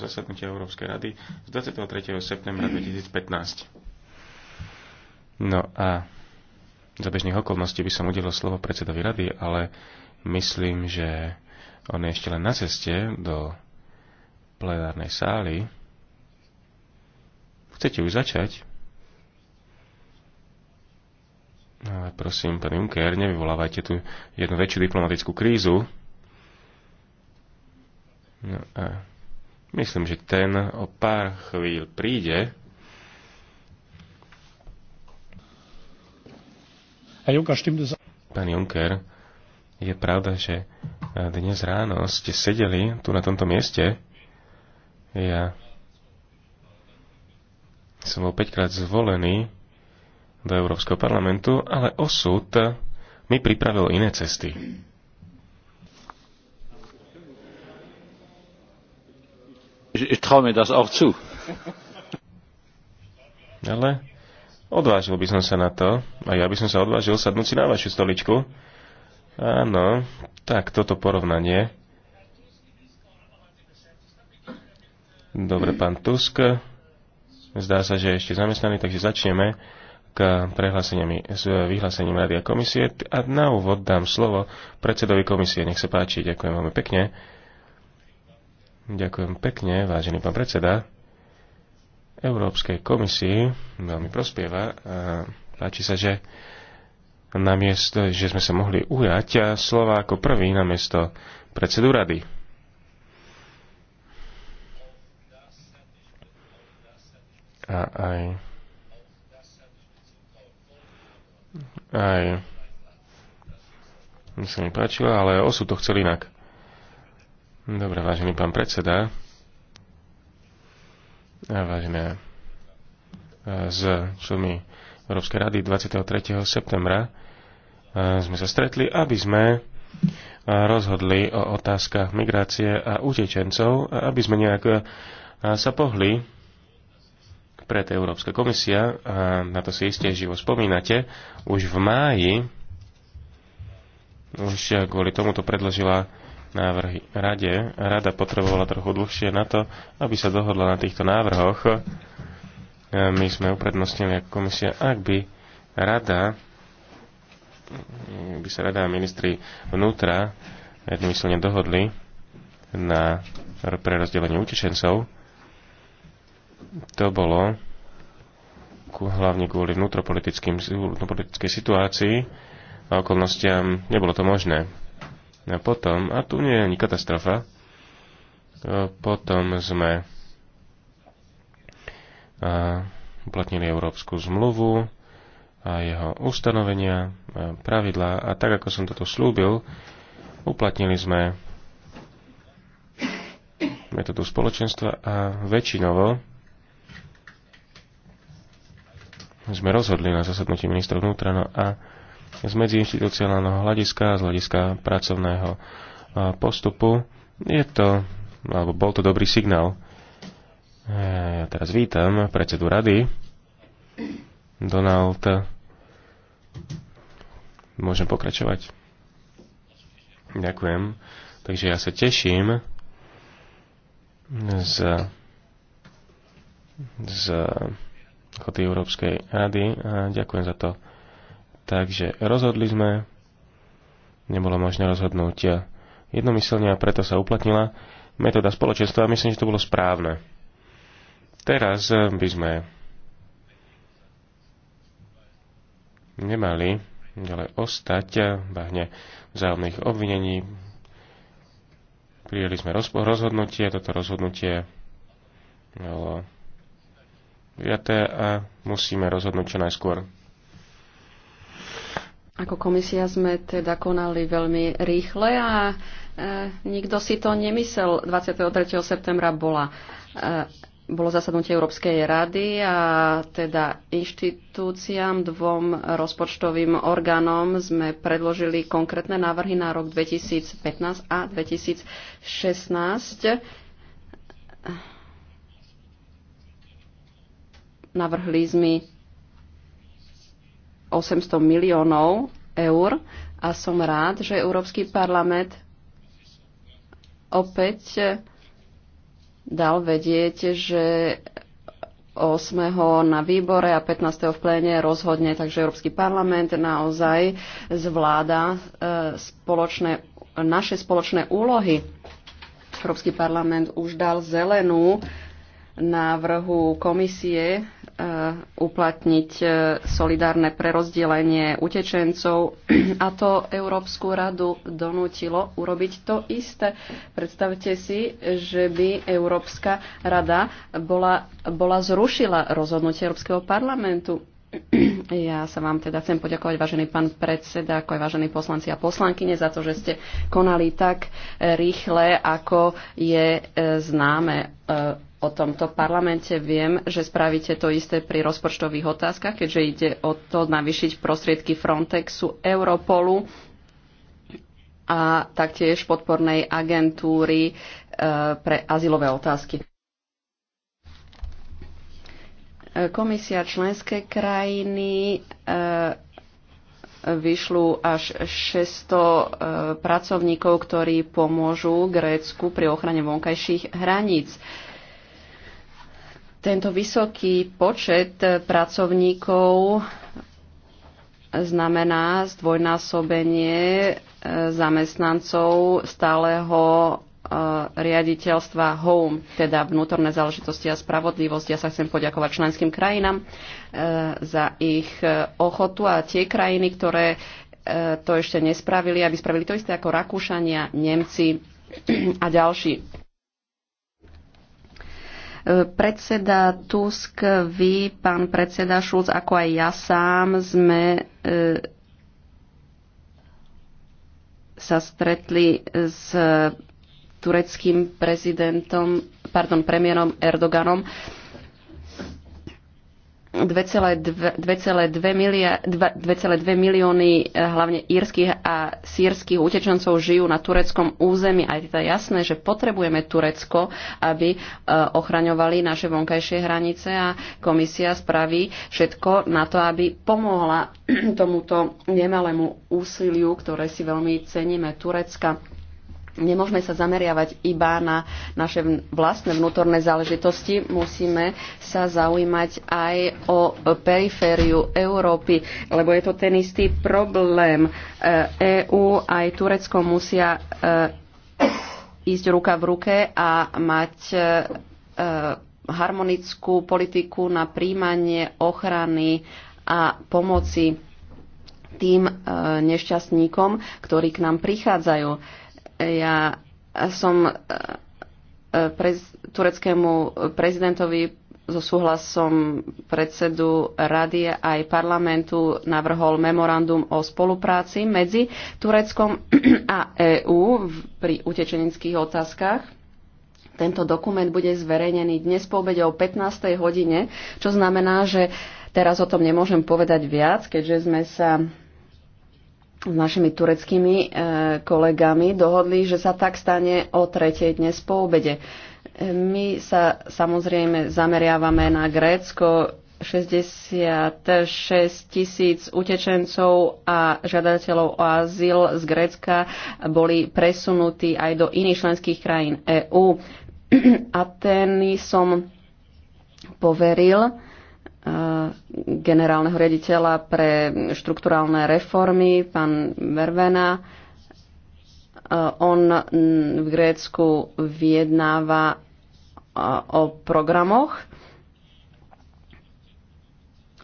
zasadnutia Európskej rady z 23. septembra 2015. No a za bežných okolností by som udelil slovo predsedovi rady, ale myslím, že on je ešte len na ceste do plenárnej sály. Chcete už začať? No, ale prosím, pán Juncker, nevyvolávajte tu jednu väčšiu diplomatickú krízu. No a Myslím, že ten o pár chvíľ príde. Pán Juncker, je pravda, že eh, dnes ráno ste sedeli tu na tomto mieste. Ja som bol 5 krát zvolený do Európskeho parlamentu, ale osud mi pripravil iné cesty. ich traue mir das auch zu. Ale odvážil by som sa na to, a ja by som sa odvážil sadnúť si na vašu stoličku. Áno, tak toto porovnanie. Dobre, pán Tusk. Zdá sa, že je ešte zamestnaný, takže začneme k prehláseniami s vyhlásením Rady a komisie. A na úvod dám slovo predsedovi komisie. Nech sa páči, ďakujem veľmi pekne. Ďakujem pekne, vážený pán predseda. Európskej komisii veľmi prospieva a páči sa, že namiesto, že sme sa mohli ujať a slova ako prvý namiesto predsedu rady. A aj aj sa mi páčilo, ale osud to chcel inak. Dobre, vážený pán predseda. Vážené s e, členmi Európskej rady 23. septembra e, sme sa stretli, aby sme e, rozhodli o otázkach migrácie a utečencov, aby sme nejak sa pohli pred Európska komisia, a na to si iste živo spomínate, už v máji už kvôli tomuto predložila návrhy rade. Rada potrebovala trochu dlhšie na to, aby sa dohodla na týchto návrhoch. E, my sme uprednostnili ako komisia, ak by rada, by sa rada a ministri vnútra jednomyslne dohodli na prerozdelenie utečencov, to bolo hlavne kvôli vnútropolitickej situácii a okolnostiam nebolo to možné. A potom, a tu nie je ani katastrofa, e, potom sme e, uplatnili Európsku zmluvu a jeho ustanovenia, a pravidlá a tak, ako som toto slúbil, uplatnili sme metodu spoločenstva a väčšinovo sme rozhodli na zasadnutí ministra vnútra no a z medziinstitucionálneho hľadiska, z hľadiska pracovného e, postupu. Je to, alebo bol to dobrý signál. E, ja teraz vítam predsedu rady. Donald, môžem pokračovať. Ďakujem. Takže ja sa teším z, z ochoty Európskej rady a ďakujem za to, Takže rozhodli sme, nebolo možné rozhodnúť eh, jednomyselne a preto sa uplatnila metóda spoločenstva a myslím, že to bolo správne. Teraz eh, by sme nemali ďalej ostať eh, bahne vzájomných obvinení. Prijeli sme rozhodnutie, toto rozhodnutie bolo a musíme rozhodnúť čo najskôr. Ako komisia sme teda konali veľmi rýchle a e, nikto si to nemyslel. 23. septembra bola, e, bolo zasadnutie Európskej rady a teda inštitúciám, dvom rozpočtovým orgánom sme predložili konkrétne návrhy na rok 2015 a 2016. Navrhli sme 800 miliónov eur a som rád, že Európsky parlament opäť dal vedieť, že 8. na výbore a 15. v pléne rozhodne, takže Európsky parlament naozaj zvláda e, spoločné, naše spoločné úlohy. Európsky parlament už dal zelenú návrhu komisie Eh, uplatniť eh, solidárne prerozdelenie utečencov a to Európsku radu donútilo urobiť to isté. Predstavte si, že by Európska rada bola, bola zrušila rozhodnutie Európskeho parlamentu. Ja sa vám teda chcem poďakovať, vážený pán predseda, ako aj vážení poslanci a poslankyne, za to, že ste konali tak rýchle, ako je eh, známe o tomto parlamente. Viem, že spravíte to isté pri rozpočtových otázkach, keďže ide o to navyšiť prostriedky Frontexu, Europolu a taktiež podpornej agentúry e, pre azylové otázky. E, komisia členské krajiny e, vyšľú až 600 pracovníkov, ktorí pomôžu Grécku pri ochrane vonkajších hraníc. Tento vysoký počet pracovníkov znamená zdvojnásobenie e, zamestnancov stáleho e, riaditeľstva HOME, teda vnútorné záležitosti a spravodlivosť. Ja sa chcem poďakovať členským krajinám e, za ich ochotu a tie krajiny, ktoré to ešte nespravili, aby spravili to isté ako Rakúšania, Nemci a ďalší. Predseda Tusk, vy, pán predseda Šulc, ako aj ja sám sme e, sa stretli s tureckým prezidentom, pardon, premiérom Erdoganom 2,2 milióny eh, hlavne írskych a sírskych utečencov žijú na tureckom území. A je teda jasné, že potrebujeme Turecko, aby eh, ochraňovali naše vonkajšie hranice a komisia spraví všetko na to, aby pomohla tomuto nemalému úsiliu, ktoré si veľmi ceníme Turecka Nemôžeme sa zameriavať iba na naše vlastné vnútorné záležitosti, musíme sa zaujímať aj o perifériu Európy, lebo je to ten istý problém. EÚ e aj Turecko musia e, ísť ruka v ruke a mať e, harmonickú politiku na príjmanie ochrany a pomoci tým nešťastníkom, ktorí k nám prichádzajú ja som e, e, prez, tureckému prezidentovi so súhlasom predsedu rady aj parlamentu navrhol memorandum o spolupráci medzi Tureckom a EÚ pri utečenických otázkach. Tento dokument bude zverejnený dnes po obede o 15. hodine, čo znamená, že teraz o tom nemôžem povedať viac, keďže sme sa s našimi tureckými e, kolegami dohodli, že sa tak stane o tretej dnes po obede. E, my sa samozrejme zameriavame na Grécko, 66 tisíc utečencov a žiadateľov o azyl z Grécka boli presunutí aj do iných členských krajín EÚ. Ateny som poveril Eh, generálneho riaditeľa pre štrukturálne reformy, pán Vervena. Eh, on v Grécku vyjednáva eh, o programoch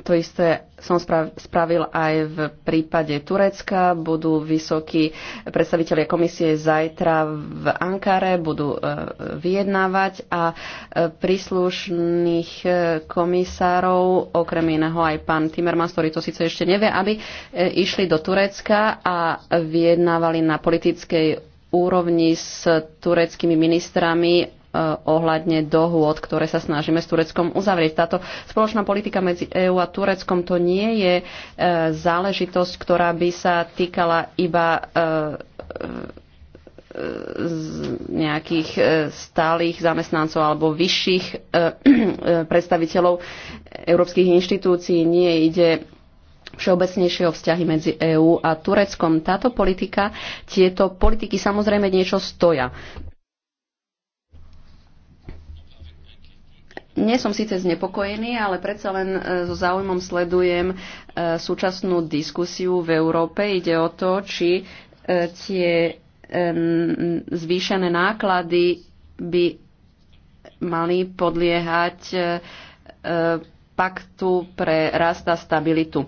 to isté som spravil aj v prípade Turecka. Budú vysokí predstavitelia komisie zajtra v Ankare, budú e, vyjednávať a e, príslušných e, komisárov, okrem iného aj pán Timmermans, ktorý to síce ešte nevie, aby išli do Turecka a vyjednávali na politickej úrovni s tureckými ministrami Eh, ohľadne dohôd, ktoré sa snažíme s Tureckom uzavrieť. Táto spoločná politika medzi EÚ a Tureckom to nie je eh, záležitosť, ktorá by sa týkala iba eh, z nejakých stálych zamestnancov alebo vyšších predstaviteľov európskych inštitúcií. Nie ide všeobecnejšie o vzťahy medzi EÚ a Tureckom. Táto politika, tieto politiky samozrejme niečo stoja. nie som síce znepokojený, ale predsa len e, so záujmom sledujem e, súčasnú diskusiu v Európe. Ide o to, či e, tie zvýšené náklady by mali podliehať paktu pre rast a stabilitu.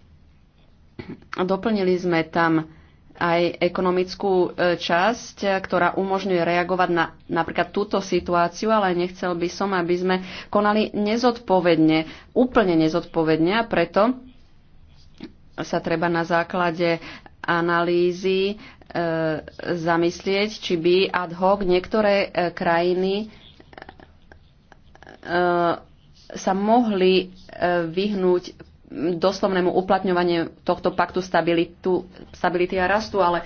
Doplnili sme tam aj ekonomickú e, časť, e, ktorá umožňuje reagovať na napríklad túto situáciu, ale nechcel by som, aby sme konali nezodpovedne, úplne nezodpovedne a preto sa treba na základe analýzy e, zamyslieť, či by ad hoc niektoré e, krajiny e, e sa mohli vyhnúť doslovnému uplatňovanie tohto paktu stabilitu, stability a rastu, ale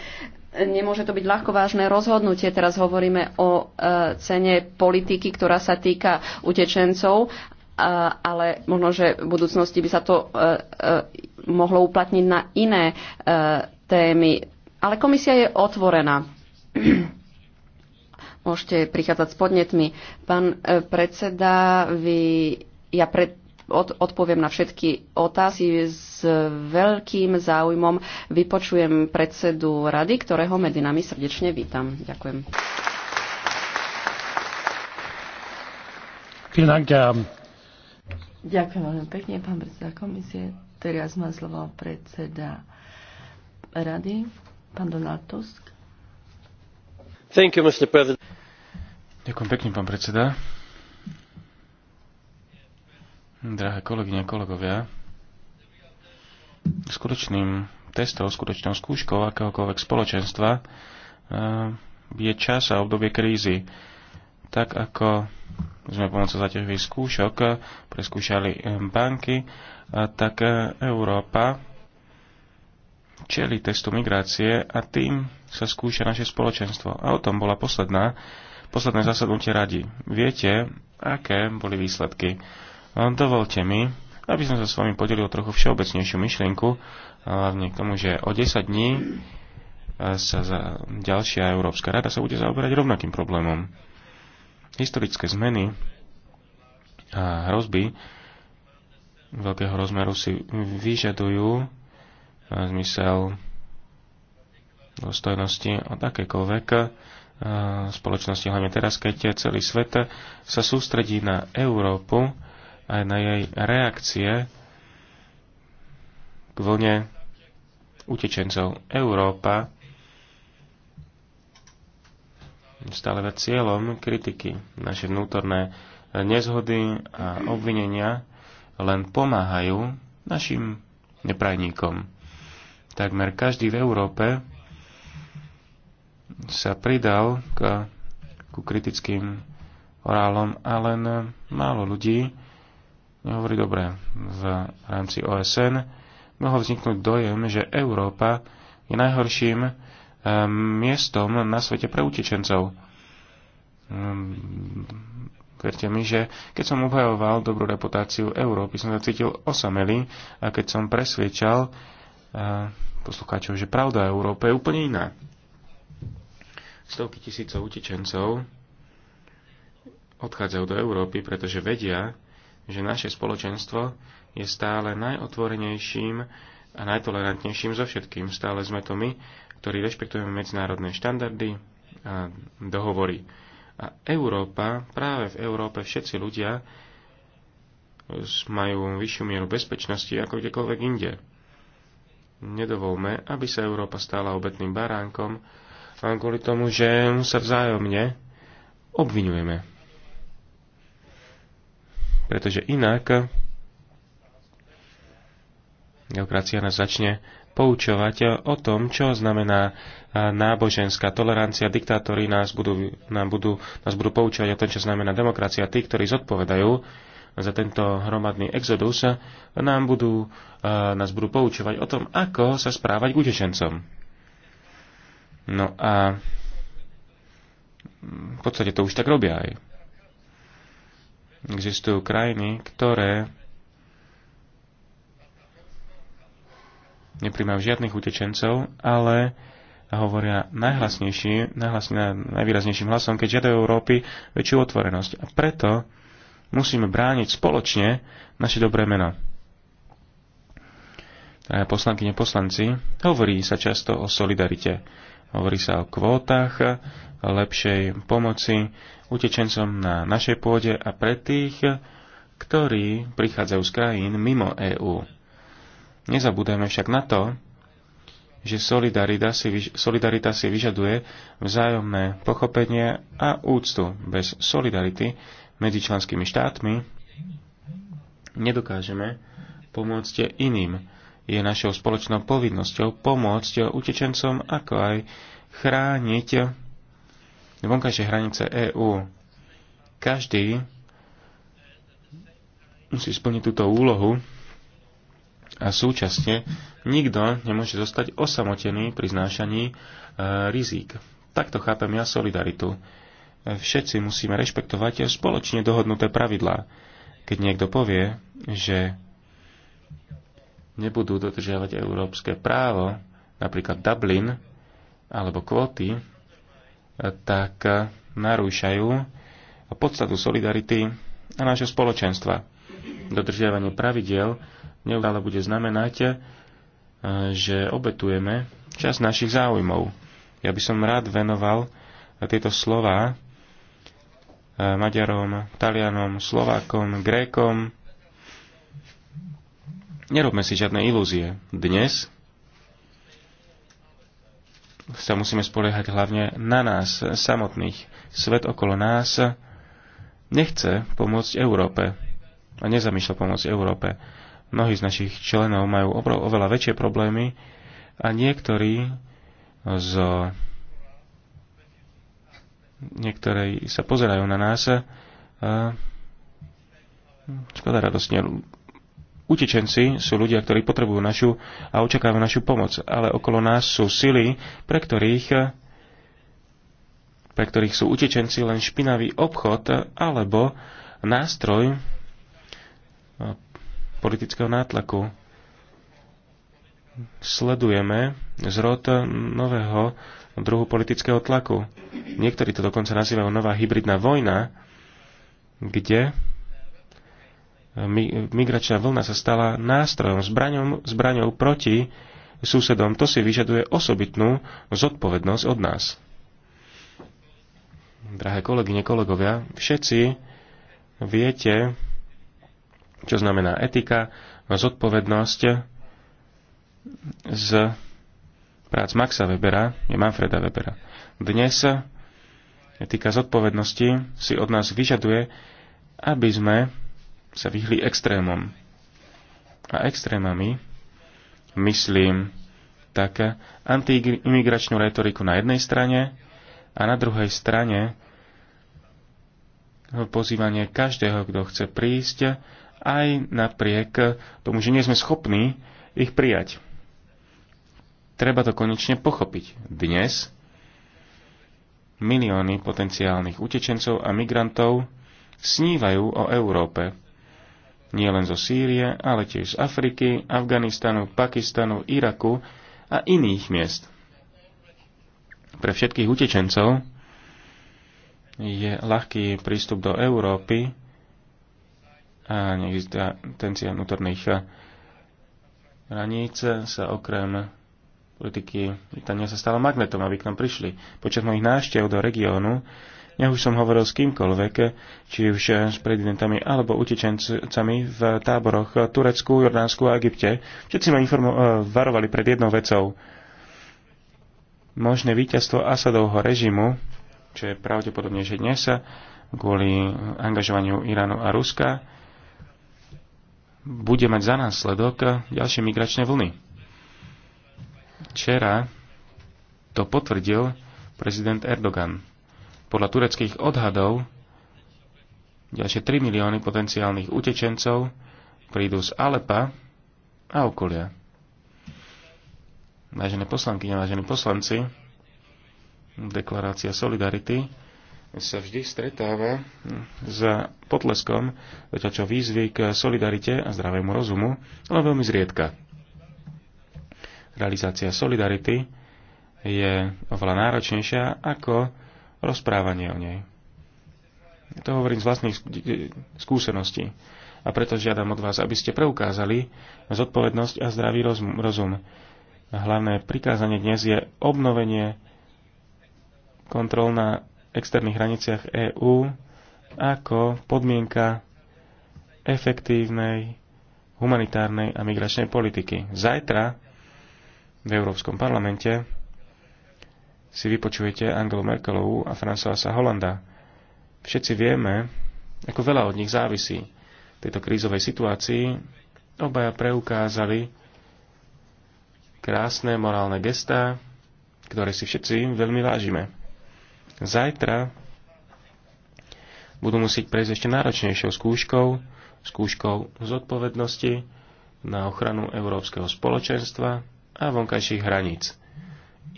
nemôže to byť ľahko vážne rozhodnutie. Teraz hovoríme o e, cene politiky, ktorá sa týka utečencov, ale možno, že v budúcnosti by sa to e, e, mohlo uplatniť na iné témy. Ale komisia je otvorená. Môžete prichádzať s podnetmi. Pán predseda, vy, ja pred, od, odpoviem na všetky otázky s veľkým záujmom. Vypočujem predsedu rady, ktorého medzi nami srdečne vítam. Ďakujem. Ďakujem veľmi pekne, pán predseda komisie. Teraz má slovo predseda rady, pán Donald Tusk. Thank you, Mr. President. Ďakujem pekne, pán predseda. Drahé kolegyne, kolegovia, skutočným testom, skutočnou skúškou akéhokoľvek spoločenstva eh, je čas a obdobie krízy. Tak ako sme pomocou zaťažových skúšok preskúšali eh, banky, eh, tak Európa čeli testu migrácie a tým sa skúša naše spoločenstvo. A o tom bola posledná, posledné zasadnutie radi. Viete, aké boli výsledky? Dovolte mi, aby som sa s vami podelil trochu všeobecnejšiu myšlienku, hlavne k tomu, že o 10 dní e, sa za ďalšia Európska rada sa bude zaoberať rovnakým problémom. Historické zmeny a hrozby veľkého rozmeru si vyžadujú e, zmysel dôstojnosti od akékoľvek e, spoločnosti, hlavne teraz, keď celý svet sa sústredí na Európu, aj na jej reakcie k vlne utečencov. Európa stále nad cieľom kritiky. Naše vnútorné nezhody a obvinenia len pomáhajú našim neprajníkom. Takmer každý v Európe sa pridal k, ku kritickým orálom a len málo ľudí nehovorí dobre. V rámci OSN mohol vzniknúť dojem, že Európa je najhorším ehm, miestom na svete pre utečencov. Ehm, verte mi, že keď som obhajoval dobrú reputáciu Európy, som sa cítil osamelý a keď som presviečal ehm, poslucháčov, že pravda Európe je úplne iná. Stovky tisícov utečencov odchádzajú do Európy, pretože vedia, že naše spoločenstvo je stále najotvorenejším a najtolerantnejším zo všetkým. Stále sme to my, ktorí rešpektujeme medzinárodné štandardy a dohovory. A Európa, práve v Európe všetci ľudia majú vyššiu mieru bezpečnosti ako kdekoľvek inde. Nedovolme, aby sa Európa stala obetným baránkom, len kvôli tomu, že sa vzájomne obvinujeme pretože inak geokracia nás začne poučovať o tom, čo znamená náboženská tolerancia. Diktátori nás budú, nám budú, nás budú poučovať o tom, čo znamená demokracia. Tí, ktorí zodpovedajú za tento hromadný exodus, nám budú, nás budú poučovať o tom, ako sa správať k utečencom. No a v podstate to už tak robia aj existujú krajiny, ktoré neprímajú žiadnych utečencov, ale hovoria najhlasnejším, najhlasne, najvýraznejším hlasom, keď žiadajú Európy väčšiu otvorenosť. A preto musíme brániť spoločne naše dobré meno. Poslankyne poslanci, hovorí sa často o solidarite. Hovorí sa o kvótach, lepšej pomoci utečencom na našej pôde a pre tých, ktorí prichádzajú z krajín mimo EÚ. Nezabúdajme však na to, že solidarita si, solidarita si vyžaduje vzájomné pochopenie a úctu. Bez solidarity medzi členskými štátmi nedokážeme pomôcť iným je našou spoločnou povinnosťou pomôcť utečencom, ako aj chrániť vonkajšie hranice EÚ. Každý musí splniť túto úlohu a súčasne nikto nemôže zostať osamotený pri znášaní e, rizík. Takto chápem ja solidaritu. Všetci musíme rešpektovať spoločne dohodnuté pravidlá. Keď niekto povie, že nebudú dodržiavať európske právo, napríklad Dublin alebo kvóty, tak narúšajú podstatu solidarity a nášho spoločenstva. Dodržiavanie pravidiel neustále bude znamenať, eh, že obetujeme čas našich záujmov. Ja by som rád venoval tieto slova eh, Maďarom, Talianom, Slovákom, Grékom, Nerobme si žiadne ilúzie. Dnes sa musíme spoliehať hlavne na nás samotných. Svet okolo nás nechce pomôcť Európe a nezamýšľa pomôcť Európe. Mnohí z našich členov majú oveľa väčšie problémy a niektorí z niektorí sa pozerajú na nás a škoda radosť Utečenci sú ľudia, ktorí potrebujú našu a očakávajú našu pomoc, ale okolo nás sú sily, pre ktorých, pre ktorých sú utečenci len špinavý obchod alebo nástroj eh, politického nátlaku. Sledujeme zrod nového druhu politického tlaku. Niektorí to dokonca nazývajú nová hybridná vojna, kde migračná vlna sa stala nástrojom, zbraňom, zbraňou proti susedom. To si vyžaduje osobitnú zodpovednosť od nás. Drahé kolegyne, kolegovia, všetci viete, čo znamená etika, zodpovednosť z prác Maxa Webera, je Manfreda Webera. Dnes etika zodpovednosti si od nás vyžaduje, aby sme sa vyhli extrémom. A extrémami myslím tak antiimigračnú retoriku na jednej strane a na druhej strane pozývanie každého, kto chce prísť, aj napriek tomu, že nie sme schopní ich prijať. Treba to konečne pochopiť. Dnes milióny potenciálnych utečencov a migrantov snívajú o Európe, nie len zo Sýrie, ale tiež z Afriky, Afganistanu, Pakistanu, Iraku a iných miest. Pre všetkých utečencov je ľahký prístup do Európy a neexistencia vnútorných hraníc sa okrem politiky Británia sa stala magnetom, aby k nám prišli. Počas mojich návštev do regiónu nech už som hovoril s kýmkoľvek, či už s prezidentami alebo utečencami v táboroch Turecku, Jordánsku a Egypte. Všetci ma eh, varovali pred jednou vecou. Možné víťazstvo Asadovho režimu, čo je pravdepodobne, že dnes, kvôli angažovaniu Iránu a Ruska, bude mať za následok ďalšie migračné vlny. Včera to potvrdil prezident Erdogan. Podľa tureckých odhadov ďalšie 3 milióny potenciálnych utečencov prídu z Alepa a okolia. Vážené poslanky, vážení poslanci, deklarácia Solidarity sa vždy stretáva s potleskom, čo výzvy k solidarite a zdravému rozumu, ale veľmi zriedka. Realizácia Solidarity je oveľa náročnejšia ako rozprávanie o nej. to hovorím z vlastných e, skúseností. A preto žiadam od vás, aby ste preukázali zodpovednosť a zdravý rozum. Hlavné prikázanie dnes je obnovenie kontrol na externých hraniciach EÚ ako podmienka efektívnej humanitárnej a migračnej politiky. Zajtra v Európskom parlamente si vypočujete Angelu Merkelovú a Françoisa Holanda. Všetci vieme, ako veľa od nich závisí. V tejto krízovej situácii obaja preukázali krásne morálne gestá, ktoré si všetci veľmi vážime. Zajtra budú musieť prejsť ešte náročnejšou skúškou, skúškou zodpovednosti na ochranu európskeho spoločenstva a vonkajších hraníc.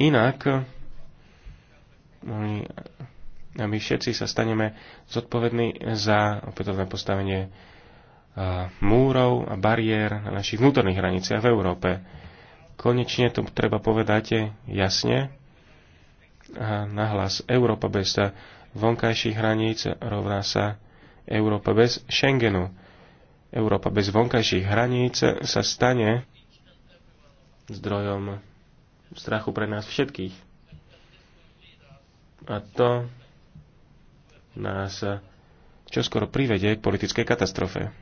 Inak my všetci sa staneme zodpovední za opätovné postavenie múrov a bariér na našich vnútorných hraniciach v Európe. Konečne to treba povedať jasne a nahlas. Európa bez vonkajších hraníc rovná sa Európa bez Schengenu. Európa bez vonkajších hraníc sa stane zdrojom strachu pre nás všetkých. A to nás čoskoro privedie k politickej katastrofe.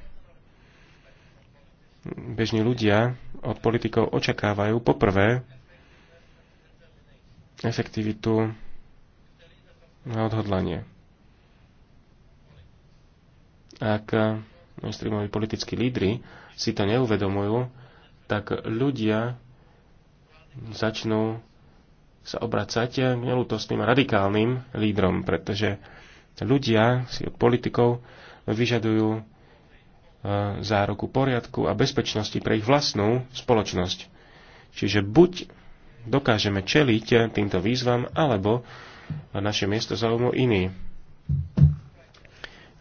Bežní ľudia od politikov očakávajú poprvé efektivitu a odhodlanie. Ak mainstreamoví politickí lídry si to neuvedomujú, tak ľudia začnú sa obracať k nelutostným radikálnym lídrom, pretože ľudia si od politikov vyžadujú e, zároku poriadku a bezpečnosti pre ich vlastnú spoločnosť. Čiže buď dokážeme čeliť týmto výzvam, alebo naše miesto zaujímu iný.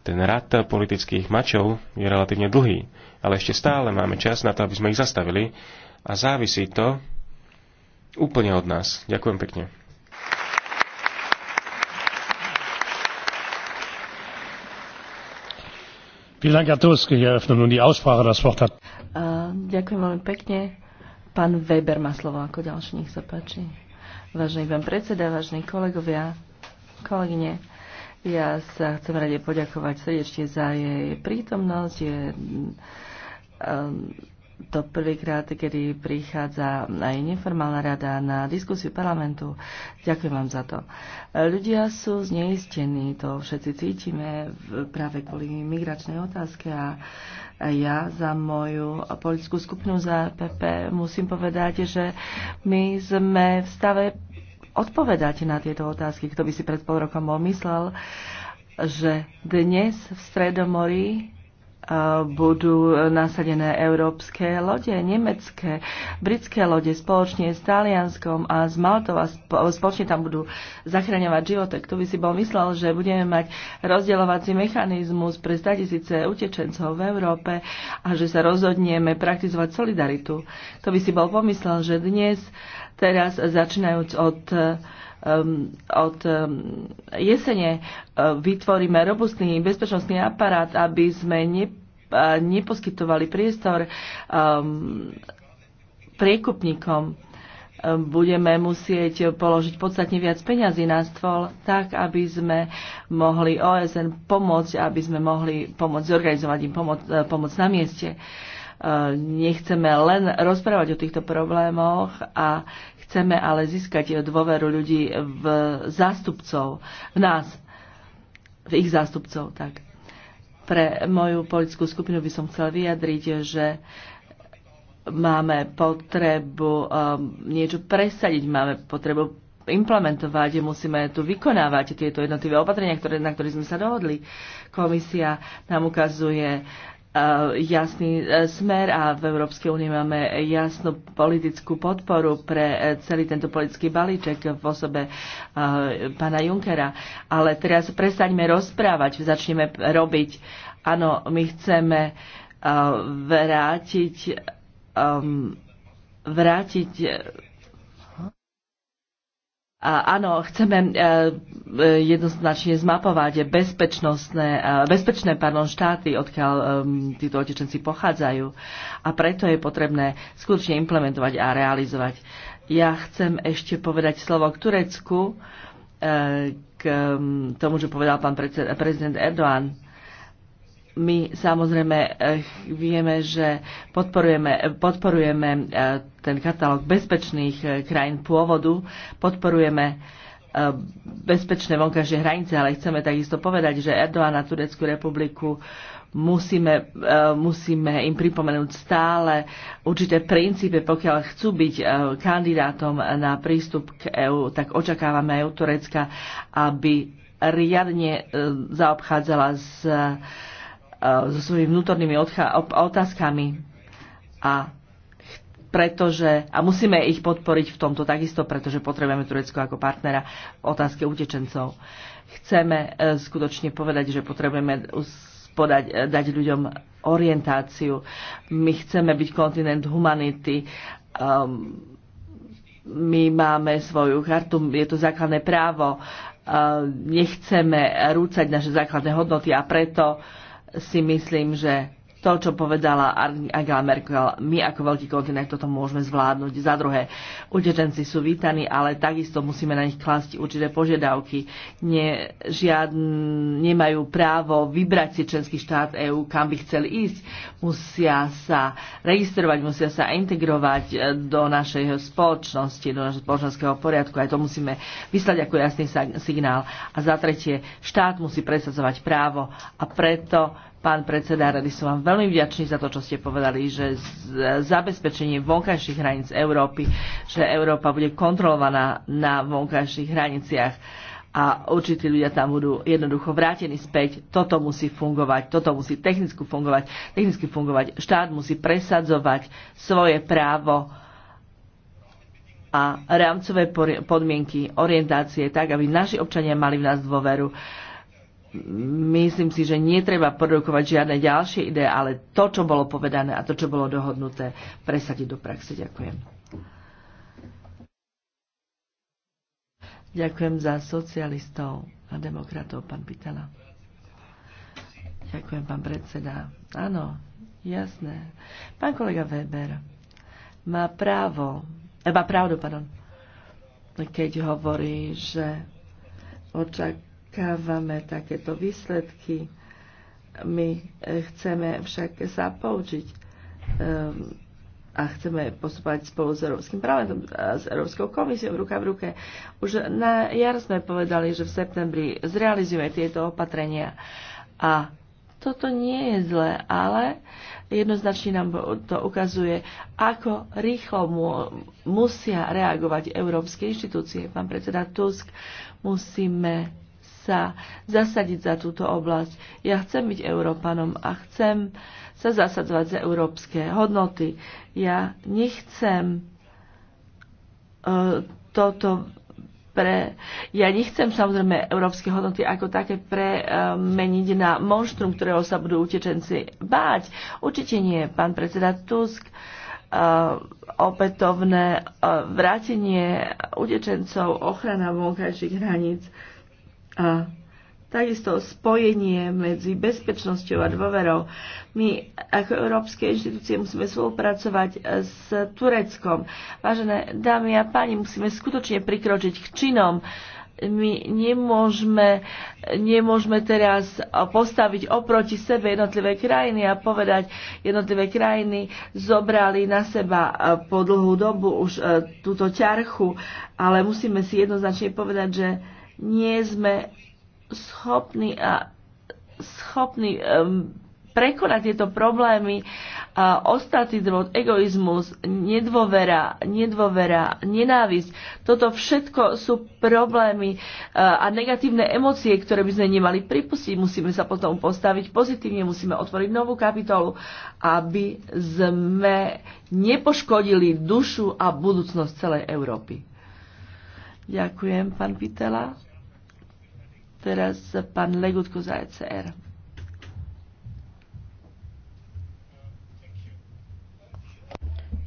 Ten rad politických mačov je relatívne dlhý, ale ešte stále máme čas na to, aby sme ich zastavili a závisí to úplne od nás. Ďakujem pekne. Ďakujem veľmi pekne. Pán Weber má slovo ako ďalší, nech sa páči. Vážený pán predseda, vážení kolegovia, kolegyne, ja sa chcem rade poďakovať srdečne za jej prítomnosť, je um, to prvýkrát, kedy prichádza aj neformálna rada na diskusiu parlamentu. Ďakujem vám za to. Ľudia sú zneistení, to všetci cítime práve kvôli migračnej otázke a ja za moju politickú skupinu za PP musím povedať, že my sme v stave odpovedať na tieto otázky. Kto by si pred pol rokom omyslel, že dnes v Stredomorí budú nasadené európske lode, nemecké, britské lode spoločne s Talianskom a s Maltou a spoločne tam budú zachraňovať živote. Kto by si bol myslel, že budeme mať rozdielovací mechanizmus pre 100 tisíce utečencov v Európe a že sa rozhodneme praktizovať solidaritu. Kto by si bol pomyslel, že dnes, teraz začínajúc od um, od um, jesene uh, vytvoríme robustný bezpečnostný aparát, aby sme ne neposkytovali priestor um, priekupníkom. Um, budeme musieť položiť podstatne viac peňazí na stôl, tak aby sme mohli OSN pomôcť, aby sme mohli pomôcť zorganizovať im pomoc, eh, pomoc na mieste. Eh, nechceme len rozprávať o týchto problémoch a chceme ale získať dôveru ľudí v zástupcov, v nás, v ich zástupcov. Tak. Pre moju politickú skupinu by som chcela vyjadriť, že máme potrebu um, niečo presadiť, máme potrebu implementovať, musíme tu vykonávať tieto jednotlivé opatrenia, ktoré, na ktorých sme sa dohodli. Komisia nám ukazuje Eh, jasný eh, smer a v Európskej únii máme jasnú politickú podporu pre eh, celý tento politický balíček v osobe pána Junkera. Ale teraz prestaňme rozprávať, začneme robiť. Áno, my chceme vrátiť, vrátiť a áno, chceme e, e, jednoznačne zmapovať bezpečnostné, e, bezpečné pardon, štáty, odkiaľ títo otečenci pochádzajú. A preto je potrebné skutočne implementovať a realizovať. Ja chcem ešte povedať slovo k Turecku, k tomu, čo povedal pán prezident Erdoğan my samozrejme eh, vieme, že podporujeme, podporujeme eh, ten katalóg bezpečných eh, krajín pôvodu, podporujeme bezpečné vonkajšie hranice, ale chceme takisto povedať, že Erdoána a Tureckú republiku musíme, musíme im pripomenúť stále určité princípy, pokiaľ chcú byť kandidátom na prístup k EÚ, tak očakávame aj u Turecka, aby riadne zaobchádzala s Eh, so svojimi vnútornými otázkami a pretože, a musíme ich podporiť v tomto takisto, pretože potrebujeme Turecko ako partnera v otázke utečencov. Chceme eh, skutočne povedať, že potrebujeme podať, eh, dať ľuďom orientáciu. My chceme byť kontinent humanity. Um, my máme svoju chartu, je to základné právo. Uh, nechceme rúcať naše základné hodnoty a preto uh, si myslím, že to, čo povedala Angela Merkel, my ako veľký kontinent toto môžeme zvládnuť. Za druhé, utečenci sú vítaní, ale takisto musíme na nich klásť určité požiadavky. Nie, žiadn, nemajú právo vybrať si členský štát EÚ, kam by chceli ísť. Musia sa registrovať, musia sa integrovať e, do našej spoločnosti, do našho spoločenského poriadku. Aj to musíme vyslať ako jasný signál. A za tretie, štát musí presadzovať právo a preto Pán predseda, rady som vám veľmi vďačný za to, čo ste povedali, že zabezpečenie vonkajších hraníc Európy, že Európa bude kontrolovaná na vonkajších hraniciach a určití ľudia tam budú jednoducho vrátení späť. Toto musí fungovať, toto musí technicky fungovať, technicky fungovať. Štát musí presadzovať svoje právo a rámcové podmienky, orientácie, tak, aby naši občania mali v nás dôveru myslím si, že netreba produkovať žiadne ďalšie ideje, ale to, čo bolo povedané a to, čo bolo dohodnuté, presadiť do praxe. Ďakujem. Ďakujem za socialistov a demokratov, pán pitala. Ďakujem, pán predseda. Áno, jasné. Pán kolega Weber má právo, eba pravdu, pardon, keď hovorí, že očak očakávame takéto výsledky. My e, chceme však sa poučiť a chceme postupovať spolu s Európskym parlamentom a s Európskou komisiou ruka v ruke. Už na jar sme povedali, že v septembri zrealizujeme tieto opatrenia a toto nie je zlé, ale jednoznačne nám to ukazuje, ako rýchlo mu, musia reagovať európske inštitúcie. Pán predseda Tusk, musíme sa zasadiť za túto oblasť. Ja chcem byť Európanom a chcem sa zasadzovať za európske hodnoty. Ja nechcem uh, toto pre... Ja nechcem samozrejme európske hodnoty ako také premeniť na monštrum, ktorého sa budú utečenci báť. Určite nie. Pán predseda Tusk, uh, opätovné uh, vrátenie utečencov, ochrana vonkajších hraníc, a takisto spojenie medzi bezpečnosťou a dôverou. My ako európske inštitúcie musíme spolupracovať s Tureckom. Vážené dámy a páni, musíme skutočne prikročiť k činom. My nemôžeme, nemôžeme teraz postaviť oproti sebe jednotlivé krajiny a povedať, jednotlivé krajiny zobrali na seba e, po dlhú dobu už e, túto ťarchu, ale musíme si jednoznačne povedať, že nie sme schopní a schopní um, prekonať tieto problémy a dôvod, egoizmus, nedôvera, nedôvera, nenávisť. Toto všetko sú problémy e, a negatívne emócie, ktoré by sme nemali pripustiť. Musíme sa potom postaviť pozitívne, musíme otvoriť novú kapitolu, aby sme nepoškodili dušu a budúcnosť celej Európy. Ďakujem, pán Pitela. Teraz pán Legutko za ECR.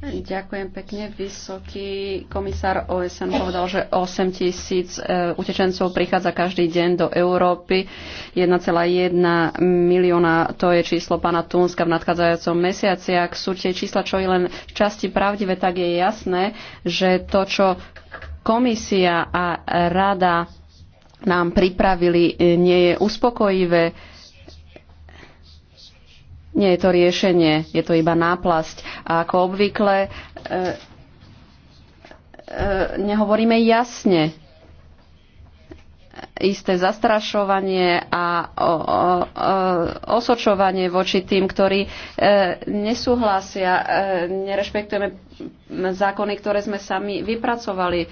Ďakujem pekne. Vysoký komisár OSN povedal, že 8 tisíc e, utečencov prichádza každý deň do Európy. 1,1 milióna to je číslo pána Túnska v nadchádzajúcom mesiaci. Ak sú tie čísla čo je len v časti pravdivé, tak je jasné, že to, čo komisia a rada nám pripravili, e, nie je uspokojivé. Nie je to riešenie, je to iba náplasť. A ako obvykle, e, e, nehovoríme jasne isté zastrašovanie a osočovanie voči tým, ktorí e, nesúhlasia, e, nerešpektujeme zákony, ktoré sme sami vypracovali. E,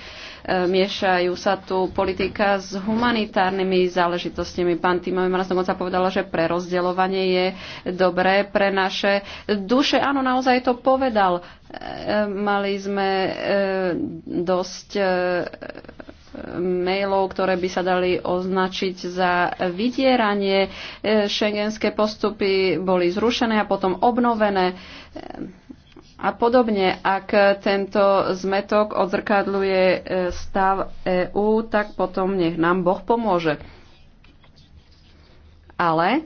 miešajú sa tu politika s humanitárnymi záležitostiami. Pán Týmový Mrazdomoca povedala, že prerozdeľovanie je dobré pre naše duše. Áno, naozaj to povedal. Mali sme dosť mailov, ktoré by sa dali označiť za vydieranie. E, šengenské postupy boli zrušené a potom obnovené e, a podobne. Ak tento zmetok odzrkadluje e, stav EÚ, tak potom nech nám Boh pomôže. Ale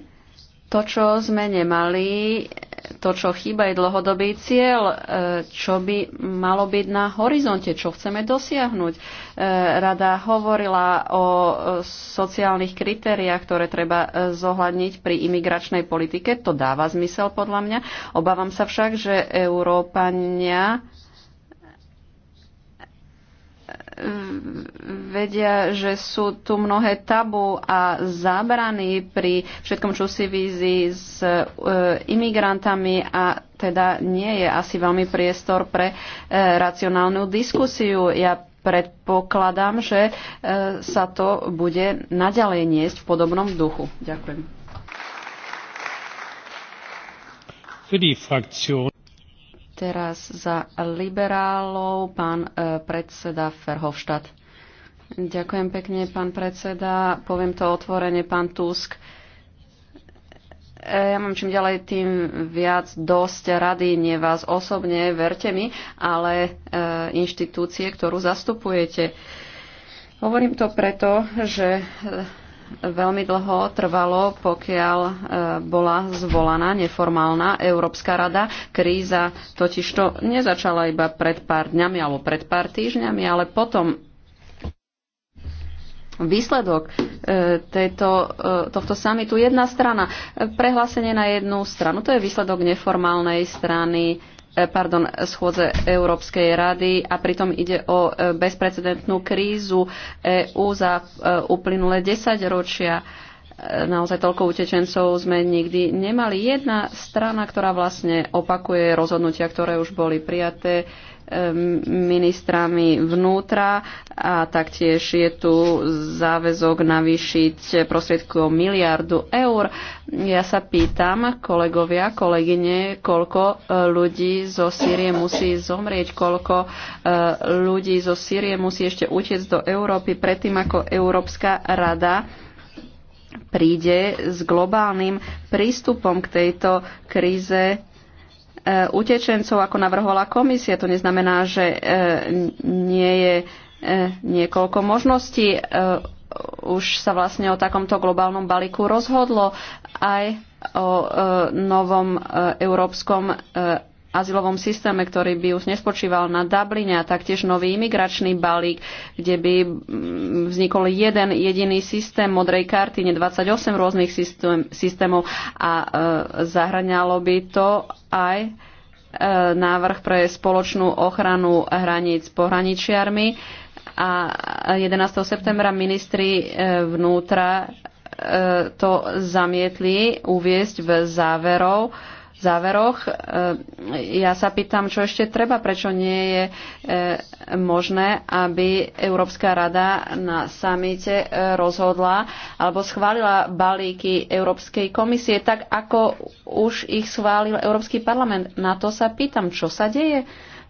to, čo sme nemali, to, čo chýba, je dlhodobý cieľ, e, čo by malo byť na horizonte, čo chceme dosiahnuť. E, Rada hovorila o sociálnych kritériách, ktoré treba e, zohľadniť pri imigračnej politike. To dáva zmysel podľa mňa. Obávam sa však, že Európania vedia, že sú tu mnohé tabu a zábrany pri všetkom, čo si vízi s e, imigrantami a teda nie je asi veľmi priestor pre e, racionálnu diskusiu. Ja predpokladám, že e, sa to bude naďalej niesť v podobnom duchu. Ďakujem. Für die Fraktion. Teraz za liberálov pán e, predseda Ferhovštad. Ďakujem pekne, pán predseda. Poviem to otvorene, pán Tusk. E, ja mám čím ďalej tým viac dosť rady, nie vás osobne, verte mi, ale e, inštitúcie, ktorú zastupujete. Hovorím to preto, že veľmi dlho trvalo, pokiaľ e, bola zvolaná neformálna Európska rada. Kríza totiž to nezačala iba pred pár dňami alebo pred pár týždňami, ale potom výsledok e, tejto, e, tohto samitu jedna strana, prehlásenie na jednu stranu, to je výsledok neformálnej strany E, pardon, schôdze Európskej rady a pritom ide o e, bezprecedentnú krízu EÚ za e, uplynulé 10 ročia. Naozaj toľko utečencov sme nikdy nemali. Jedna strana, ktorá vlastne opakuje rozhodnutia, ktoré už boli prijaté, ministrami vnútra a taktiež je tu záväzok navýšiť prostriedku o miliardu eur. Ja sa pýtam, kolegovia, kolegyne, koľko e, ľudí zo Sýrie musí zomrieť, koľko e, ľudí zo Sýrie musí ešte utiecť do Európy predtým, ako Európska rada príde s globálnym prístupom k tejto kríze E, utečencov, ako navrhovala komisia. To neznamená, že e, nie je e, niekoľko možností. Už sa vlastne o takomto globálnom balíku rozhodlo aj o novom európskom azylovom systéme, ktorý by už nespočíval na Dubline a taktiež nový imigračný balík, kde by mm, vznikol jeden jediný systém modrej karty, ne 28 rôznych systém, systémov a e, zahraňalo by to aj e, návrh pre spoločnú ochranu hraníc pohraničiarmi a 11. septembra ministri e, vnútra e, to zamietli uviesť v záverov záveroch. E, ja sa pýtam, čo ešte treba, prečo nie je e, možné, aby Európska rada na samite e, rozhodla alebo schválila balíky Európskej komisie, tak ako už ich schválil Európsky parlament. Na to sa pýtam, čo sa deje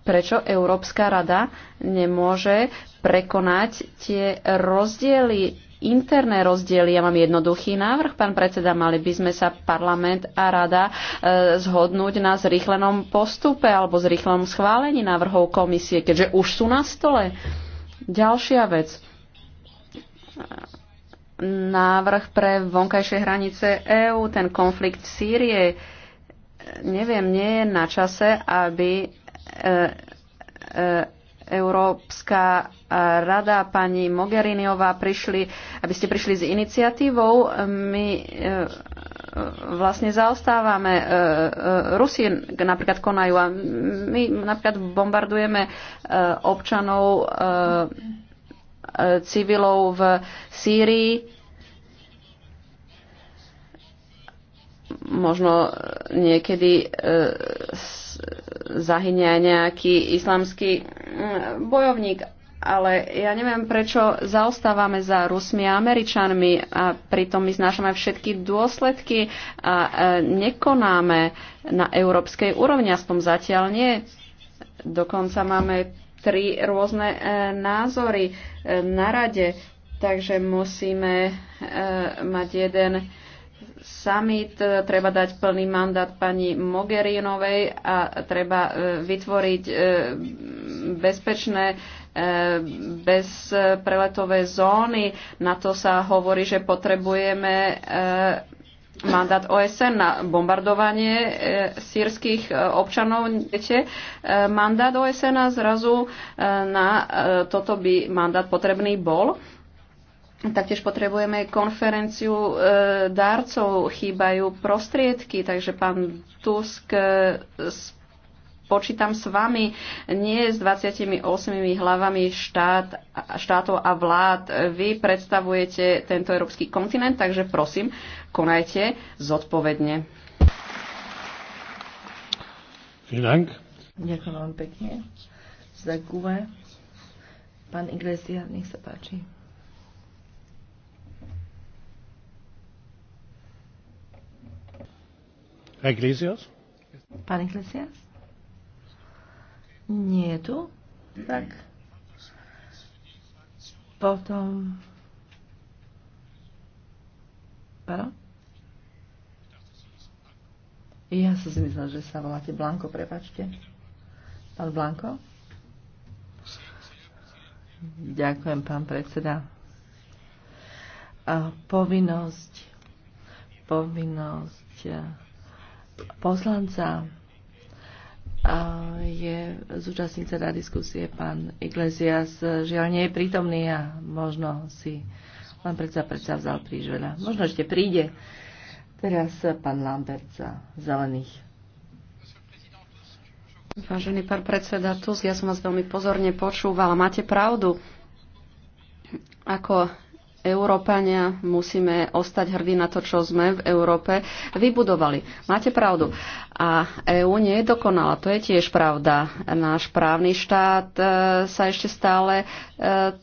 prečo Európska rada nemôže prekonať tie rozdiely interné rozdiely. Ja mám jednoduchý návrh, pán predseda, mali by sme sa parlament a rada e, zhodnúť na zrýchlenom postupe alebo zrýchlenom schválení návrhov komisie, keďže už sú na stole. Ďalšia vec návrh pre vonkajšie hranice EÚ, ten konflikt v Sýrie. Neviem, nie je na čase, aby e, e, Európska e, rada pani Mogheriniová prišli, aby ste prišli s iniciatívou. My e, vlastne zaostávame. E, Rusi napríklad konajú a my napríklad bombardujeme občanov civilov v Sýrii. Možno niekedy zahynie nejaký islamský mm, bojovník. Ale ja neviem, prečo zaostávame za Rusmi a Američanmi a pritom my znášame všetky dôsledky a e, nekonáme na európskej úrovni, aspoň zatiaľ nie. Dokonca máme tri rôzne e, názory e, na rade, takže musíme mať jeden summit, e, treba dať plný mandát pani Mogherinovej a treba e, vytvoriť e, bezpečné bezpreletové zóny. Na to sa hovorí, že potrebujeme mandát OSN na bombardovanie sírskych občanov. Viete, mandát OSN a zrazu na toto by mandát potrebný bol. Taktiež potrebujeme konferenciu e, dárcov, chýbajú prostriedky, takže pán Tusk, e, počítam s vami, nie s 28 hlavami štát, štátov a vlád. Vy predstavujete tento európsky kontinent, takže prosím, konajte zodpovedne. Ďakujem. Ďakujem vám pekne. Zagúve. Pán Iglesias, nech sa páči. Pán Iglesias? Nie je tu? Tak. Potom... Pardon? Ja som si myslela, že sa voláte Blanko, prepačte. Pán Blanko? Ďakujem, pán predseda. A povinnosť, povinnosť poslanca je zúčastnice teda diskusie pán Iglesias. Žiaľ, nie je prítomný a možno si len predsa predsa vzal príliš veľa. Možno ešte príde. Teraz pán Lambert za zelených. Vážený pán predseda tu, ja som vás veľmi pozorne počúvala. Máte pravdu. Ako Európania musíme ostať hrdí na to, čo sme v Európe vybudovali. Máte pravdu. A EÚ nie je dokonala, to je tiež pravda. Náš právny štát e, sa ešte stále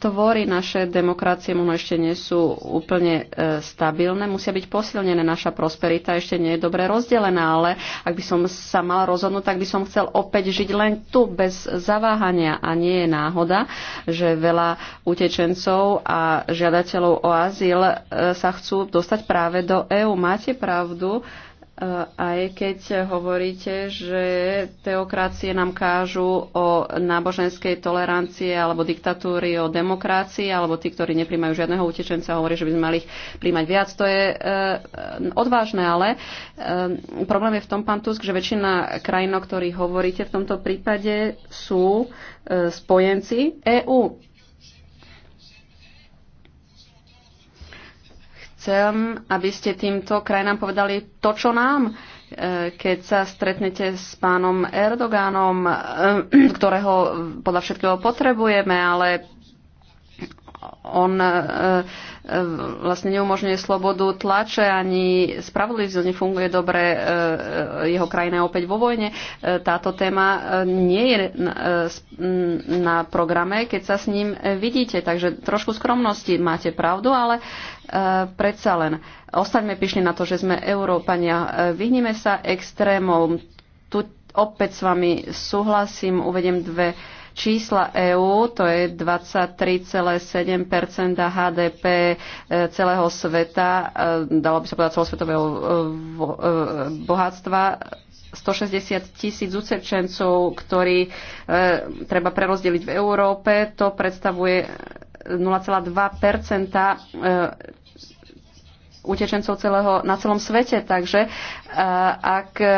Tvory naše demokracie, možno ešte nie sú úplne e, stabilné, musia byť posilnené. Naša prosperita ešte nie je dobre rozdelená, ale ak by som sa mal rozhodnúť, tak by som chcel opäť žiť len tu, bez zaváhania. A nie je náhoda, že veľa utečencov a žiadateľov o azyl e, sa chcú dostať práve do EÚ. Máte pravdu, aj keď hovoríte, že teokracie nám kážu o náboženskej tolerancie alebo diktatúry, o demokracii, alebo tí, ktorí neprimajú žiadneho utečenca, hovorí, že by sme mali ich príjmať viac. To je e, odvážne, ale e, problém je v tom, pán Tusk, že väčšina krajín, o ktorých hovoríte v tomto prípade, sú eh, e, spojenci EÚ Chcem, aby ste týmto krajinám povedali to, čo nám, e, keď sa stretnete s pánom Erdogánom, e, ktorého podľa všetkého potrebujeme, ale on e, e, vlastne neumožňuje slobodu tlače, ani spravodlivosť nefunguje dobre, e, jeho krajina je opäť vo vojne. Táto téma nie je na programe, keď sa s ním vidíte, takže trošku skromnosti máte pravdu, ale predsa len ostaňme pišli na to, že sme Európania. Vyhnime sa extrémom. Tu opäť s vami súhlasím, uvediem dve čísla EÚ, to je 23,7 HDP e, celého sveta, e, dalo by sa povedať celosvetového e, bohatstva, 160 tisíc utečencov, ktorí treba prerozdeliť v Európe. To predstavuje 0,2 utečencov celého, na celom svete. Takže ak e,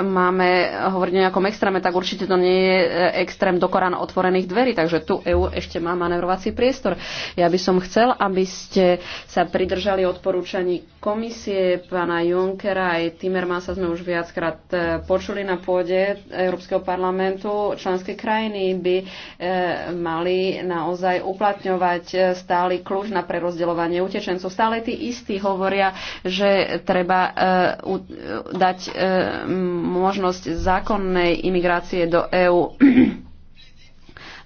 máme hovoriť o nejakom extréme, tak určite to nie je e, extrém do Korán otvorených dverí, takže tu EÚ ešte má manevrovací priestor. Ja by som chcel, aby ste sa pridržali odporúčaní komisie pána Junckera aj Timmermansa sme už viackrát e, počuli na pôde Európskeho parlamentu. Členské krajiny by mali naozaj uplatňovať stály kľúč na prerozdeľovanie utečencov. Stále tí istí hovoria, že treba dať e, možnosť zákonnej imigrácie do EÚ.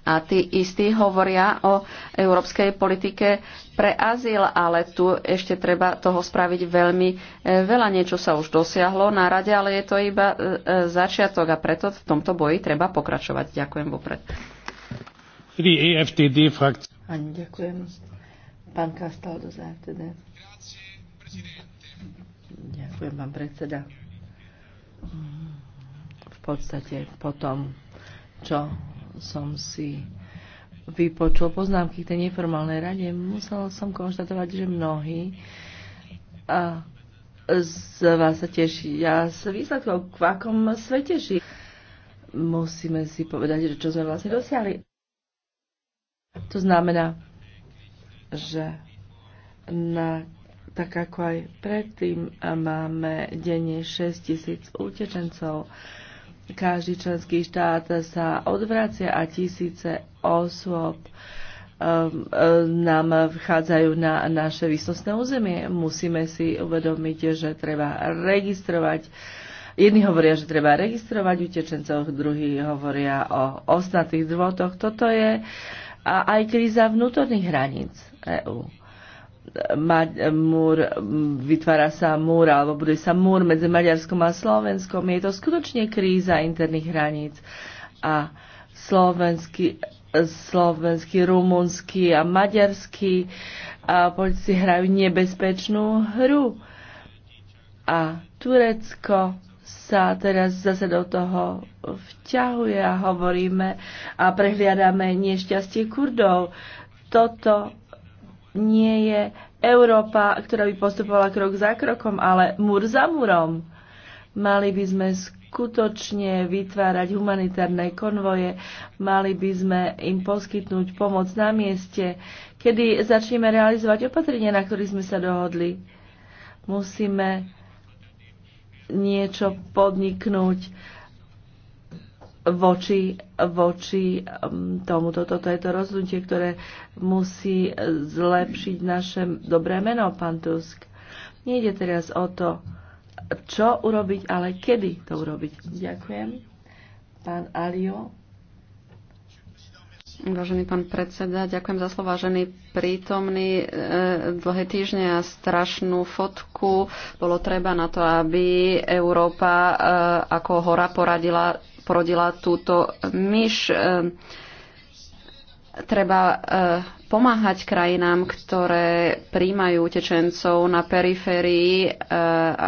A tí istí hovoria o európskej politike pre azyl, ale tu ešte treba toho spraviť veľmi e, veľa. Niečo sa už dosiahlo na rade, ale je to iba e, začiatok a preto v tomto boji treba pokračovať. Ďakujem vopred. Ani Ďakujem. Pán Kastal do ZFTD. Ďakujem pán predseda. V podstate potom, čo som si vypočul poznámky k tej neformálnej rade, musel som konštatovať, že mnohí a z vás sa teší. Ja výsledkov, v akom svete teší. Musíme si povedať, že čo sme vlastne dosiahli. To znamená, že na tak ako aj predtým, máme denne 6 tisíc utečencov. Každý členský štát sa odvracia a tisíce osôb um, nám vchádzajú na naše výsostné územie. Musíme si uvedomiť, že treba registrovať. Jedni hovoria, že treba registrovať utečencov, druhí hovoria o osnatých dvotoch. Toto je aj kríza vnútorných hraníc EÚ mať múr, vytvára sa múr alebo bude sa múr medzi Maďarskom a Slovenskom. Je to skutočne kríza interných hraníc a slovenský, slovenský, rumunský a maďarský a politici hrajú nebezpečnú hru. A Turecko sa teraz zase do toho vťahuje a hovoríme a prehliadame nešťastie Kurdov. Toto nie je Európa, ktorá by postupovala krok za krokom, ale múr za múrom. Mali by sme skutočne vytvárať humanitárne konvoje, mali by sme im poskytnúť pomoc na mieste, kedy začneme realizovať opatrenia, na ktorých sme sa dohodli. Musíme niečo podniknúť voči, voči um, tomuto. Toto je to rozhodnutie, ktoré musí zlepšiť naše dobré meno, pán Tusk. Nejde teraz o to, čo urobiť, ale kedy to urobiť. Ďakujem. Pán Alio. Vážený pán predseda, ďakujem za slovo, vážený prítomný. E, dlhé týždne a strašnú fotku bolo treba na to, aby Európa e, ako hora poradila porodila túto myš. Ehm, treba pomáhať krajinám, ktoré príjmajú utečencov na periférii, e,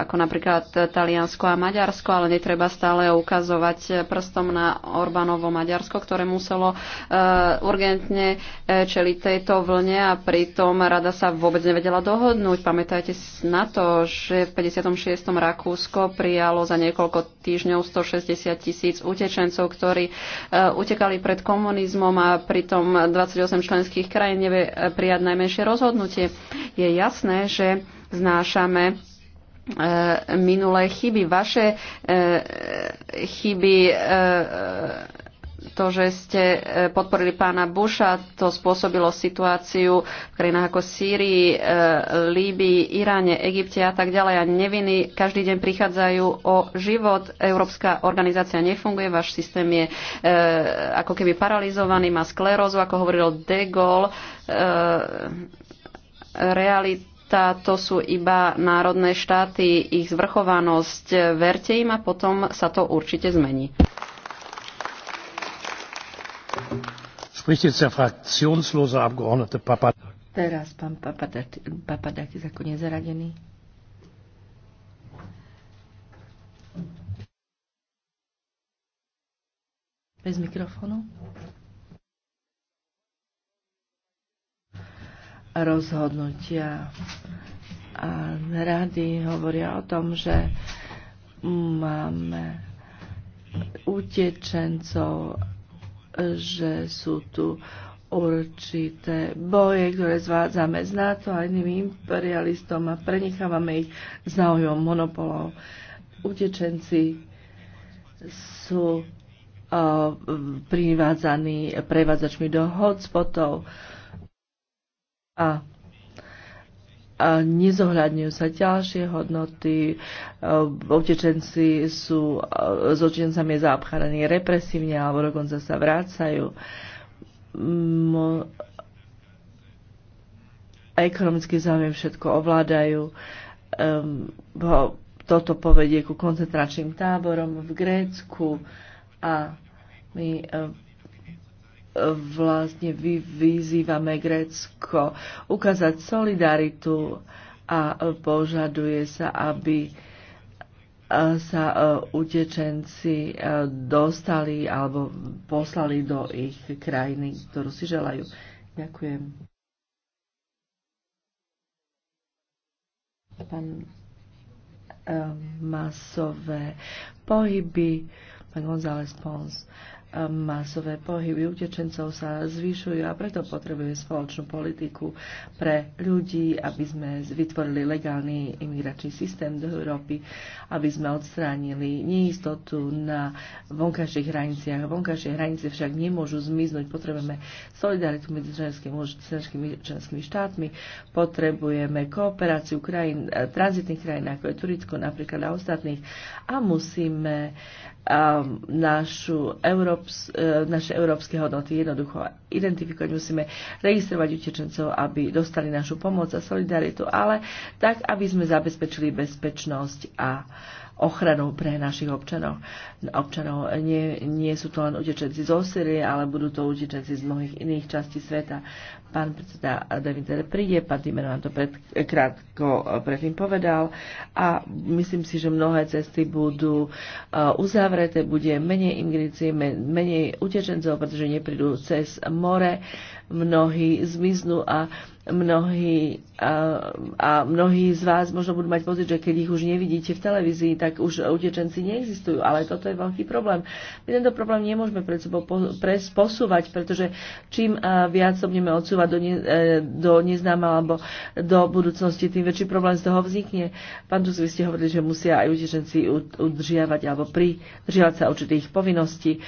ako napríklad Taliansko a Maďarsko, ale netreba stále ukazovať prstom na Orbánovo Maďarsko, ktoré muselo e, urgentne e, čeliť tejto vlne a pritom rada sa vôbec nevedela dohodnúť. Pamätajte na to, že v 56. Rakúsko prijalo za niekoľko týždňov 160 tisíc utečencov, ktorí utekali pred komunizmom a pritom 28 členských krajín nevie prijať najmenšie rozhodnutie. Je jasné, že znášame e, minulé chyby, vaše e, chyby e, to, že ste e, podporili pána Busha, to spôsobilo situáciu v krajinách ako Sýrii, e, Líbii, Iráne, Egypte a tak ďalej. A neviny každý deň prichádzajú o život. Európska organizácia nefunguje, váš systém je e, ako keby paralizovaný, má sklerózu, ako hovoril De Gaulle. Realita to sú iba národné štáty, ich zvrchovanosť. Verte im a potom sa to určite zmení. Spricht jetzt der fraktionslose Abgeordnete Papadakis. Bez mikrofónu. Rozhodnutia a rady hovoria o tom, že máme utečencov že sú tu určité boje, ktoré zvádzame z NATO a iným imperialistom a prenechávame ich záujom monopolov. Utečenci sú privádzaní prevádzačmi do hotspotov a nezohľadňujú sa ďalšie hodnoty, e, utečenci sú, s e, utečencami je zaobchádzaní represívne alebo dokonca sa vrácajú. A ekonomicky záujem všetko ovládajú. Toto povedie ku koncentračným táborom v Grécku a my vlastne vy vyzývame Grécko ukázať solidaritu a požaduje sa, aby sa e, utečenci e, dostali alebo poslali do ich krajiny, ktorú si želajú. Ďakujem. Pán e, masové pohyby, pán González Pons masové pohyby utečencov sa zvyšujú a preto potrebuje spoločnú politiku pre ľudí, aby sme vytvorili legálny imigračný systém do Európy, aby sme odstránili neistotu na vonkajších hraniciach. Vonkajšie hranice však nemôžu zmiznúť. Potrebujeme solidaritu medzi členskými, členskými, členskými štátmi, potrebujeme kooperáciu krajín, eh, tranzitných krajín, ako je Turicko napríklad a ostatných a musíme a našu Európs, e, naše európske hodnoty jednoducho identifikovať. Musíme registrovať utečencov, aby dostali našu pomoc a solidaritu, ale tak, aby sme zabezpečili bezpečnosť a e, ochranou pre našich občanov. občanov. Nie, nie sú to len utečenci zo Syrie, ale budú to utečenci z mnohých iných častí sveta. Pán predseda Deviter príde, pán Timer to pred, krátko eh, predtým povedal a myslím si, že mnohé cesty budú eh, uzavreté, bude menej imigrácie, menej utečencov, pretože neprídu cez more, mnohí zmiznú a mnohí a, a mnohí z vás možno budú mať pocit, že keď ich už nevidíte v televízii, tak už utečenci neexistujú. Ale toto je veľký problém. My tento problém nemôžeme pred sebou pres posúvať, pretože čím viac sa budeme odsúvať do, ne, e, do neznáma alebo do budúcnosti, tým väčší problém z toho vznikne. Pán Tusk, vy ste hovorili, že musia aj utečenci udržiavať alebo pridržiavať sa určitých povinností.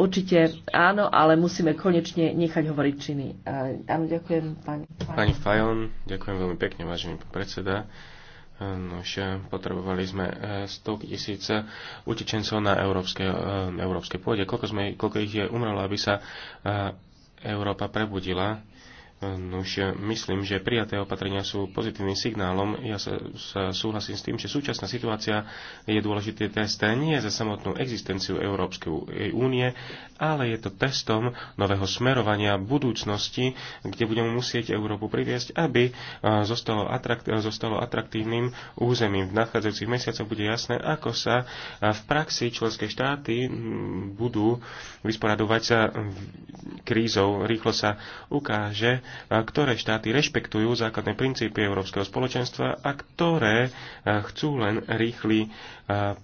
Určite áno, ale musíme konečne nechať hovoriť činy. Áno, ďakujem, pani. Pani Fajon, ďakujem veľmi pekne, vážený pán predseda. Ehm, že potrebovali sme 100 e, tisíc utečencov na európskej, ehm, európskej pôde. Koľko, sme, koľko ich je umrelo, aby sa e, Európa prebudila? Nuž, myslím, že prijaté opatrenia sú pozitívnym signálom. Ja sa, sa súhlasím s tým, že súčasná situácia je dôležitý test nie za samotnú existenciu Európskej únie, ale je to testom nového smerovania budúcnosti, kde budeme musieť Európu priviesť, aby e, zostalo, atrakt, zostalo atraktívnym územím. V nadchádzajúcich mesiacoch bude jasné, ako sa e, v praxi členské štáty budú vysporadovať sa krízou. Rýchlo sa ukáže, ktoré štáty rešpektujú základné princípy Európskeho spoločenstva a ktoré e, chcú len rýchly e,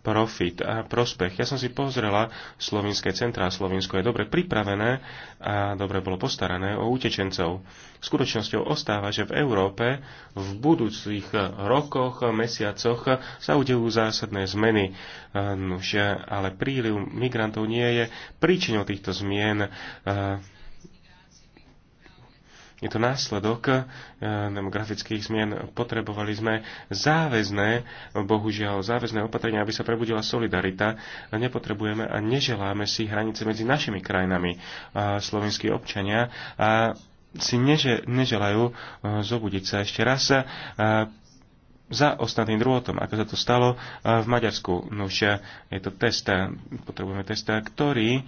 profit a prospech. Ja som si pozrela slovinské centrá. Slovinsko je dobre pripravené a dobre bolo postarané o utečencov. Skutočnosťou ostáva, že v Európe v budúcich rokoch, mesiacoch sa udejú zásadné zmeny. E, nuž, ale príliv migrantov nie je príčinou týchto zmien je to následok e, demografických zmien. Potrebovali sme záväzné, bohužiaľ záväzné opatrenia, aby sa prebudila solidarita. Nepotrebujeme a neželáme si hranice medzi našimi krajinami. Slovenskí občania a si neže, neželajú e, zobudiť sa ešte raz e, za ostatným drôtom, ako sa to stalo v Maďarsku. No už je to test, potrebujeme testa, ktorý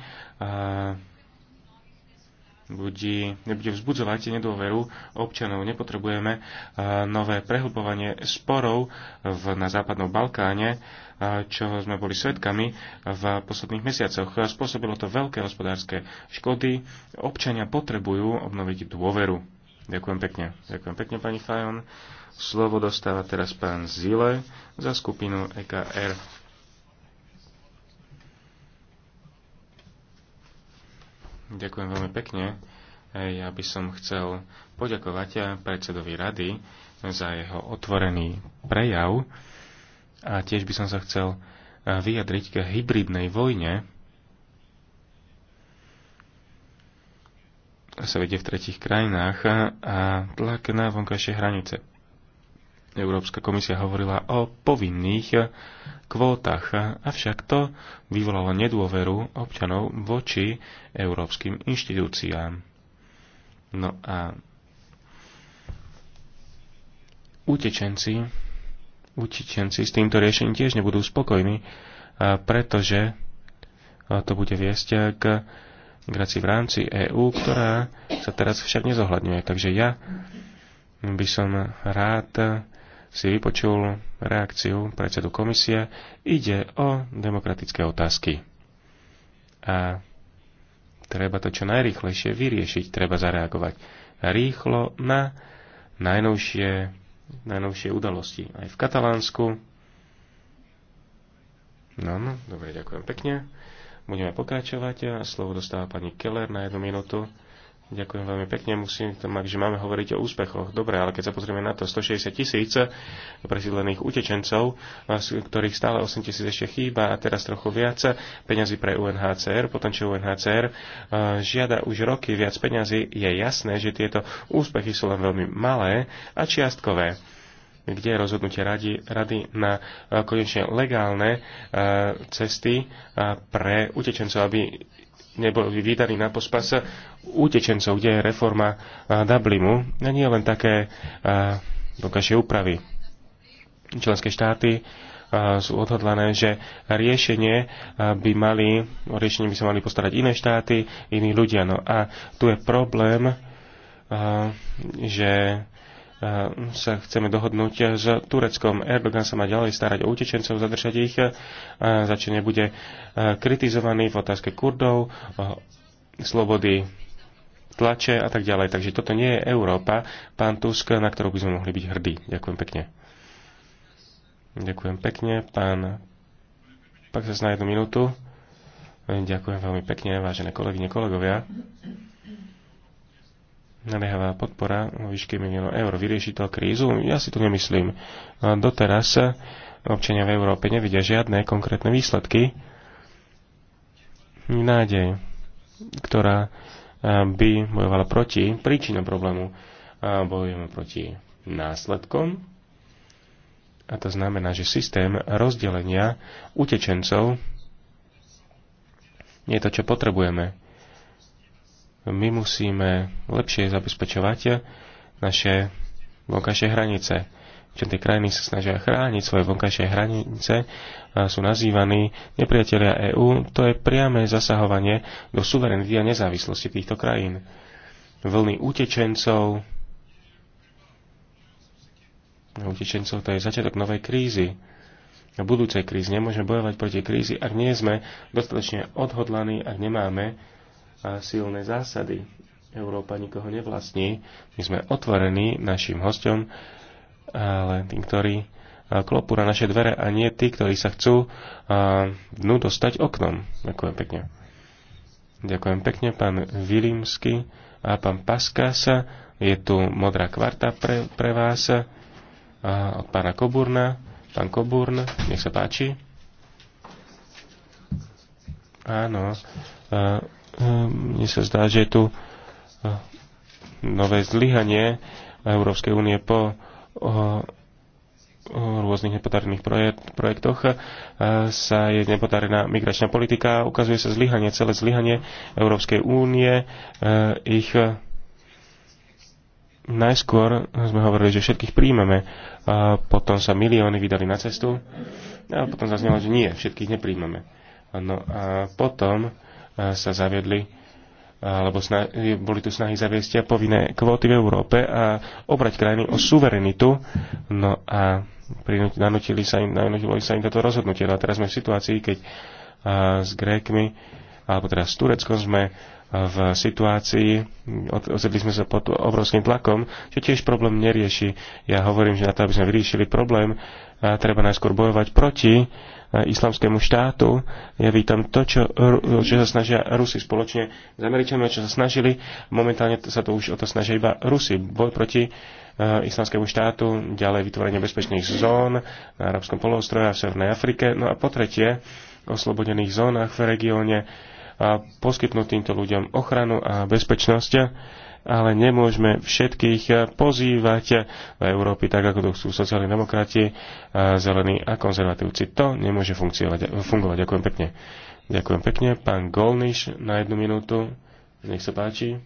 ľudí, nebude vzbudzovať nedôveru občanov. Nepotrebujeme eh, nové prehlbovanie sporov v, na Západnom Balkáne, eh, čo sme boli svetkami v posledných mesiacoch. Spôsobilo to veľké hospodárske škody. Občania potrebujú obnoviť dôveru. Ďakujem pekne. Ďakujem pekne, pani Fajon. Slovo dostáva teraz pán Zile za skupinu EKR. Ďakujem veľmi pekne. Ja by som chcel poďakovať eh, predsedovi rady za jeho otvorený prejav a tiež by som sa chcel eh, vyjadriť k hybridnej vojne, sa vedie v tretich krajinách a, eh, a tlak na vonkajšie hranice. Európska komisia hovorila o povinných kvótach, avšak to vyvolalo nedôveru občanov voči európskym inštitúciám. No a utečenci, utečenci s týmto riešením tiež nebudú spokojní, pretože to bude viesť k migrácii v rámci EÚ, ktorá sa teraz však nezohľadňuje. Takže ja by som rád si vypočul reakciu predsedu komisie. Ide o demokratické otázky. A treba to čo najrýchlejšie vyriešiť, treba zareagovať rýchlo na najnovšie, najnovšie udalosti aj v Katalánsku. No, no, dobre, ďakujem pekne. Budeme pokračovať a slovo dostáva pani Keller na jednu minútu. Ďakujem veľmi pekne. Musím to mať, že máme hovoriť o úspechoch. Dobre, ale keď sa pozrieme na to, 160 tisíc presídlených utečencov, ktorých stále 8 tisíc ešte chýba a teraz trochu viac peňazí pre UNHCR, potom čo UNHCR e, žiada už roky viac peňazí, je jasné, že tieto úspechy sú len veľmi malé a čiastkové kde je rozhodnutie rady, rady na e, konečne legálne e, cesty pre utečencov, aby neboli vydaní na pospas utečencov, kde je reforma Dublinu. A nie len také dokažie úpravy. Členské štáty sú odhodlané, že riešenie by mali, o riešenie by sa mali postarať iné štáty, iní ľudia. No a tu je problém, že sa chceme dohodnúť s Tureckom. Erdogan sa má ďalej starať o utečencov, zadržať ich, začne nebude e, kritizovaný v otázke Kurdov, e, slobody tlače a tak ďalej. Takže toto nie je Európa, pán Tusk, na ktorú by sme mohli byť hrdí. Ďakujem pekne. Ďakujem pekne, pán Pak sa na jednu minútu. Ďakujem veľmi pekne, vážené kolegyne, kolegovia naliehavá podpora vo výške miliónov eur. Vyrieši to krízu? Ja si to nemyslím. Doteraz občania v Európe nevidia žiadne konkrétne výsledky, nádej, ktorá by bojovala proti príčine problému. A bojujeme proti následkom. A to znamená, že systém rozdelenia utečencov nie je to, čo potrebujeme my musíme lepšie zabezpečovať naše vonkajšie hranice. Čo tie krajiny sa snažia chrániť svoje vonkajšie hranice a sú nazývaní nepriatelia EÚ, to je priame zasahovanie do suverenity a nezávislosti týchto krajín. Vlny utečencov, utečencov to je začiatok novej krízy budúcej krízy. Nemôžeme bojovať proti krízi, ak nie sme dostatočne odhodlaní, ak nemáme silné zásady. Európa nikoho nevlastní. My sme otvorení našim hostom, ale tým, ktorí klopú na naše dvere a nie tí, ktorí sa chcú dnu dostať oknom. Ďakujem pekne. Ďakujem pekne, pán Vilimsky a pán Paskasa. Je tu modrá kvarta pre, pre vás a od pána Koburna. Pán Koburn, nech sa páči. Áno. A Ehm, mne sa zdá, že je tu eh, nové zlyhanie Európskej únie po o, eh, eh, rôznych nepodarených projekt, projektoch sa je nepodarená migračná politika, ukazuje sa zlyhanie, celé zlyhanie Európskej únie, ich najskôr sme hovorili, že všetkých príjmeme, a potom sa milióny vydali na cestu a potom zaznelo, že nie, všetkých nepríjmeme. No a potom Eh, sa zaviedli, eh, alebo boli tu snahy zaviesť povinné kvóty v Európe a obrať krajiny o suverenitu. No a nanútili sa im, nanútilo sa im toto rozhodnutie. No a teraz sme v situácii, keď eh, s Grékmi, alebo teraz s Tureckom sme v situácii, odsedli sme sa pod obrovským tlakom, čo tiež problém nerieši. Ja hovorím, že na to, aby sme vyriešili problém, treba najskôr bojovať proti E, islamskému štátu. Ja vítam to, čo, čo sa snažia Rusi spoločne s Američanmi, čo sa snažili. Momentálne sa to už o to snažia iba Rusi. Boj proti e, islamskému štátu, ďalej vytvorenie bezpečných zón na Arabskom polostrove a v Severnej Afrike. No a po tretie, oslobodených zónach v regióne a poskytnúť týmto ľuďom ochranu a bezpečnosť ale nemôžeme všetkých eh, pozývať v eh, Európy tak, ako to sú sociálni demokrati, eh, zelení a konzervatívci. To nemôže fungovať. Ďakujem pekne. Ďakujem pekne. Pán Golniš na jednu minútu. Nech sa páči.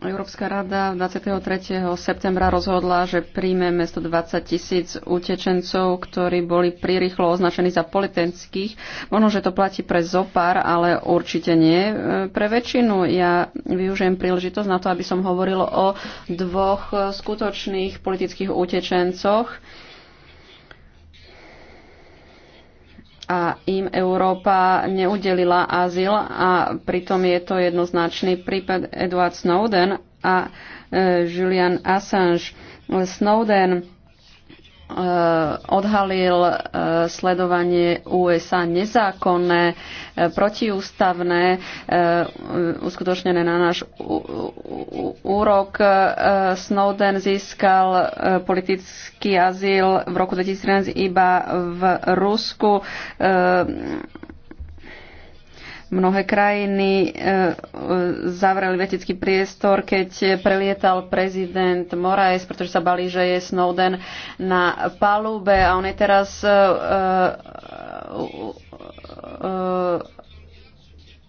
Európska rada 23. septembra rozhodla, že príjme 120 tisíc utečencov, ktorí boli prirýchlo označení za politických. Možno, že to platí pre zopár, ale určite nie e, pre väčšinu. Ja využijem príležitosť na to, aby som hovoril o dvoch skutočných politických utečencoch a im Európa neudelila azyl a pritom je to jednoznačný prípad Edward Snowden a e, Julian Assange. Snowden Eh, odhalil eh, sledovanie USA nezákonné, eh, protiústavné, uskutočnené na náš úrok. Snowden získal politický azyl v roku 2013 iba v Rusku Mnohé krajiny e, e, zavreli vetecký priestor, keď prelietal prezident Moraes, pretože sa bali, že je Snowden na palube a on je teraz e,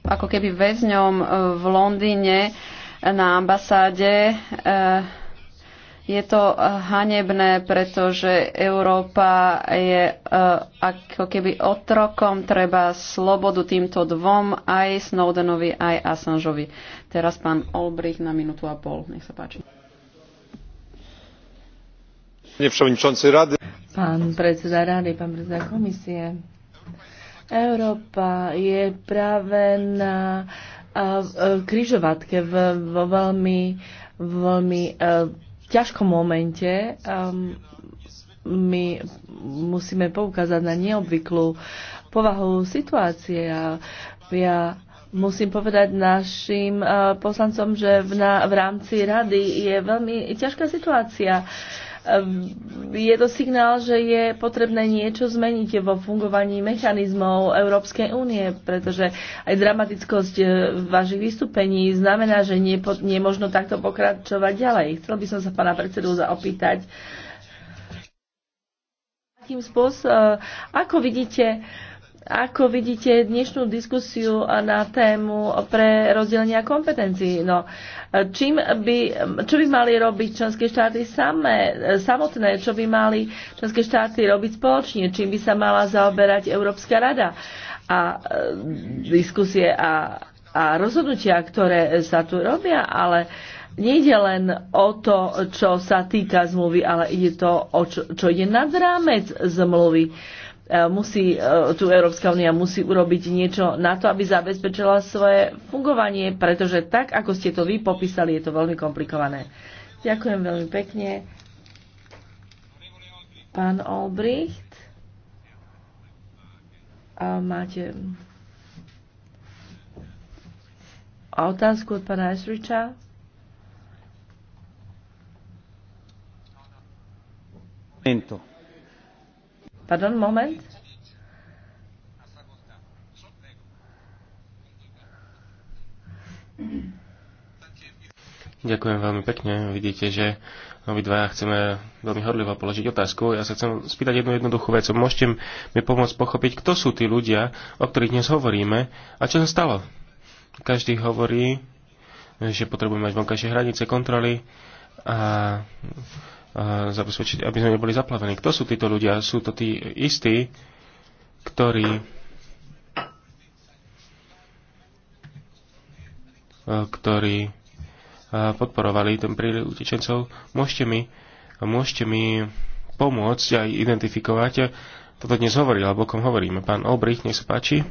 ako keby väzňom v Londýne na ambasáde je to eh, hanebné, pretože Európa je eh, ako keby otrokom, treba slobodu týmto dvom, aj Snowdenovi, aj Assangeovi. Teraz pán Olbrich na minútu a pol. Nech sa páči. Pán predseda rady, pán predseda komisie. Európa je práve na križovatke vo veľmi, veľmi ťažkom momente um, my musíme poukázať na neobvyklú povahu situácie a ja musím povedať našim uh, poslancom, že v, na, v rámci rady je veľmi ťažká situácia. Uh, je to signál, že je potrebné niečo zmeniť vo fungovaní mechanizmov Európskej únie, pretože aj dramatickosť e, vašich vystúpení znamená, že nie, nie možno takto pokračovať ďalej. Chcel by som sa pána predsedu zaopýtať, akým spôsobom, e, ako vidíte ako vidíte dnešnú diskusiu na tému pre rozdelenia kompetencií? No, čím by, čo by mali robiť členské štáty samé, samotné? Čo by mali členské štáty robiť spoločne? Čím by sa mala zaoberať Európska rada? A e, diskusie a, a rozhodnutia, ktoré sa tu robia, ale nejde len o to, čo sa týka zmluvy, ale ide to, o čo, čo ide nad rámec zmluvy. E, E, musí, e, tu Európska únia musí urobiť niečo na to, aby zabezpečila svoje fungovanie, pretože tak, ako ste to vy popísali, je to veľmi komplikované. Ďakujem veľmi pekne. Pán Olbricht, a máte otázku od pána Esriča? Momento. Pardon, moment. Ďakujem veľmi pekne. Vidíte, že my dvaja chceme veľmi horlivo položiť otázku. Ja sa chcem spýtať jednu jednoduchú vec. Môžete mi pomôcť pochopiť, kto sú tí ľudia, o ktorých dnes hovoríme a čo sa stalo? Každý hovorí, že potrebujeme mať vonkajšie hranice, kontroly a zabezpečiť, aby sme neboli zaplavení. Kto sú títo ľudia? Sú to tí istí, ktorí ktorí podporovali ten príliv utečencov. Môžete mi, môžete mi pomôcť aj identifikovať. Toto dnes hovorí, alebo o kom hovoríme. Pán Obrich, nech sa páči.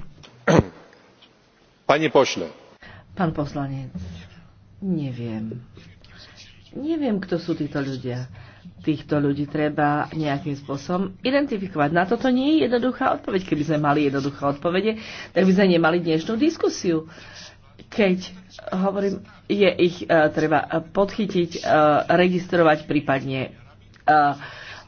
Pani pošle. Pán poslanec, neviem. Neviem, kto sú títo ľudia týchto ľudí treba nejakým spôsobom identifikovať. Na toto nie je jednoduchá odpoveď. Keby sme mali jednoduché odpovede, tak by sme nemali dnešnú diskusiu. Keď hovorím, je ich uh, treba podchytiť, uh, registrovať, prípadne uh,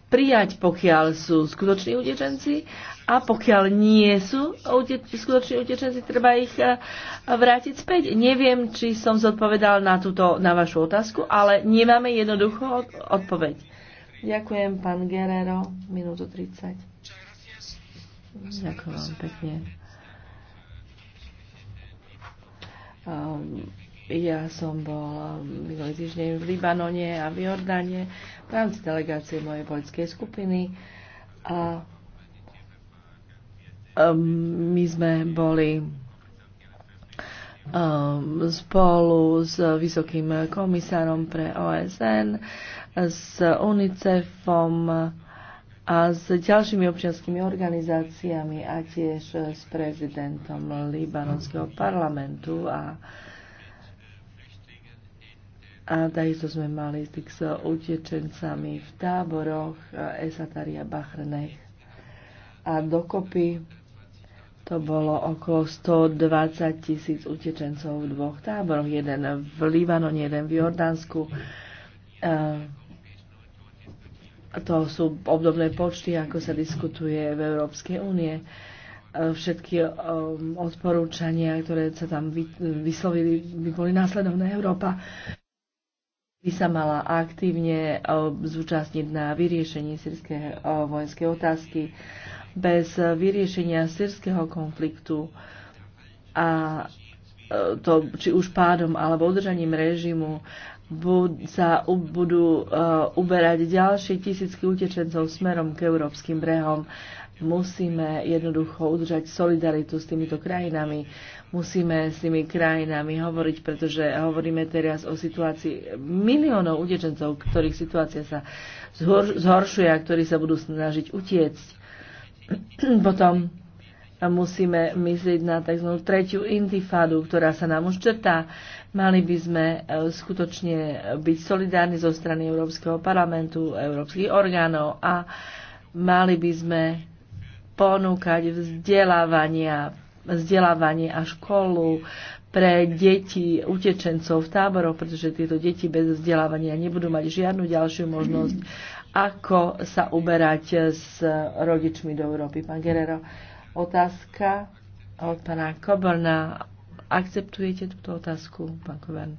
prijať, pokiaľ sú skutoční utečenci a pokiaľ nie sú skutoční utečenci, treba ich eh, vrátiť späť. Neviem, či som zodpovedal na, túto, na vašu otázku, ale nemáme jednoduchú odpoveď. Ďakujem, pán Guerrero. Minútu 30. Ďakujem vám pekne. Um, ja som bol ehm, minulý týždeň v Libanone a v Jordane v rámci delegácie mojej voľskej skupiny. A Ehm, my sme boli ehm, spolu s vysokým komisárom pre OSN, s UNICEFom a s ďalšími občianskými organizáciami a tiež s prezidentom libanonského parlamentu a a takisto sme mali styk s utečencami v táboroch eh, Esataria Bahrnech. A dokopy to bolo okolo 120 tisíc utečencov v dvoch táboroch, jeden v Libanone, jeden v Jordánsku. Eh, to sú obdobné počty, ako sa diskutuje v Európskej únie. Eh, všetky eh, odporúčania, ktoré sa tam vyslovili, by boli následovné Európa by sa mala aktívne zúčastniť na vyriešení sírskej vojenskej otázky bez vyriešenia sírskeho konfliktu a e, to či už pádom alebo udržaním režimu sa budú e, uberať ďalšie tisícky utečencov smerom k európskym brehom. Musíme jednoducho udržať solidaritu s týmito krajinami. Musíme s tými krajinami hovoriť, pretože hovoríme teraz o situácii miliónov utečencov, ktorých situácia sa zhoršuje a ktorí sa budú snažiť utiecť Potom musíme myslieť na tzv. tretiu intifádu, ktorá sa nám už črtá. Mali by sme e, skutočne byť solidárni zo strany Európskeho parlamentu, európskych orgánov a mali by sme ponúkať vzdelávania, vzdelávanie a školu pre deti utečencov v táboroch, pretože tieto deti bez vzdelávania nebudú mať žiadnu ďalšiu možnosť, ako sa uberať s rodičmi do Európy. Pán Guerrero, otázka od pána Koborna. Akceptujete túto otázku, pán Koborn?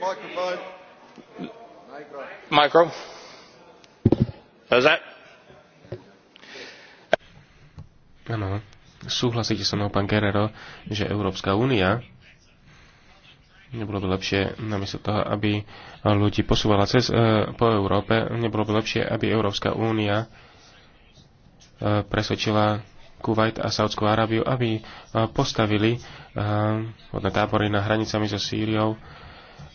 Mikrofón. Mikro. Áno, súhlasíte so mnou, pán Guerrero, že Európska únia nebolo by lepšie, namiesto toho, aby ľudí posúvala cez, e, po Európe, nebolo by lepšie, aby Európska únia e, presvedčila Kuwait a Saudskú Arábiu, aby e, postavili e, tábory na hranicami so Sýriou.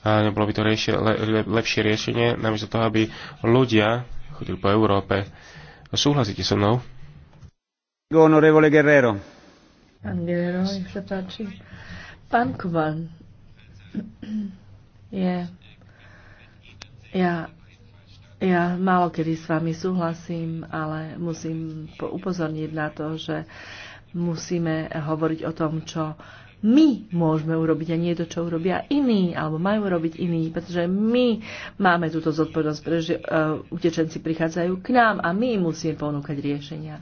A nebolo by to riešie, le, le, lepšie riešenie, namiesto toho, aby ľudia chodili po Európe. Súhlasíte so mnou? Guerrero. Pán Guerrero, sa páči. Pán Kuban je... Ja, ja málo kedy s vami súhlasím, ale musím upozorniť na to, že musíme hovoriť o tom, čo my môžeme urobiť a nie to, čo urobia iní, alebo majú robiť iní, pretože my máme túto zodpovednosť, pretože uh, utečenci prichádzajú k nám a my im musíme ponúkať riešenia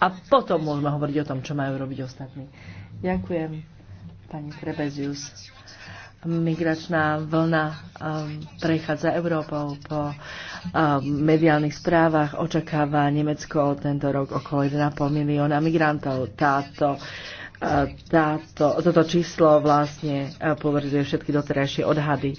a potom môžeme hovoriť o tom, čo majú robiť ostatní. Ďakujem, pani Trebezius. Migračná vlna um, prechádza Európou po um, mediálnych správach. Očakáva Nemecko tento rok okolo 1,5 milióna migrantov. Táto uh, táto, toto číslo vlastne uh, povrzuje všetky doterajšie odhady.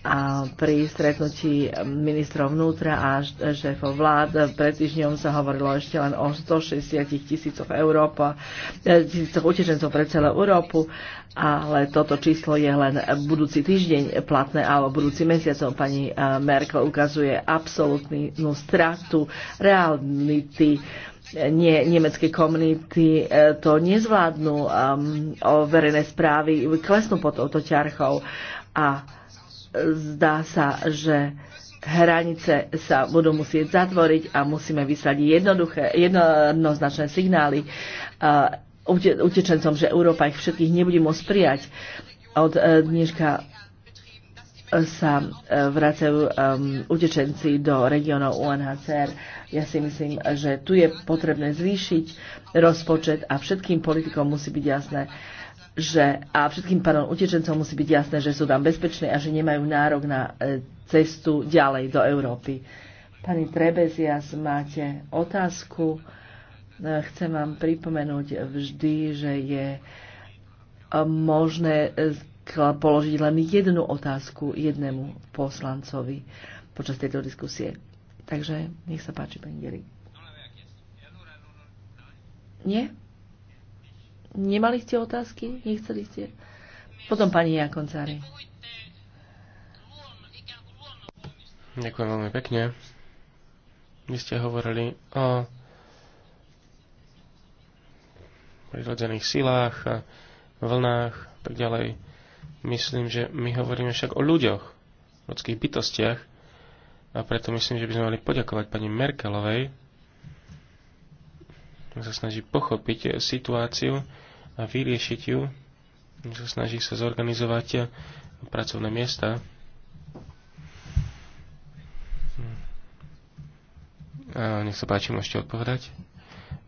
A pri stretnutí ministrov vnútra a šéfov vlád pred týždňom sa hovorilo ešte len o 160 tisícoch Európa, e, tisícoch utečencov pre celú Európu, ale toto číslo je len budúci týždeň platné alebo budúci mesiacom. Pani e, Merkel ukazuje absolútnu stratu reality nie, nemecké komunity e, to nezvládnu um, o verejné správy, klesnú pod touto ťarchou a zdá sa, že hranice sa budú musieť zatvoriť a musíme vyslať jednoduché, jednoznačné signály e, utečencom, že Európa ich všetkých nebude môcť prijať. Od e, dneška e, sa vracajú utečenci do regionov UNHCR. Ja si myslím, že tu je potrebné zvýšiť rozpočet a všetkým politikom musí byť jasné, že a všetkým pánom utečencom musí byť jasné, že sú tam bezpečné a že nemajú nárok na e, cestu ďalej do Európy. Pani Trebezias, máte otázku. E, chcem vám pripomenúť vždy, že je e, možné položiť len jednu otázku jednému poslancovi počas tejto diskusie. Takže nech sa páči, pani Geri. Nie? Nemali ste otázky? Nechceli ste? Potom pani Jakoncári. Ďakujem veľmi pekne. Vy ste hovorili o prirodzených silách a vlnách a tak ďalej. Myslím, že my hovoríme však o ľuďoch, ľudských bytostiach a preto myslím, že by sme mali poďakovať pani Merkelovej sa snaží pochopiť eh, situáciu a vyriešiť ju, sa snaží sa zorganizovať eh, pracovné miesta. A nech sa páči, môžete odpovedať.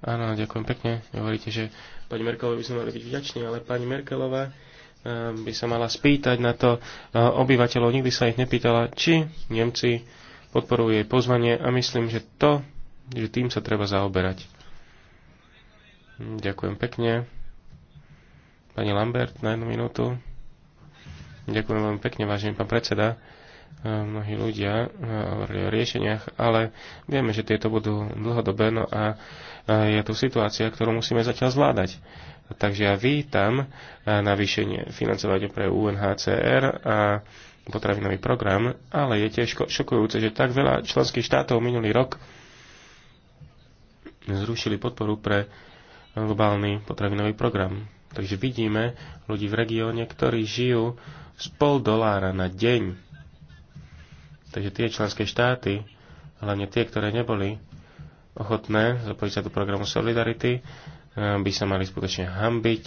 Áno, ďakujem pekne. Hovoríte, že pani Merkelová by sme mali byť vďační, ale pani Merkelová eh, by sa mala spýtať na to obyvateľov. Nikdy sa ich nepýtala, či Nemci podporujú jej pozvanie a myslím, že to, že tým sa treba zaoberať. Hm, ďakujem pekne. Pani Lambert, na jednu minútu. Ďakujem veľmi pekne, vážený pán predseda. Hm, mnohí ľudia hm, hovorili o riešeniach, ale vieme, že tieto budú dlhodobé, no a je tu situácia, ktorú musíme zatiaľ zvládať. Takže ja vítam navýšenie financovania pre UNHCR a potravinový program, ale je tiež šokujúce, že tak veľa členských štátov minulý rok zrušili podporu pre globálny potravinový program. Takže vidíme ľudí v regióne, ktorí žijú z pol dolára na deň. Takže tie členské štáty, hlavne tie, ktoré neboli ochotné zapojiť sa do programu Solidarity, eh, by sa mali skutočne hambiť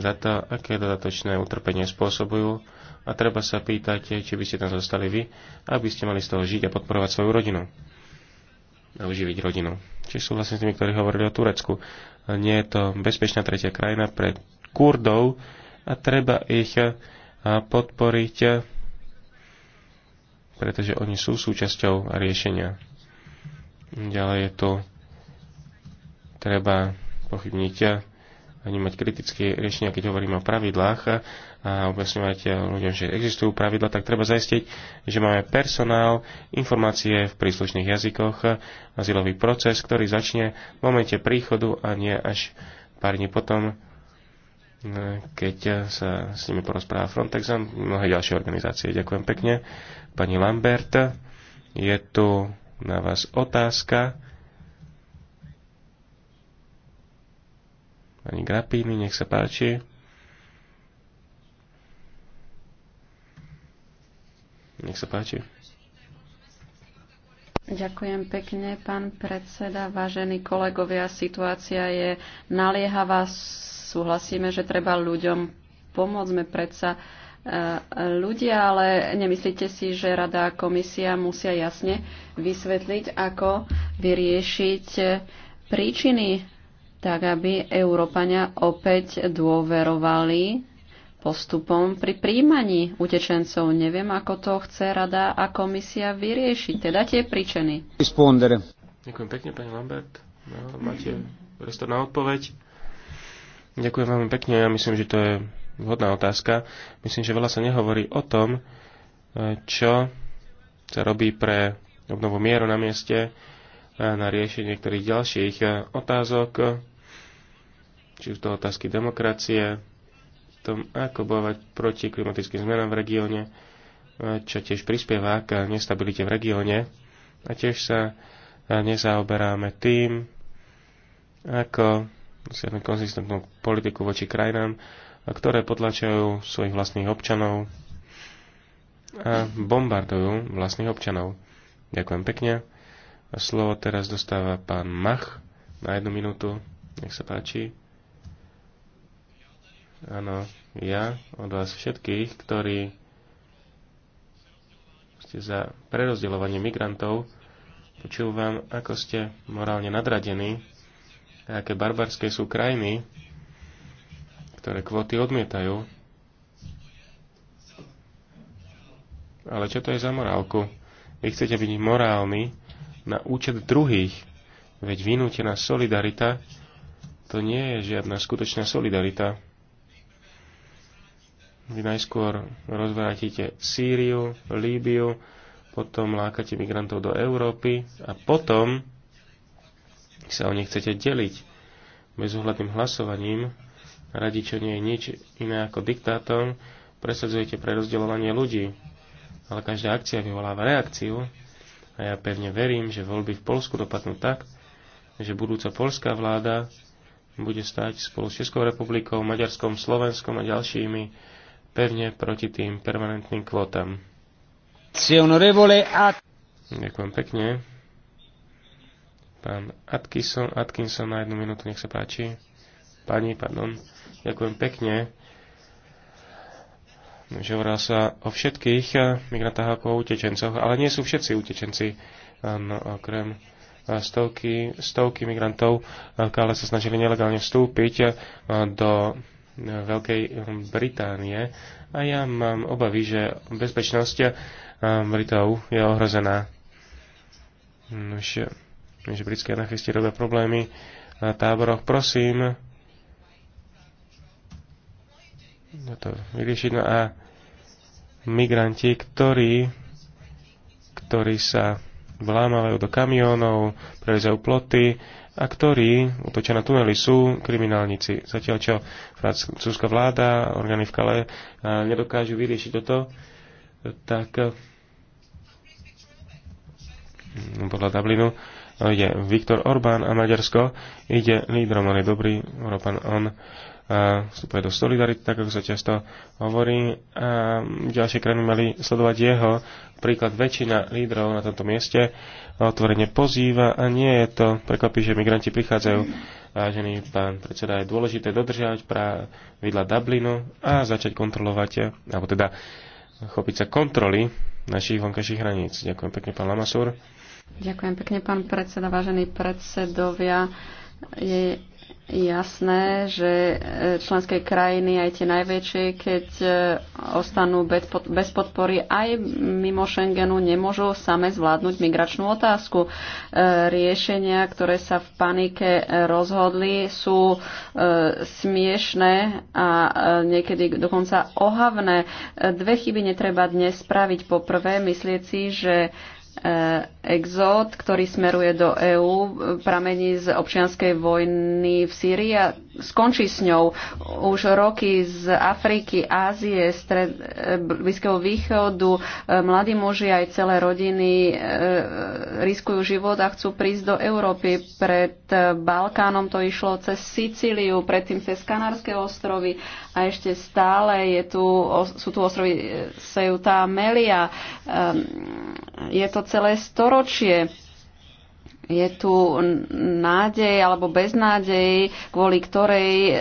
za to, aké dodatočné utrpenie spôsobujú a treba sa pýtať, či by ste tam zostali vy, aby ste mali z toho žiť a podporovať svoju rodinu a uživiť rodinu či vlastne s tými, ktorí hovorili o Turecku. Nie je to bezpečná tretia krajina pre Kurdov a treba ich podporiť, pretože oni sú súčasťou riešenia. Ďalej je tu treba pochybniť a vnímať kritické riešenia, keď hovoríme o pravidlách a objasňovať ľuďom, že existujú pravidla, tak treba zaistiť, že máme personál, informácie v príslušných jazykoch, azylový proces, ktorý začne v momente príchodu a nie až pár dní potom, e, keď sa s nimi porozpráva Frontex a mnohé ďalšie organizácie. Ďakujem pekne. Pani Lambert, je tu na vás otázka. Pani grapini, nech sa páči. Nech sa páči. Ďakujem pekne, pán predseda. Vážení kolegovia, situácia je naliehavá. Súhlasíme, že treba ľuďom pomôcť. Sme predsa e, ľudia, ale nemyslíte si, že Rada a komisia musia jasne vysvetliť, ako vyriešiť príčiny, tak aby Európania opäť dôverovali postupom pri príjmaní utečencov. Neviem, ako to chce rada a komisia vyriešiť, teda tie príčiny. Ďakujem pekne, pani Lambert. No, máte priestor na odpoveď. Ďakujem veľmi pekne. Ja myslím, že to je vhodná otázka. Myslím, že veľa sa nehovorí o tom, e, čo sa robí pre obnovu mieru na mieste, e, na riešenie niektorých ďalších e, otázok, či už to otázky demokracie, tom, ako bojovať proti klimatickým zmenám v regióne, čo tiež prispieva k nestabilite v regióne. A tiež sa nezaoberáme tým, ako dosiahnuť konzistentnú politiku voči krajinám, ktoré potlačajú svojich vlastných občanov a bombardujú vlastných občanov. Ďakujem pekne. A slovo teraz dostáva pán Mach na jednu minútu. Nech sa páči. Áno, ja od vás všetkých, ktorí ste za prerozdeľovanie migrantov, počúvam, ako ste morálne nadradení, a aké barbarské sú krajiny, ktoré kvóty odmietajú. Ale čo to je za morálku? Vy chcete byť morálni na účet druhých, veď vynútená solidarita to nie je žiadna skutočná solidarita. Vy najskôr rozvrátíte Sýriu, Líbiu, potom lákate migrantov do Európy a potom sa o nich chcete deliť bezúhľadným hlasovaním. Radi, čo nie je nič iné ako diktátom, presadzujete pre rozdeľovanie ľudí. Ale každá akcia vyvoláva reakciu a ja pevne verím, že voľby v Polsku dopadnú tak, že budúca polská vláda bude stať spolu s Českou republikou, Maďarskom, Slovenskom a ďalšími pevne proti tým permanentným kvótam. Ďakujem pekne. Pán Atkinson, Atkinson na jednu minútu, nech sa páči. Pani, pardon. Ďakujem pekne. Že hovorila sa o všetkých eh, migrantách ako o utečencoch, ale nie sú všetci utečenci. No, okrem eh, stovky, stovky migrantov v eh, sa snažili nelegálne vstúpiť do Veľkej Británie a ja mám obavy, že bezpečnosť um, Britov je ohrozená. Už, že britské anarchisti robia problémy na táboroch. Prosím, to vyriešiť. No a migranti, ktorí, ktorí sa vlámavajú do kamionov, prevezajú ploty, a ktorí utočia na tunely sú kriminálnici. Zatiaľ čo francúzska vláda, orgány v Kale eh, nedokážu vyriešiť toto, tak eh, podľa Dublinu je Viktor Orbán a Maďarsko ide lídrom, on je dobrý, Orbán on vstupuje do solidarity, tak ako sa často hovorí. A ďalšie krajiny mali sledovať jeho príklad. Väčšina lídrov na tomto mieste otvorene pozýva a nie je to prekvapí, že migranti prichádzajú. Vážený pán predseda, je dôležité dodržiavať pravidla Dublinu a začať kontrolovať, alebo teda chopiť sa kontroly našich vonkajších hraníc. Ďakujem pekne, pán Lamasur. Ďakujem pekne, pán predseda, vážení predsedovia. Je jasné, že e, členské krajiny, aj tie najväčšie, keď e, ostanú bez podpory, aj mimo Schengenu nemôžu same zvládnuť migračnú otázku. E, riešenia, ktoré sa v panike rozhodli, sú smiešné a niekedy dokonca ohavné. Dve chyby netreba dnes spraviť. Poprvé, myslieť si, že Eh, exód, ktorý smeruje do EÚ, eh, pramení z občianskej vojny v Sýrii a skončí s ňou. Už roky z Afriky, Ázie, stred, e, Blízkeho východu e, mladí muži aj celé rodiny e, riskujú život a chcú prísť do Európy. Pred Balkánom to išlo cez Sicíliu, predtým cez Kanárske ostrovy a ešte stále je tu, sú tu ostrovy Sejuta a Melia. Ehm, je to celé storočie je tu nádej alebo beznádej, kvôli ktorej e,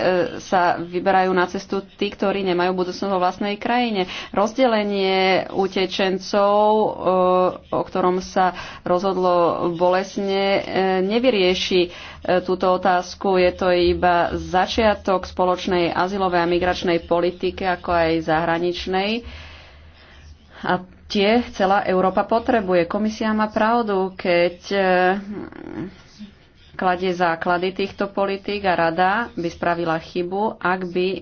sa vyberajú na cestu tí, ktorí nemajú budúcnosť vo vlastnej krajine. Rozdelenie utečencov, e, o ktorom sa rozhodlo bolesne, e, nevyrieši túto otázku. Je to iba začiatok spoločnej azylovej a migračnej politiky, ako aj zahraničnej. A tie celá Európa potrebuje. Komisia má pravdu, keď e, kladie základy týchto politík a rada by spravila chybu, ak by e,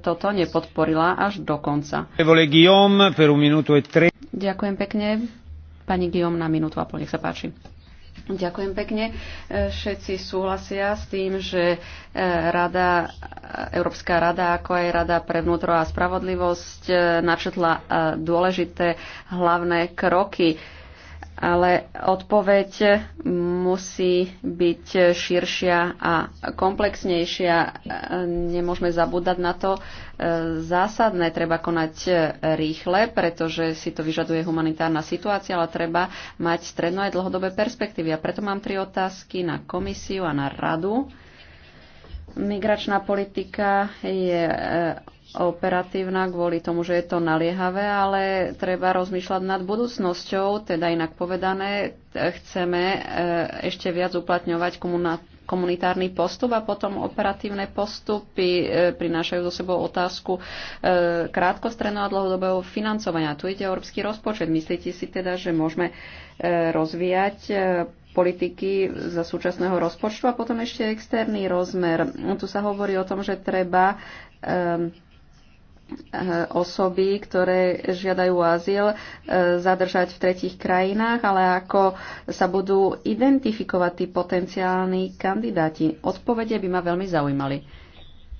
toto nepodporila až do konca. E Ďakujem pekne. Pani Guillaume na minútu a pol, nech sa páči. Ďakujem pekne. E, všetci súhlasia s tým, že e, rada, Európska rada, ako aj Rada pre vnútro a spravodlivosť e, načetla dôležité hlavné kroky ale odpoveď musí byť širšia a komplexnejšia. Nemôžeme zabúdať na to e, zásadné. Treba konať e, rýchle, pretože si to vyžaduje humanitárna situácia, ale treba mať stredno aj dlhodobé perspektívy. A preto mám tri otázky na komisiu a na radu. Migračná politika je e, operatívna kvôli tomu, že je to naliehavé, ale treba rozmýšľať nad budúcnosťou, teda inak povedané, chceme e, ešte viac uplatňovať komunitárny postup a potom operatívne postupy e, prinášajú zo sebou otázku e, krátkostredného a dlhodobého financovania. Tu ide európsky rozpočet. Myslíte si teda, že môžeme rozvíjať politiky za súčasného rozpočtu a potom ešte externý rozmer. Tu sa hovorí o tom, že treba Eh, osoby, ktoré žiadajú azyl, eh, zadržať v tretich krajinách, ale ako sa budú identifikovať tí potenciálni kandidáti. Odpovede by ma veľmi zaujímali.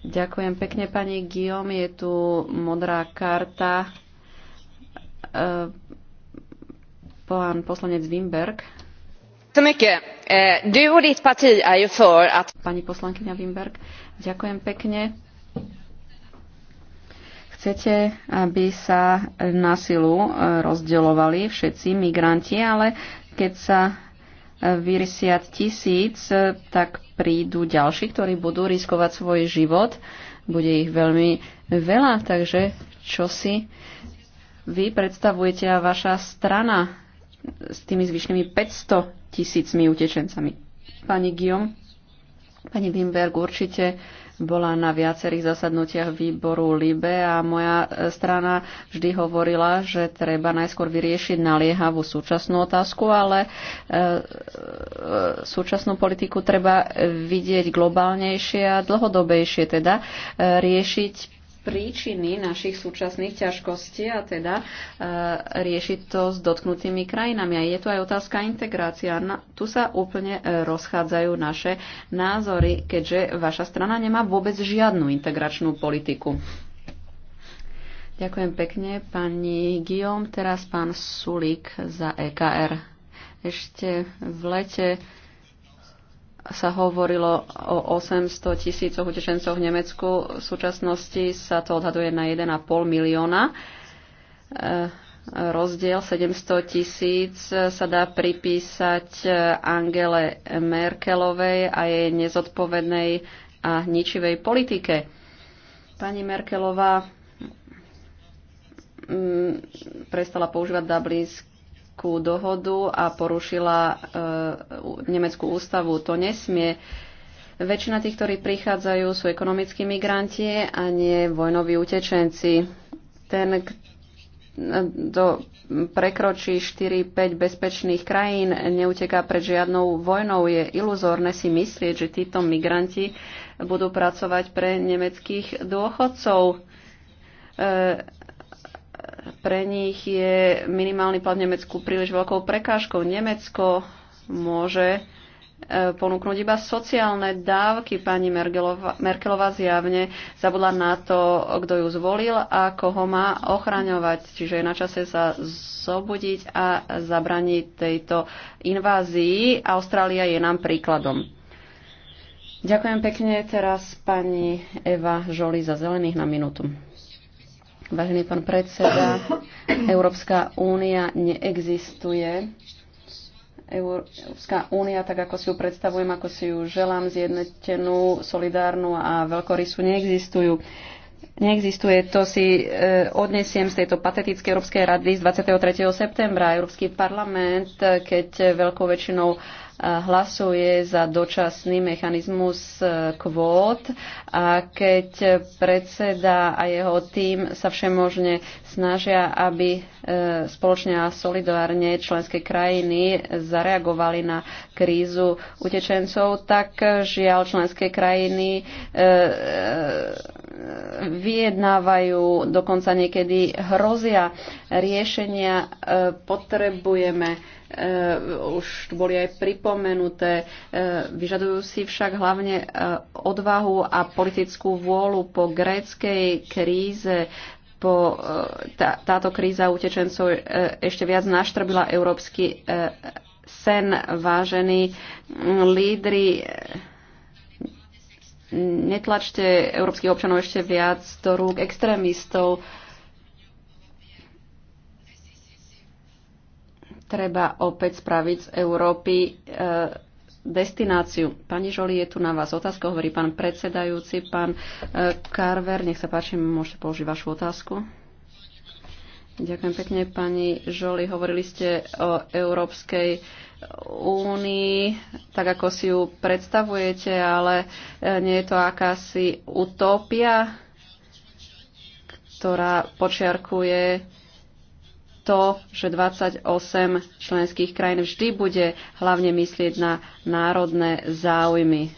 Ďakujem pekne, pani Guillaume. Je tu modrá karta. Eh, pán poslanec Wimberg. Pani poslankyňa Wimberg, ďakujem pekne Chcete, aby sa na silu e, rozdeľovali všetci migranti, ale keď sa e, vyrysia tisíc, e, tak prídu ďalší, ktorí budú riskovať svoj život. Bude ich veľmi veľa, takže čo si vy predstavujete a vaša strana s tými zvyšnými 500 tisícmi utečencami? Pani Guillaume, pani Wimberg, určite bola na viacerých zasadnutiach výboru LIBE a moja e, strana vždy hovorila, že treba najskôr vyriešiť naliehavú súčasnú otázku, ale e, e, súčasnú politiku treba vidieť globálnejšie a dlhodobejšie, teda riešiť príčiny našich súčasných ťažkostí a teda e, riešiť to s dotknutými krajinami. A je tu aj otázka integrácia. Na, tu sa úplne e, rozchádzajú naše názory, keďže vaša strana nemá vôbec žiadnu integračnú politiku. Ďakujem pekne, pani Guillaume. Teraz pán Sulik za EKR. Ešte v lete sa hovorilo o 800 tisícoch utečencov v Nemecku. V súčasnosti sa to odhaduje na 1,5 milióna. E, rozdiel 700 tisíc sa dá pripísať e, Angele Merkelovej a jej nezodpovednej a ničivej politike. Pani Merkelová prestala používať dublinský nemeckú dohodu a porušila e, nemeckú ústavu. To nesmie. Väčšina tých, ktorí prichádzajú, sú ekonomickí migranti a nie vojnoví utečenci. Ten, kto prekročí 4-5 bezpečných krajín, neuteká pred žiadnou vojnou. Je iluzórne si myslieť, že títo migranti budú pracovať pre nemeckých dôchodcov. E, pre nich je minimálny plat v Nemecku príliš veľkou prekážkou. Nemecko môže e, ponúknuť iba sociálne dávky. Pani Merkelová, Merkelova zjavne zabudla na to, kto ju zvolil a koho má ochraňovať. Čiže je na čase sa zobudiť a zabraniť tejto invázii. Austrália je nám príkladom. Ďakujem pekne. Teraz pani Eva Žoli za zelených na minútu. Vážený pán predseda, Európska únia neexistuje. Európska únia, tak ako si ju predstavujem, ako si ju želám, zjednotenú, solidárnu a veľkorysu neexistujú. Neexistuje, to si e, odnesiem z tejto patetickej Európskej rady z 23. septembra. Európsky parlament, keď veľkou väčšinou hlasuje za dočasný mechanizmus e, kvót a keď predseda a jeho tým sa všemožne snažia, aby e, spoločne a solidárne členské krajiny zareagovali na krízu utečencov, tak žiaľ členské krajiny e, vyjednávajú, dokonca niekedy hrozia riešenia. Potrebujeme Eh, už tu boli aj pripomenuté. Eh, vyžadujú si však hlavne eh, odvahu a politickú vôľu po gréckej kríze. Po, tá, táto kríza utečencov ešte viac naštrbila európsky sen, vážení mm, lídry. Netlačte európskych občanov ešte viac do rúk extrémistov. Treba opäť spraviť z Európy e, destináciu. Pani Žoli, je tu na vás otázka, hovorí pán predsedajúci, pán e, Carver, nech sa páči, môžete položiť vašu otázku. Ďakujem pekne, pani Žoli. Hovorili ste o Európskej únii, tak ako si ju predstavujete, ale e, nie je to akási utopia, ktorá počiarkuje to, že 28 členských krajín vždy bude hlavne myslieť na národné záujmy.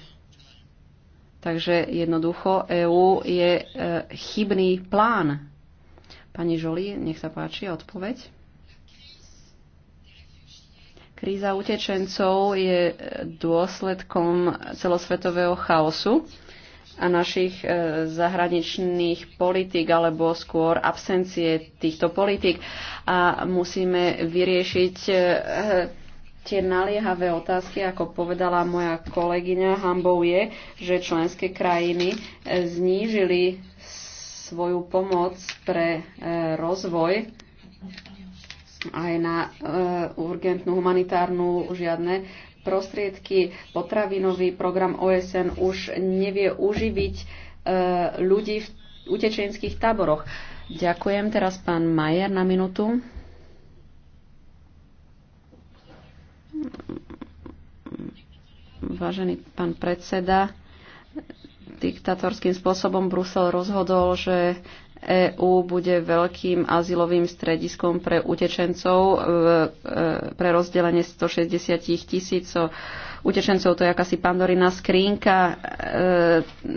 Takže jednoducho EÚ je e, chybný plán. Pani Žoli, nech sa páči, odpoveď. Kríza utečencov je e, dôsledkom celosvetového chaosu našich e, zahraničných politik alebo skôr absencie týchto politik. A musíme vyriešiť e, tie naliehavé otázky, ako povedala moja kolegyňa Hambou je, že členské krajiny e, znížili svoju pomoc pre rozvoj aj na urgentnú humanitárnu žiadne prostriedky. Potravinový program OSN už nevie uživiť e, ľudí v utečenských táboroch. Ďakujem teraz pán Majer na minútu. Vážený pán predseda, diktatorským spôsobom Brusel rozhodol, že EÚ bude veľkým azylovým strediskom pre utečencov e, e, pre rozdelenie 160 tisíc utečencov. To je akási pandorina skrínka. E,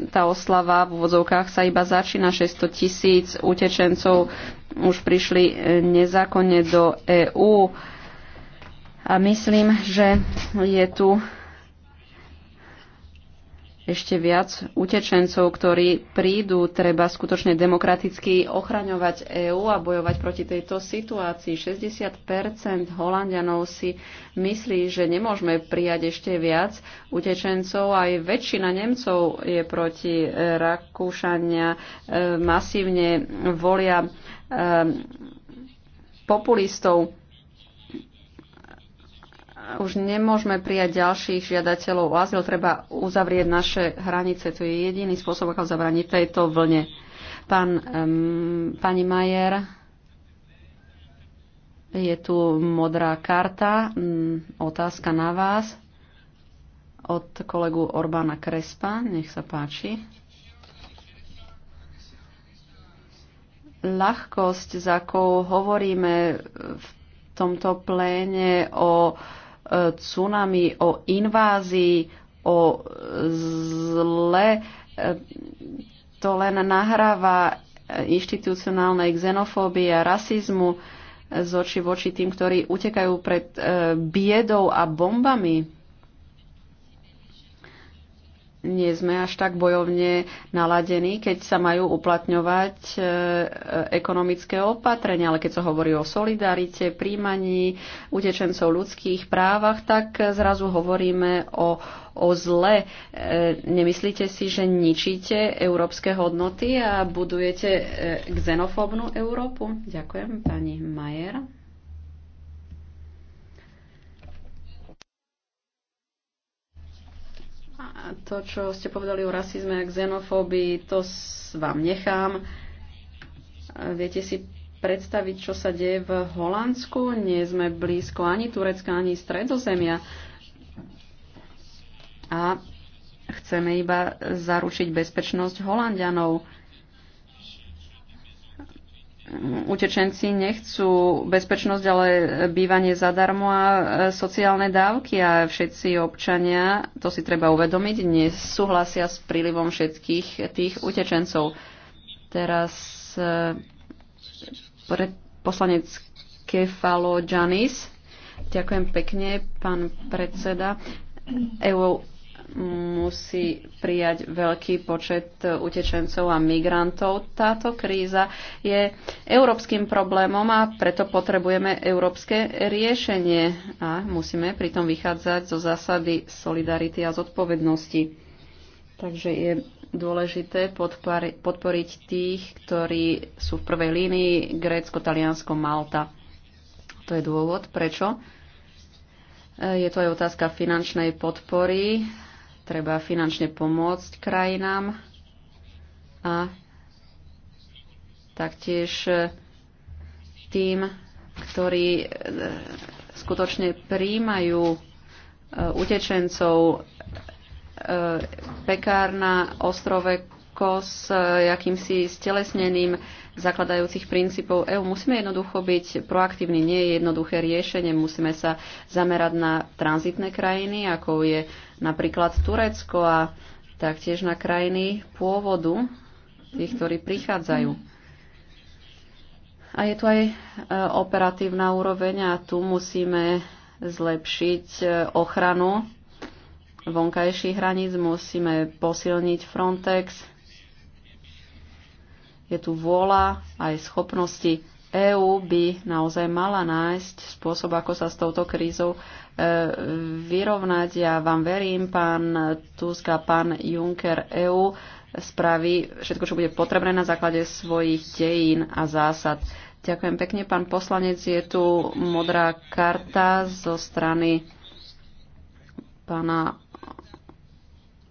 tá oslava v úvodzovkách sa iba začína. 600 tisíc utečencov už prišli nezákonne do EÚ. A myslím, že je tu ešte viac utečencov, ktorí prídu, treba skutočne demokraticky ochraňovať EÚ a bojovať proti tejto situácii. 60 Holandianov si myslí, že nemôžeme prijať ešte viac utečencov. Aj väčšina Nemcov je proti Rakúšania. E, masívne volia e, populistov už nemôžeme prijať ďalších žiadateľov o azyl, treba uzavrieť naše hranice. To je jediný spôsob, ako zabraniť tejto vlne. Pán, um, pani Majer, je tu modrá karta, mm, otázka na vás od kolegu Orbána Krespa. Nech sa páči. Ľahkosť, za akou hovoríme v tomto pléne o uh, tsunami, o invázii, o zle. To len nahráva inštitucionálnej xenofóbii a rasizmu z oči voči tým, ktorí utekajú pred e, biedou a bombami nie sme až tak bojovne naladení, keď sa majú uplatňovať e, ekonomické opatrenia, ale keď sa so hovorí o solidarite, príjmaní utečencov ľudských právach, tak zrazu hovoríme o, o zle. E, nemyslíte si, že ničíte európske hodnoty a budujete e, xenofóbnu Európu? Ďakujem, pani Majer. A to, čo ste povedali o rasizme a xenofóbii, to vám nechám. Viete si predstaviť, čo sa deje v Holandsku? Nie sme blízko ani Turecka, ani Stredozemia. A chceme iba zaručiť bezpečnosť Holandianov utečenci nechcú bezpečnosť, ale bývanie zadarmo a e, sociálne dávky a všetci občania, to si treba uvedomiť, nesúhlasia s prílivom všetkých tých utečencov. Teraz e, pre poslanec Kefalo Janis. Ďakujem pekne, pán predseda. EU, musí prijať veľký počet utečencov a migrantov. Táto kríza je európskym problémom a preto potrebujeme európske riešenie a musíme pritom vychádzať zo zásady solidarity a zodpovednosti. Takže je dôležité podporiť tých, ktorí sú v prvej línii Grécko, Taliansko, Malta. To je dôvod, prečo e, je to aj otázka finančnej podpory Treba finančne pomôcť krajinám a taktiež e, tým, ktorí e, skutočne príjmajú e, utečencov. pekárna ostrovek, ostrove všetko s e, jakýmsi stelesneným zakladajúcich princípov EÚ. Musíme jednoducho byť proaktívni, nie je jednoduché riešenie. Musíme sa zamerať na tranzitné krajiny, ako je napríklad Turecko a taktiež na krajiny pôvodu tých, ktorí prichádzajú. A je tu aj e, operatívna úroveň a tu musíme zlepšiť e, ochranu vonkajších hraníc, musíme posilniť Frontex, je tu vôľa aj schopnosti. EÚ by naozaj mala nájsť spôsob, ako sa s touto krízou e, vyrovnať. Ja vám verím, pán Tusk a pán Juncker EÚ spraví všetko, čo bude potrebné na základe svojich dejín a zásad. Ďakujem pekne, pán poslanec. Je tu modrá karta zo strany pána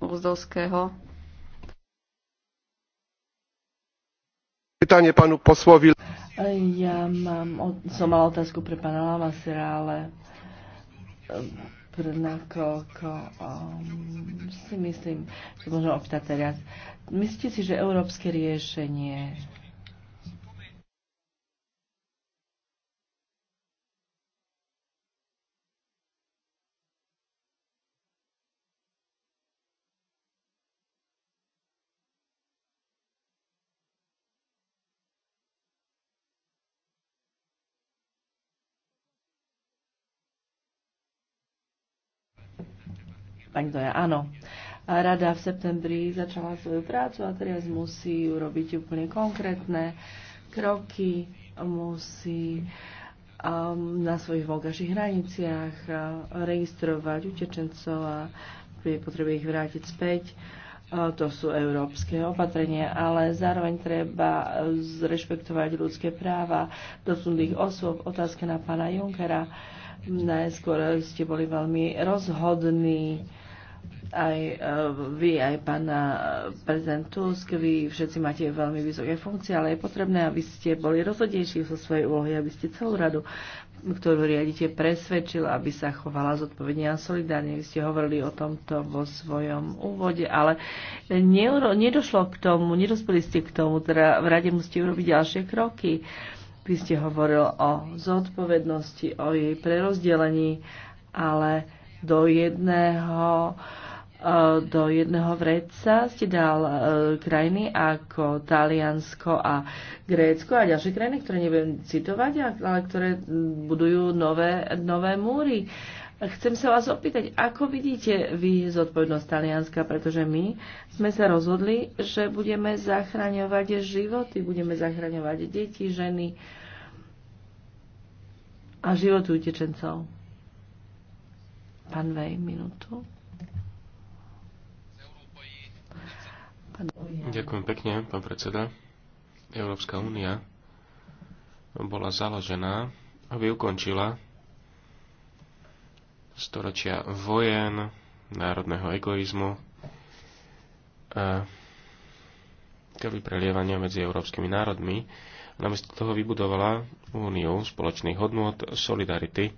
Uzdovského. Pytanie panu posłowi. Ja mám, som mala otázku pre pána Lamasera, ale ehm, nakoľko um, si myslím, že môžem opýtať teraz. Myslíte si, že európske riešenie pán Doja, áno. Rada v septembri začala svoju prácu a teraz musí urobiť úplne konkrétne kroky, musí um, na svojich voľkaších hraniciach registrovať utečencov a je ich vrátiť späť. to sú európske opatrenia, ale zároveň treba zrešpektovať ľudské práva dosudných osôb. Otázka na pána Junkera. Najskôr ste boli veľmi rozhodní aj e, vy, aj pán e, prezident Tusk, vy všetci máte veľmi vysoké funkcie, ale je potrebné, aby ste boli rozhodnejší so svojej úlohy, aby ste celú radu, ktorú riadite, presvedčil, aby sa chovala zodpovedne a solidárne. Vy ste hovorili o tomto vo svojom úvode, ale nedošlo k tomu, nedospeli ste k tomu, teda v rade musíte urobiť ďalšie kroky. Vy ste hovoril o zodpovednosti, o jej prerozdelení, ale do jedného uh, E, do jedného vreca ste dal e, krajiny ako Taliansko a Grécko a ďalšie krajiny, ktoré nebudem citovať, ale ktoré budujú nové, nové múry. Chcem sa vás opýtať, ako vidíte vy zodpovednosť Talianska, pretože my sme sa rozhodli, že budeme zachraňovať životy, budeme zachraňovať deti, ženy a životy utečencov. Pán Vej, minútu. Ďakujem pekne, pán predseda. Európska únia bola založená, aby ukončila storočia vojen, národného egoizmu a krvi prelievania medzi európskymi národmi. Namiesto toho vybudovala úniu spoločných hodnôt Solidarity,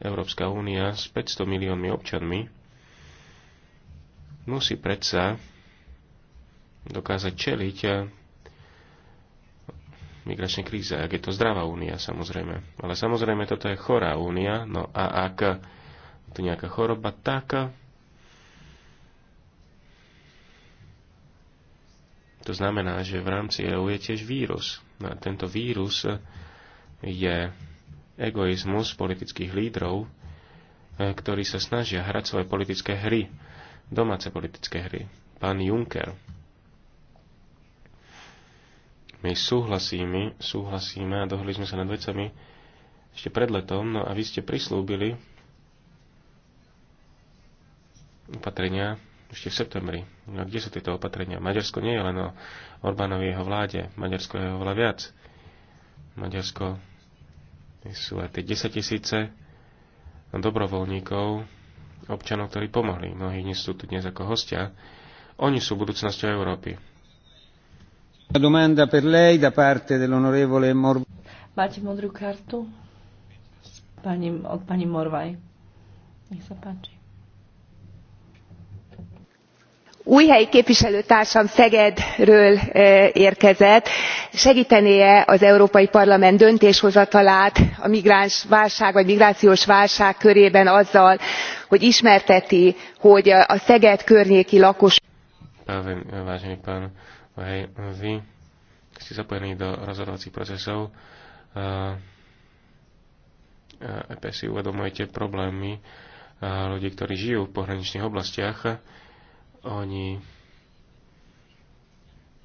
Európska únia s 500 miliónmi občanmi musí predsa dokázať čeliť eh, migračnej kríze, ak je to zdravá únia samozrejme. Ale samozrejme toto je chorá únia, no a ak tu nejaká choroba, tak eh, to znamená, že v rámci EU je tiež vírus. No a tento vírus eh, je egoizmus politických lídrov, ktorí sa snažia hrať svoje politické hry, domáce politické hry. Pán Juncker my súhlasíme, súhlasíme a dohodli sme sa nad vecami ešte pred letom, no a vy ste prislúbili opatrenia ešte v septembri. No kde sú tieto opatrenia? Maďarsko nie je len o Orbánovi jeho vláde. Maďarsko je oveľa viac. Maďarsko sú aj tie 10 tisíce dobrovoľníkov, občanov, ktorí pomohli. Mnohí dnes sú tu dnes ako hostia. Oni sú budúcnosťou Európy. Domanda per lei da parte dell'onorevole Morvai. kartu pani, od pani Nech sa páči. Újhelyi képviselőtársam Szegedről érkezett. Segítené-e az Európai Parlament döntéshozatalát a migráns válság vagy migrációs válság körében azzal, hogy ismerteti, hogy a Szeged környéki lakos... Pávim, vážený pán Hej, vy ste zapojení do rozhodovacích procesov. EP eh, eh, e si uvedomujete problémy eh, ľudí, ktorí žijú v pohraničných oblastiach. Oni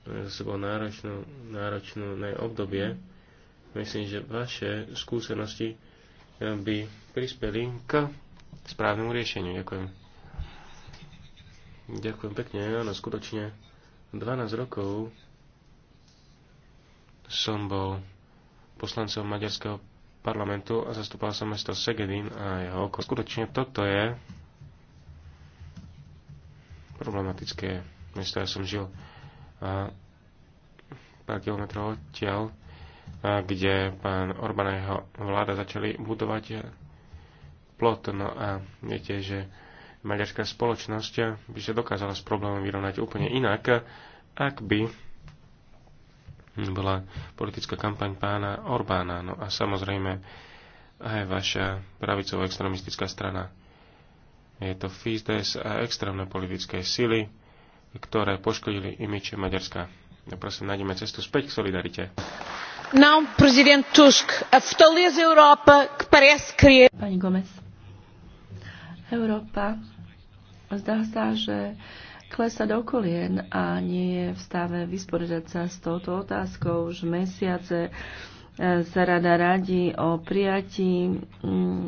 sú náročnú, náročnú obdobie. Myslím, že vaše skúsenosti by prispeli k správnemu riešeniu. Ďakujem. Ďakujem pekne, áno, skutočne 12 rokov som bol poslancom maďarského parlamentu a zastupal som mesto Segedin a jeho okolo. Skutočne toto je problematické mesto. Ja som žil a, pár kilometrov odtiaľ, kde pán Orbán a jeho vláda začali budovať plot. No a viete, že maďarská spoločnosť by sa dokázala s problémom vyrovnať úplne inak, ak by bola politická kampaň pána Orbána. No a samozrejme aj vaša pravicová extremistická strana. Je to Fidesz a extrémne politické sily, ktoré poškodili imiče Maďarska. No prosím, nájdeme cestu späť k solidarite. Não, prezident Tusk, a Pani Gomez. Európa zdá sa, že klesa do kolien a nie je v stave vysporiadať sa s touto otázkou. Už mesiace e, sa rada radí o prijatí mm,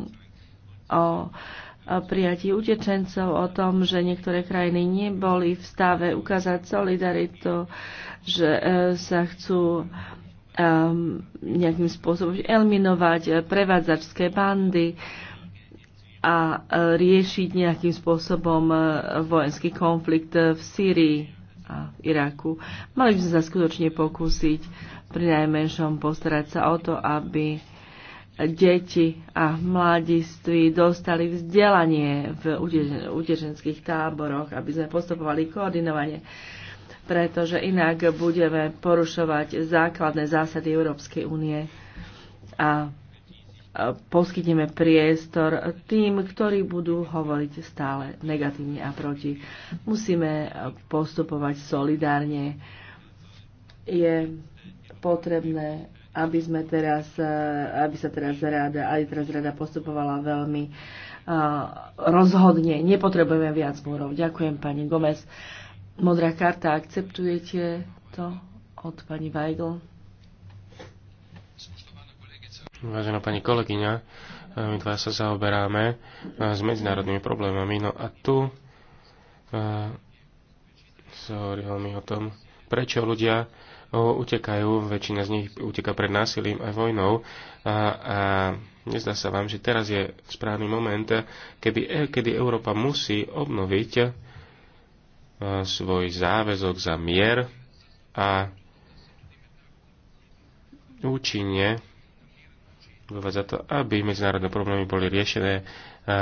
o prijatí utečencov, o tom, že niektoré krajiny neboli v stave ukázať solidaritu, že e, sa chcú e, nejakým spôsobom eliminovať prevádzačské bandy a e, riešiť nejakým spôsobom e, vojenský konflikt v Sýrii a v Iraku. Mali by sme sa skutočne pokúsiť pri najmenšom postarať sa o to, aby deti a mladiství dostali vzdelanie v utečenských táboroch, aby sme postupovali koordinovane, pretože inak budeme porušovať základné zásady Európskej únie a poskytneme priestor tým, ktorí budú hovoriť stále negatívne a proti. Musíme postupovať solidárne. Je potrebné, aby, sme teraz, aby sa teraz rada, aj teraz rada postupovala veľmi rozhodne. Nepotrebujeme viac múrov. Ďakujem, pani Gomez. Modrá karta, akceptujete to od pani Weigl? Vážená pani kolegyňa, e, my dva sa zaoberáme e, s medzinárodnými problémami. No a tu e, sa hovorilo mi o tom, prečo ľudia utekajú, väčšina z nich uteka pred násilím a vojnou. A, a nezdá sa vám, že teraz je správny moment, keby, kedy Európa musí obnoviť svoj záväzok za mier a účinne bojovať za to, aby medzinárodné problémy boli riešené e,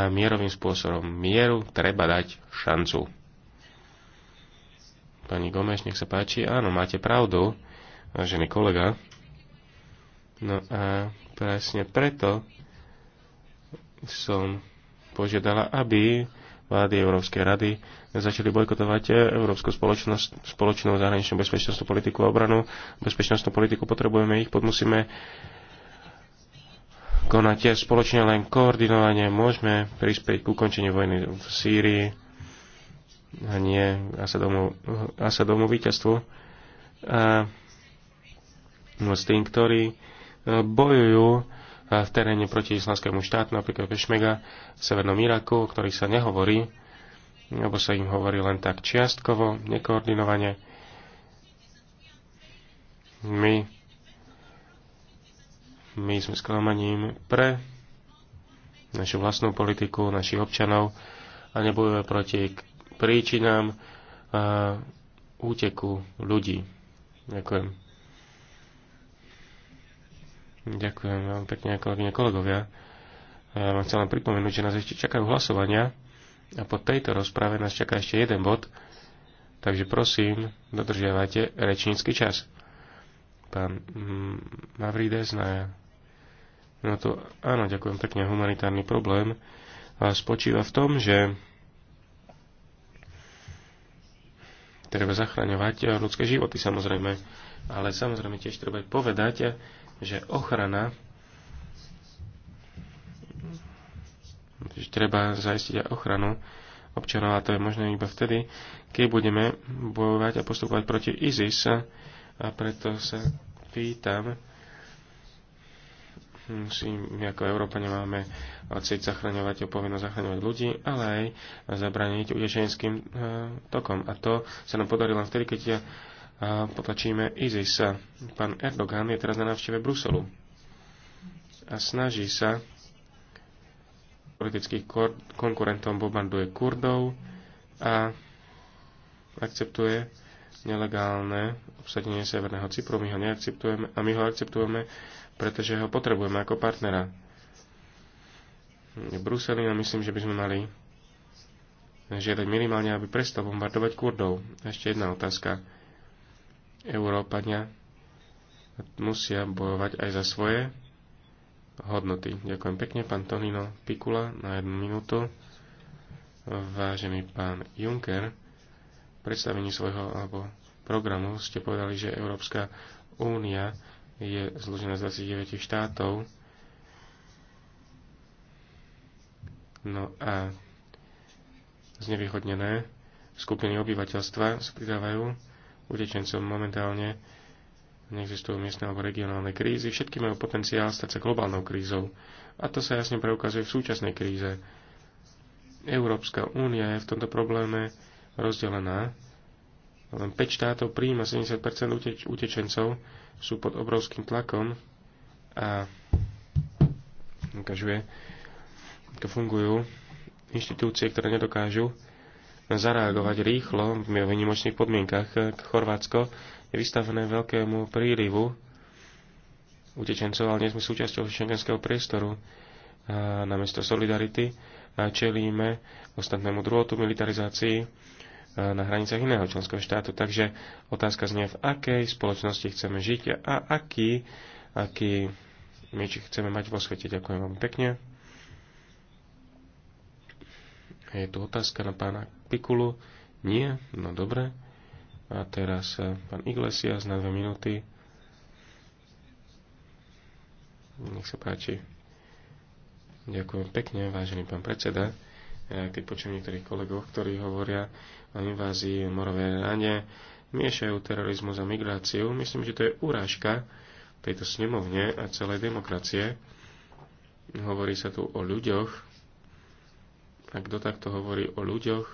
mierovým spôsobom. Mieru treba dať šancu. Pani Gomeš, nech sa páči. Áno, máte pravdu, vážený kolega. No a presne preto som požiadala, aby vlády Európskej rady začali bojkotovať Európsku spoločnosť, spoločnú zahraničnú bezpečnostnú politiku a obranu. Bezpečnostnú politiku potrebujeme ich, podmusíme konať spoločne len koordinovanie. Môžeme prispieť k ukončeniu vojny v Sýrii a nie Asadomu, Asadomu víťazstvu. A no, s tým, ktorí e, bojujú e, v teréne proti islamskému štátu, napríklad Pešmega v Severnom Iraku, o ktorých sa nehovorí, alebo sa im hovorí len tak čiastkovo, nekoordinovane. My my sme sklamaním pre našu vlastnú politiku, našich občanov a nebojujeme proti príčinám a úteku ľudí. Ďakujem. Ďakujem vám pekne, kolegyne, kolegovia. Ja vám chcem len pripomenúť, že nás ešte čakajú hlasovania a po tejto rozprave nás čaká ešte jeden bod, takže prosím, dodržiavajte rečnícky čas. Pán mm, Mavrides na No to, áno, ďakujem pekne. Humanitárny problém spočíva v tom, že treba zachraňovať ľudské životy samozrejme. Ale samozrejme tiež treba povedať, že ochrana že treba zajistiť aj ochranu občanov a to je možné iba vtedy, keď budeme bojovať a postupovať proti ISIS a preto sa pýtam, si my ako Európa nemáme cieť zachraňovať a povinnosť zachraňovať ľudí, ale aj zabraniť utečenským eh, tokom. A to sa nám podarilo vtedy, keď eh, potlačíme ISIS. Pán Erdogan je teraz na návšteve Bruselu a snaží sa politických konkurentom bombarduje Kurdov a akceptuje nelegálne obsadenie Severného Cypru. My ho neakceptujeme a my ho akceptujeme pretože ho potrebujeme ako partnera. Bruselina no myslím, že by sme mali žiadať minimálne, aby prestal bombardovať Kurdov. Ešte jedna otázka. Európania musia bojovať aj za svoje hodnoty. Ďakujem pekne, pán Tonino Pikula, na jednu minútu. Vážený pán Juncker, predstavení svojho alebo programu ste povedali, že Európska únia je zložená z 29 štátov. No a znevýhodnené skupiny obyvateľstva sa pridávajú utečencom momentálne neexistujú miestne alebo regionálne krízy, všetky majú potenciál stať sa globálnou krízou. A to sa jasne preukazuje v súčasnej kríze. Európska únia je v tomto probléme rozdelená len 5 štátov príjima 70 uteč- utečencov, sú pod obrovským tlakom a ukažuje, to fungujú inštitúcie, ktoré nedokážu zareagovať rýchlo v vynimočných podmienkach. Chorvátsko je vystavené veľkému prílivu utečencov, ale nie sme súčasťou šengenského priestoru. A namiesto solidarity čelíme ostatnému druhotu militarizácii E, na hranicách iného členského štátu. Takže otázka znie, v akej spoločnosti chceme žiť a aký, aký či chceme mať vo svete. Ďakujem vám pekne. Je tu otázka na pána Pikulu. Nie? No dobre. A teraz e, pán Iglesias na dve minúty. Nech sa páči. Ďakujem pekne, vážený pán predseda. Ja, e, keď počujem niektorých kolegov, ktorí hovoria invázii morové rane, miešajú terorizmus a migráciu. Myslím, že to je urážka tejto snemovne a celej demokracie. Hovorí sa tu o ľuďoch. A kto takto hovorí o ľuďoch,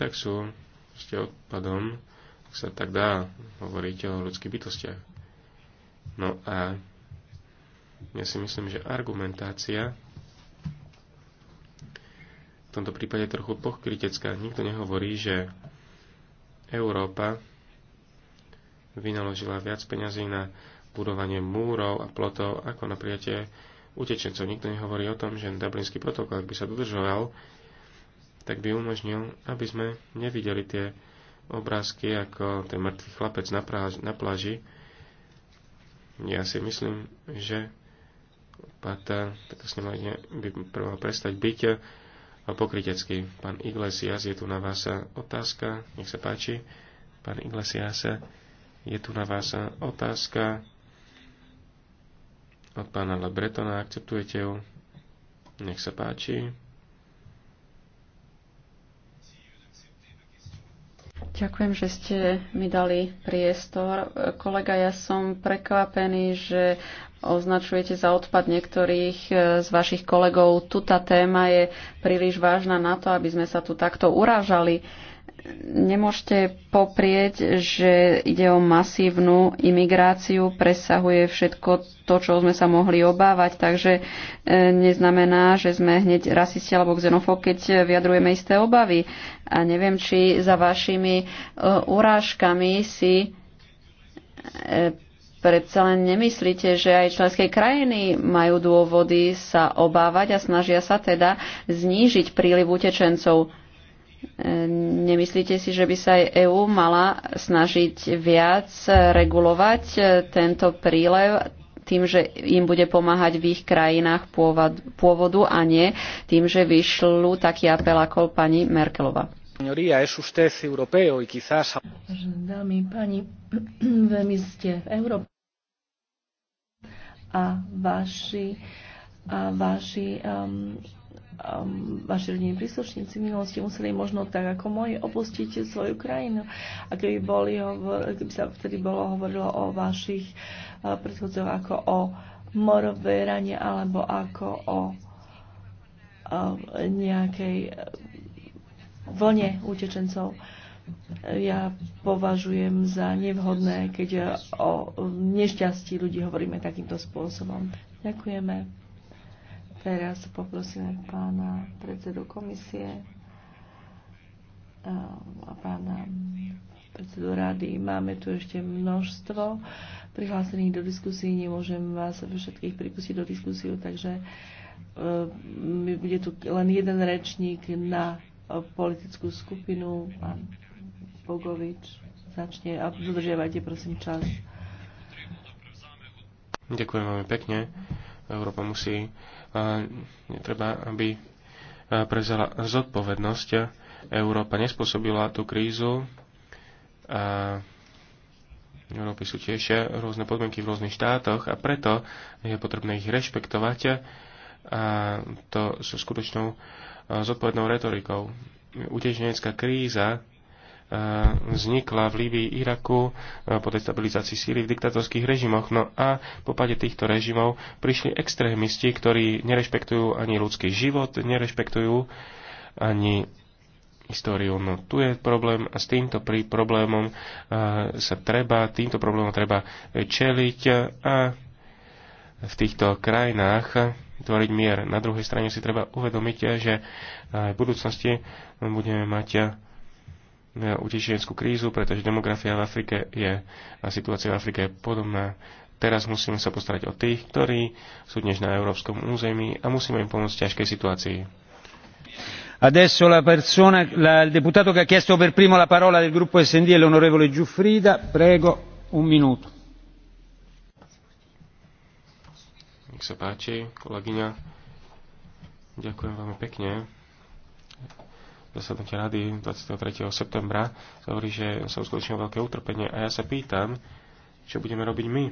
tak sú ste odpadom, ak sa tak dá hovoriť o ľudských bytostiach. No a ja si myslím, že argumentácia tomto prípade trochu pokritecká. Nikto nehovorí, že Európa vynaložila viac peňazí na budovanie múrov a plotov ako na prijatie utečencov. Nikto nehovorí o tom, že Dublinský protokol, ak by sa dodržoval, tak by umožnil, aby sme nevideli tie obrázky ako ten mŕtvý chlapec na, práž, na pláži. Ja si myslím, že pata, tak to by mal prestať byť eh, pokrytecký. Pán Iglesias, je tu na vás otázka. Nech sa páči. Pán Iglesias, je tu na vás otázka od pána Lebretona. Akceptujete ju? Nech sa páči. Ďakujem, že ste mi dali priestor. Kolega, ja som prekvapený, že označujete za odpad niektorých e, z vašich kolegov. Tu tá téma je príliš vážna na to, aby sme sa tu takto urážali nemôžete poprieť, že ide o masívnu imigráciu, presahuje všetko to, čo sme sa mohli obávať, takže e, neznamená, že sme hneď rasisti alebo xenofób, keď vyjadrujeme isté obavy. A neviem, či za vašimi e, urážkami si e, predsa len nemyslíte, že aj členské krajiny majú dôvody sa obávať a snažia sa teda znížiť príliv utečencov Nemyslíte si, že by sa aj EÚ mala snažiť viac regulovať e, tento prílev tým, že im bude pomáhať v ich krajinách pôvodu a nie tým, že vyšľú taký apel ako pani Merkelova? Veľmi pani, veľmi ste v Európe a vaši, a vaši um, um, vaši rodinní príslušníci v minulosti museli možno tak ako moji opustiť svoju krajinu. A keby, boli keby sa vtedy bolo hovorilo o vašich uh, predchodcoch ako o morové rane alebo ako o uh, nejakej vlne utečencov. Ja považujem za nevhodné, keď o nešťastí ľudí hovoríme takýmto spôsobom. Ďakujeme. Teraz poprosíme pána predsedu komisie eh, a pána predsedu rady. Máme tu ešte množstvo prihlásených do diskusí. Nemôžem vás všetkých pripustiť do diskusiu, takže eh, bude tu len jeden rečník na politickú skupinu. Pán Bogovič začne a dodržiavajte prosím čas. Ďakujem veľmi pekne. Európa musí netreba, aby e, prezala zodpovednosť. Európa nespôsobila tú krízu a Európy sú tiež rôzne podmienky v rôznych štátoch a preto je potrebné ich rešpektovať a to sú skutočnou e, zodpovednou retorikou. Utečenecká kríza Eh, vznikla v Líbii, Iraku eh, po destabilizácii síly v diktatorských režimoch. No a po pade týchto režimov prišli extrémisti, ktorí nerešpektujú ani ľudský život, nerešpektujú ani históriu. No tu je problém a s týmto prí problémom eh, sa treba, týmto problémom treba čeliť a v týchto krajinách tvoriť mier. Na druhej strane si treba uvedomiť, že v budúcnosti budeme mať utečeneckú krízu, pretože demografia v Afrike je a situácia v Afrike je podobná. Teraz musíme sa postarať o tých, ktorí sú dnes na európskom území a musíme im pomôcť v ťažkej situácii. Adesso la persona, la, il deputato che ha chiesto per primo la parola del gruppo SD è l'onorevole Giuffrida. Prego, un minuto. Nech sa páči, kolegyňa. Ďakujem veľmi pekne zasadnutie rady 23. septembra hovorí, že sa uskutočnilo veľké utrpenie a ja sa pýtam, čo budeme robiť my.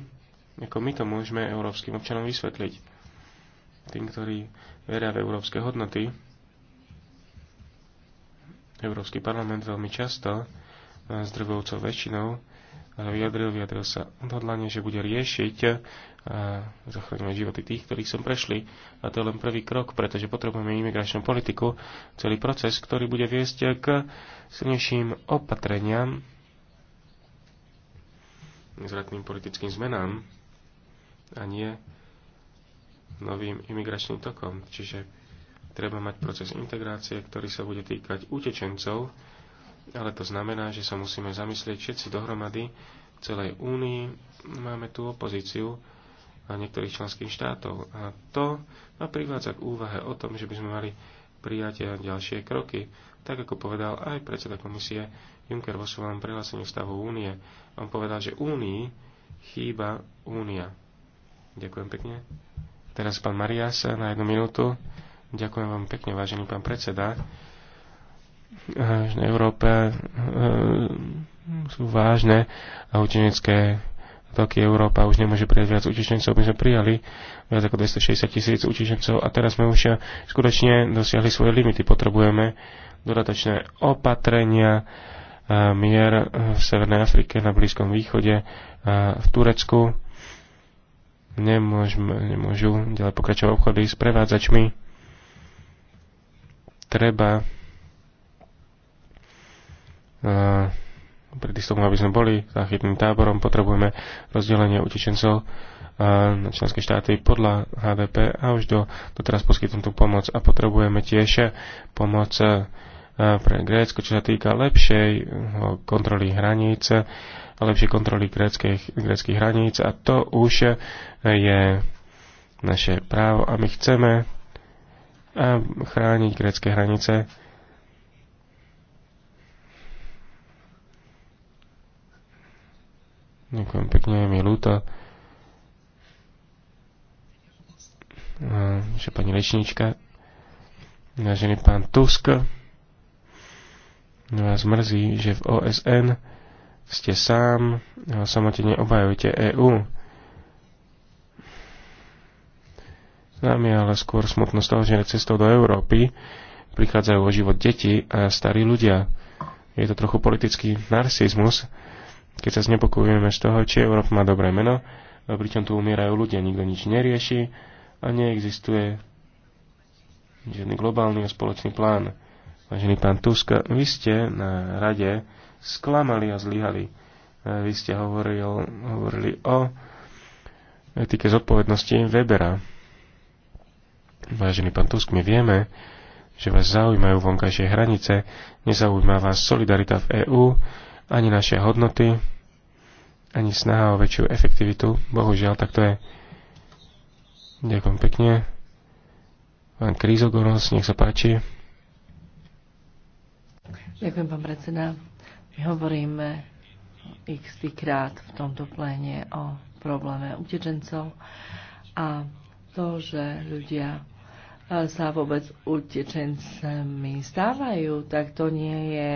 Ako my to môžeme európskym občanom vysvetliť. Tým, ktorí veria v európske hodnoty, Európsky parlament veľmi často eh, s drvoucou väčšinou vyjadril, vyjadril sa odhodlanie, že bude riešiť a zachraňovať životy tých, ktorých som prešli. A to je len prvý krok, pretože potrebujeme imigračnú politiku, celý proces, ktorý bude viesť k silnejším opatreniam, nezratným politickým zmenám a nie novým imigračným tokom. Čiže treba mať proces integrácie, ktorý sa bude týkať utečencov, ale to znamená, že sa musíme zamyslieť všetci dohromady v celej únii. Máme tu opozíciu a niektorých členských štátov. A to ma privádza k úvahe o tom, že by sme mali prijať ďalšie kroky, tak ako povedal aj predseda komisie Juncker vo svojom prehlásení stavu únie. On povedal, že únii chýba únia. Ďakujem pekne. Teraz pán Marias na jednu minútu. Ďakujem vám pekne, vážený pán predseda v Európe e, sú vážne a utečenecké toky Európa už nemôže prijať viac utečencov. My sme prijali viac ako 260 tisíc utečencov a teraz sme už e, skutočne dosiahli svoje limity. Potrebujeme dodatočné opatrenia, e, mier v Severnej Afrike, na Blízkom východe, v Turecku. Nemôžeme, nemôžu ďalej pokračovať obchody s prevádzačmi. Treba pred tomu, aby sme boli záchytným táborom, potrebujeme rozdelenie utečencov na členské štáty podľa HDP a už do, doteraz poskytnutú pomoc a potrebujeme tiež pomoc pre Grécko, čo sa týka lepšej no, kontroly hraníc, lepšej kontroly gréckých, gréckých hraníc a to už je naše právo a my chceme chrániť grécké hranice Ďakujem pekne, je mi ľúto. Že pani Lečnička, vážený pán Tusk, vás mrzí, že v OSN ste sám, a samotne neobhajujete EÚ. Nám je ale skôr smutno z toho, že cestou do Európy prichádzajú o život deti a starí ľudia. Je to trochu politický narcizmus, keď sa znepokojujeme z toho, či Európa má dobré meno, pričom tu umierajú ľudia, nikto nič nerieši a neexistuje žiadny globálny a spoločný plán. Vážený pán Tusk, vy ste na rade sklamali a zlyhali. Vy ste hovoril, hovorili o etike zodpovednosti Webera. Vážený pán Tusk, my vieme, že vás zaujímajú vonkajšie hranice, nezaujíma vás solidarita v EÚ, ani naše hodnoty, ani snaha o väčšiu efektivitu. Bohužiaľ, tak to je. Ďakujem pekne. Pán Krizogoros, nech sa páči. Ďakujem, pán predseda. My hovoríme x krát v tomto pléne o probléme utečencov a to, že ľudia sa vôbec utečencami stávajú, tak to nie je,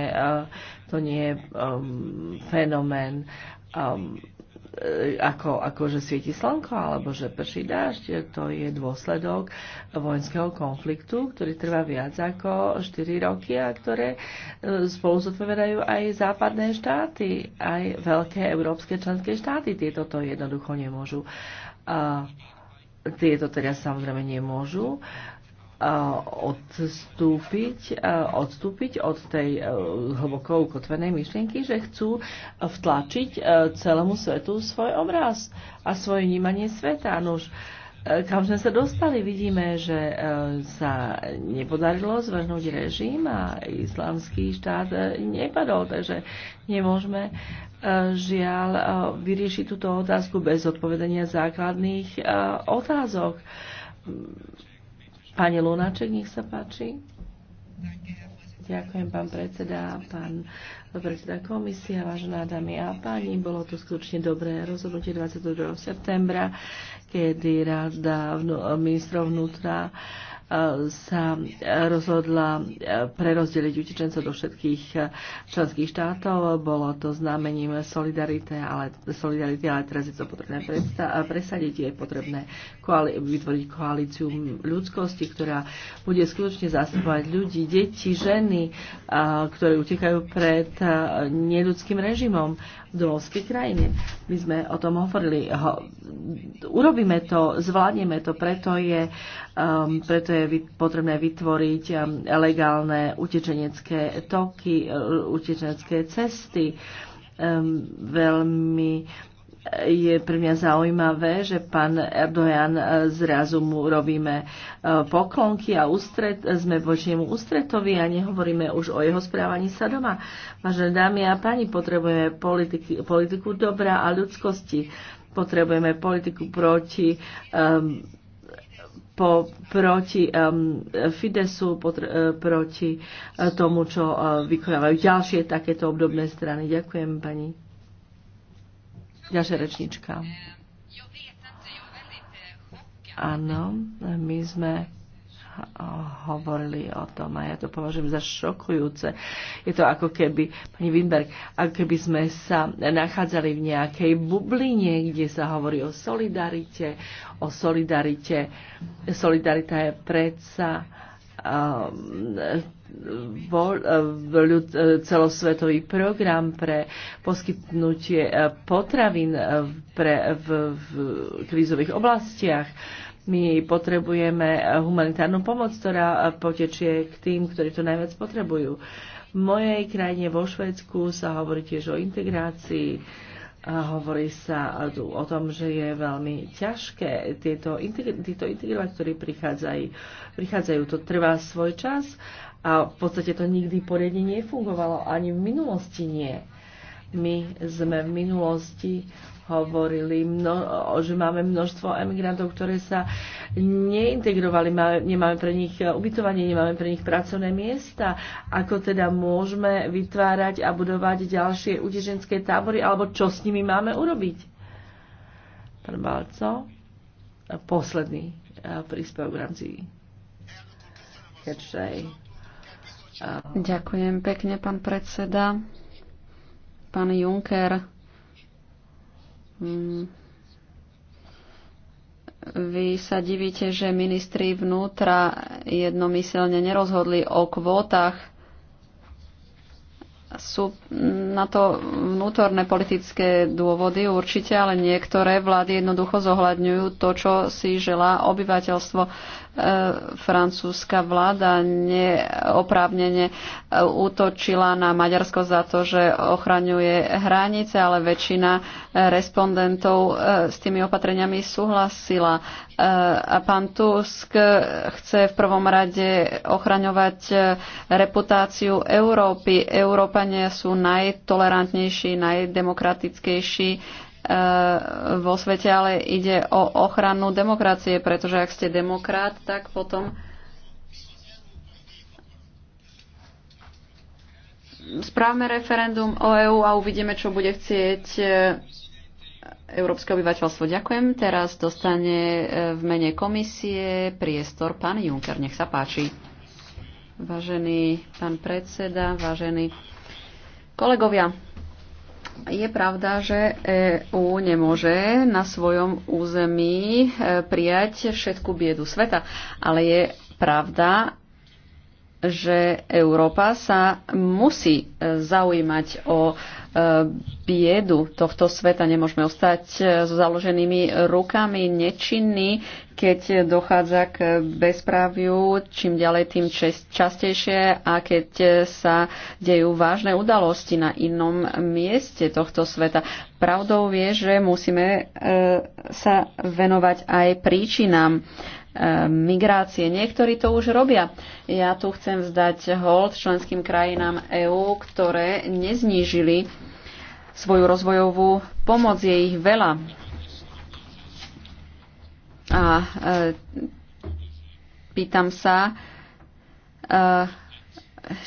to nie je um, fenomén um, e, ako, ako že svieti slnko alebo že prší dážď. To je dôsledok vojenského konfliktu, ktorý trvá viac ako 4 roky a ktoré e, spolu zodpovedajú aj západné štáty, aj veľké európske členské štáty. Tieto to jednoducho nemôžu. A tieto teraz samozrejme nemôžu. Eh, odstúpiť, eh, odstúpiť od tej eh, hlboko ukotvenej myšlienky, že chcú vtlačiť celému svetu svoj obraz a svoje vnímanie sveta. No už, kam sme sa dostali, vidíme, že sa nepodarilo zvrhnúť režim a islamský štát nepadol, takže nemôžeme žiaľ vyriešiť túto otázku bez odpovedania základných otázok Pani Lunáček, nech sa páči. Ďakujem, pán predseda, pán predseda komisia, vážená dámy a páni. Bolo to skutočne dobré rozhodnutie 22. septembra, kedy rada ministrov vnútra sa e, rozhodla e, prerozdeliť utečencov do všetkých e, členských štátov. Bolo to znamením solidarity, ale, solidarity, ale teraz je to potrebné presadiť. Je potrebné koali- vytvoriť koalíciu ľudskosti, ktorá bude skutočne zastupovať ľudí, deti, ženy, ktorí utekajú pred neľudským režimom v domovskej krajine. My sme o tom hovorili. urobíme to, zvládneme to, preto je Um, preto je vyt- potrebné vytvoriť um, legálne utečenecké toky, uh, utečenecké cesty. Um, veľmi e, je pre mňa zaujímavé, že pán Erdogan e, zrazu mu robíme poklonky a ústret, sme voči nemu ústretovi a nehovoríme už o jeho správaní sa doma. Vážené dámy a páni, potrebujeme politiky, politiku dobra a ľudskosti. Potrebujeme politiku proti um, po, proti um, Fidesu, potr, uh, proti uh, tomu, čo uh, vykonávajú ďalšie takéto obdobné strany. Ďakujem, pani. Ďalšia rečnička. Áno, my sme hovorili o tom a ja to považujem za šokujúce. Je to ako keby, pani Winberg, ako keby sme sa nachádzali v nejakej bubline, kde sa hovorí o solidarite, o solidarite. Solidarita je predsa um, celosvetový program pre poskytnutie eh, potravín eh, pre, v, v krízových oblastiach my potrebujeme humanitárnu pomoc, ktorá potečie k tým, ktorí to najviac potrebujú. V mojej krajine vo Švedsku sa hovorí tiež o integrácii. A hovorí sa tu o tom, že je veľmi ťažké tieto, títo integrovať, ktorí prichádzajú, prichádzajú. To trvá svoj čas a v podstate to nikdy poriadne nefungovalo, ani v minulosti nie. My sme v minulosti hovorili, mno, že máme množstvo emigrantov, ktoré sa neintegrovali, máme, nemáme pre nich ubytovanie, nemáme pre nich pracovné miesta. Ako teda môžeme vytvárať a budovať ďalšie utečenské tábory, alebo čo s nimi máme urobiť? Pán Balco, posledný eh, príspevok v rámci Ďakujem pekne, pán predseda. Pán Juncker Mm. Vy sa divíte, že ministri vnútra jednomyselne nerozhodli o kvótach. Sú na to vnútorné politické dôvody určite, ale niektoré vlády jednoducho zohľadňujú to, čo si želá obyvateľstvo. E, francúzska vláda neoprávnene e, útočila na Maďarsko za to, že ochraňuje hranice, ale väčšina e, respondentov s tými opatreniami súhlasila. A pán Tusk chce v prvom rade ochraňovať reputáciu Európy. Európania sú najtolerantnejší, najdemokratickejší Eh, vo svete, ale ide o ochranu demokracie, pretože ak ste demokrat, tak potom správme referendum o EÚ a uvidíme, čo bude chcieť eh, európske obyvateľstvo. Ďakujem. Teraz dostane eh, v mene komisie priestor pán Juncker. Nech sa páči. Vážený pán predseda, vážení kolegovia, je pravda, že EÚ nemôže na svojom území e, prijať všetku biedu sveta, ale je pravda, že Európa sa musí e, zaujímať o e, biedu tohto sveta. Nemôžeme ostať e, s založenými rukami nečinní, keď dochádza k bezpráviu čím ďalej tým častejšie a keď sa dejú vážne udalosti na inom mieste tohto sveta. Pravdou je, že musíme sa venovať aj príčinám migrácie. Niektorí to už robia. Ja tu chcem vzdať hold členským krajinám EÚ, ktoré neznížili svoju rozvojovú pomoc. Je ich veľa. A e, pýtam sa, e,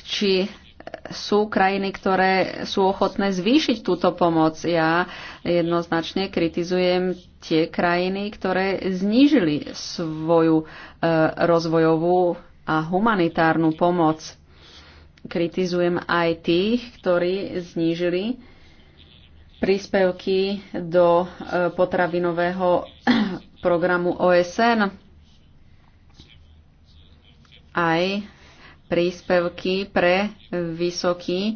či sú krajiny, ktoré sú ochotné zvýšiť túto pomoc. Ja jednoznačne kritizujem tie krajiny, ktoré znížili svoju e, rozvojovú a humanitárnu pomoc. Kritizujem aj tých, ktorí znížili príspevky do e, potravinového programu OSN. Aj príspevky pre vysoký e,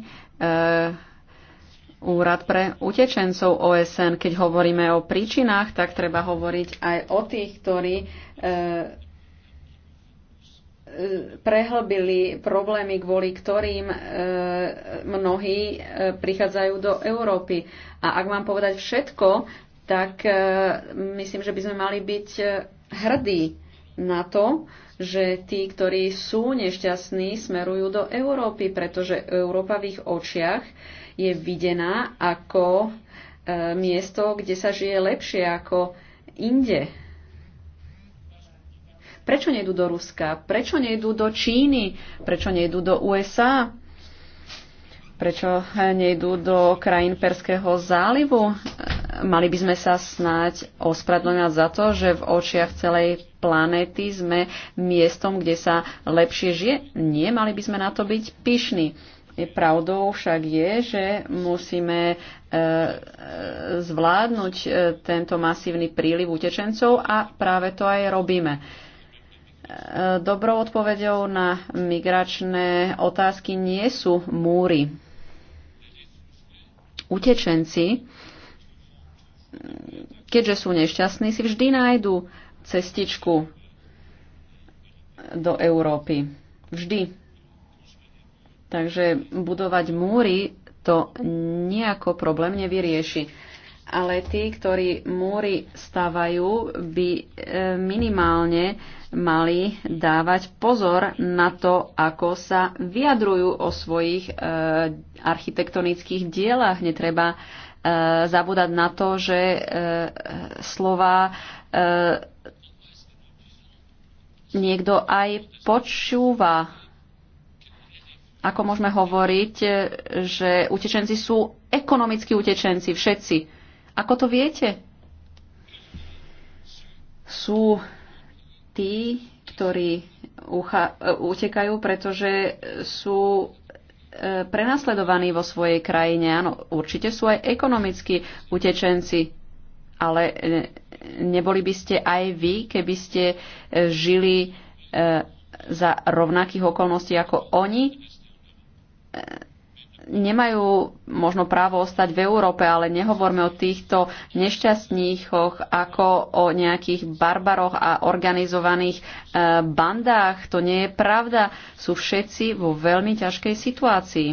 úrad pre utečencov OSN. Keď hovoríme o príčinách, tak treba hovoriť aj o tých, ktorí e, e, prehlbili problémy, kvôli ktorým e, mnohí e, prichádzajú do Európy. A ak mám povedať všetko, tak e, myslím, že by sme mali byť e, hrdí na to, že tí, ktorí sú nešťastní, smerujú do Európy, pretože Európa v ich očiach je videná ako e, miesto, kde sa žije lepšie ako inde. Prečo nejdú do Ruska? Prečo nejdú do Číny? Prečo nejdú do USA? Prečo nejdú do krajín Perského zálivu? mali by sme sa snáď ospravedlňovať za to, že v očiach celej planéty sme miestom, kde sa lepšie žije. Nie, mali by sme na to byť pyšní. Pravdou však je, že musíme e, e, zvládnuť e, tento masívny príliv utečencov a práve to aj robíme. Dobrou odpovedou na migračné otázky nie sú múry. Utečenci keďže sú nešťastní, si vždy nájdu cestičku do Európy. Vždy. Takže budovať múry to nejako problém nevyrieši. Ale tí, ktorí múry stavajú, by e, minimálne mali dávať pozor na to, ako sa vyjadrujú o svojich e, architektonických dielach. Netreba E, zabúdať na to, že e, slova e, niekto aj počúva. Ako môžeme hovoriť, že utečenci sú ekonomickí utečenci, všetci. Ako to viete? Sú tí, ktorí utekajú, pretože sú E, prenasledovaní vo svojej krajine. Áno, určite sú aj ekonomickí utečenci, ale e, neboli by ste aj vy, keby ste e, žili za rovnakých okolností ako oni? nemajú možno právo ostať v Európe, ale nehovorme o týchto nešťastníchoch ako o nejakých barbaroch a organizovaných e, bandách. To nie je pravda. Sú všetci vo veľmi ťažkej situácii.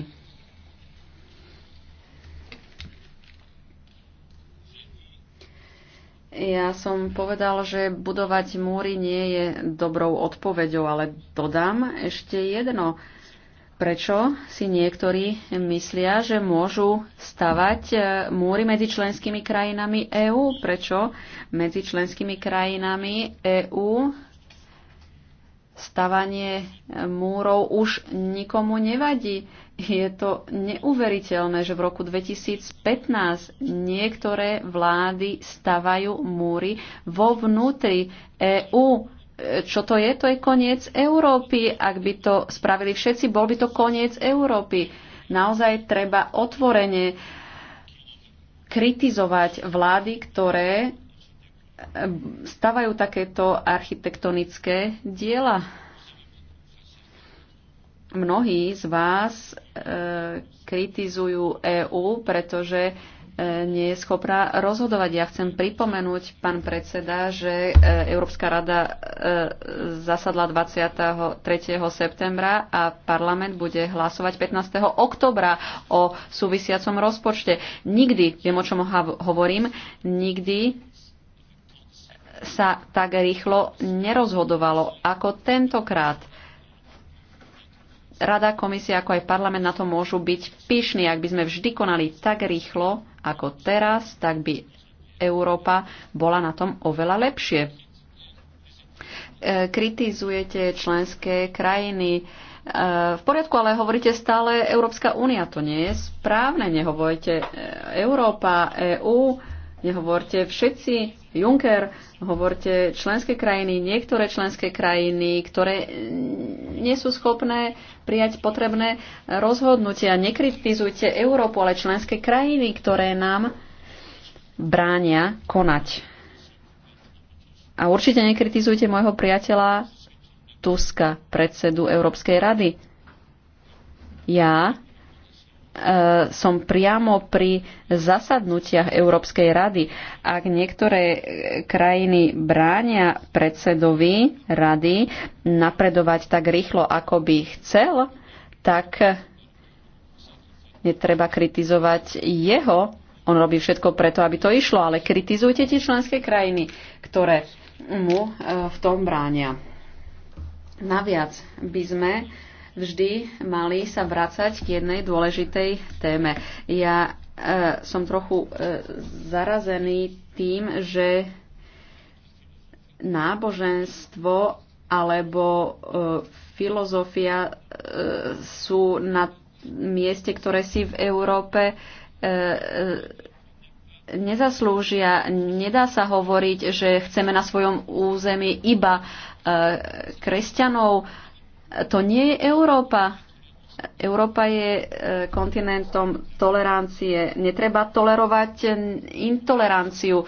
Ja som povedal, že budovať múry nie je dobrou odpoveďou, ale dodám ešte jedno. Uh, prečo si niektorí myslia, že môžu stavať e, múry medzi členskými krajinami EÚ. Prečo medzi členskými krajinami EÚ stavanie e, múrov už nikomu nevadí. Je to neuveriteľné, že v roku 2015 niektoré vlády stavajú múry vo vnútri EÚ čo to je? To je koniec Európy. Ak by to spravili všetci, bol by to koniec Európy. Naozaj treba otvorene kritizovať vlády, ktoré eh, stavajú takéto architektonické diela. Mnohí z vás eh, e, kritizujú EÚ, pretože nie je schopná rozhodovať. Ja chcem pripomenúť, pán predseda, že e, Európska rada e, zasadla 23. septembra a parlament bude hlasovať 15. oktobra o súvisiacom rozpočte. Nikdy, viem o čom hovorím, nikdy sa tak rýchlo nerozhodovalo ako tentokrát Rada, komisia ako aj parlament na to môžu byť pyšní. Ak by sme vždy konali tak rýchlo ako teraz, tak by Európa bola na tom oveľa lepšie. E, kritizujete členské krajiny. E, v poriadku, ale hovoríte stále Európska únia. To nie je správne. Nehovorite e, Európa, EÚ. EU, nehovorte všetci Juncker, hovorte členské krajiny, niektoré členské krajiny, ktoré nie sú schopné prijať potrebné rozhodnutia. Nekritizujte Európu, ale členské krajiny, ktoré nám bránia konať. A určite nekritizujte môjho priateľa Tuska, predsedu Európskej rady. Ja E, som priamo pri zasadnutiach Európskej rady. Ak niektoré e, krajiny bránia predsedovi rady napredovať tak rýchlo, ako by chcel, tak netreba kritizovať jeho. On robí všetko preto, aby to išlo, ale kritizujte tie členské krajiny, ktoré mu e, v tom bránia. Naviac by sme vždy mali sa vracať k jednej dôležitej téme. Ja e, som trochu e, zarazený tým, že náboženstvo alebo e, filozofia e, sú na mieste, ktoré si v Európe e, e, nezaslúžia. Nedá sa hovoriť, že chceme na svojom území iba e, kresťanov. To nie je Európa. Európa je e, kontinentom tolerancie. Netreba tolerovať intoleranciu.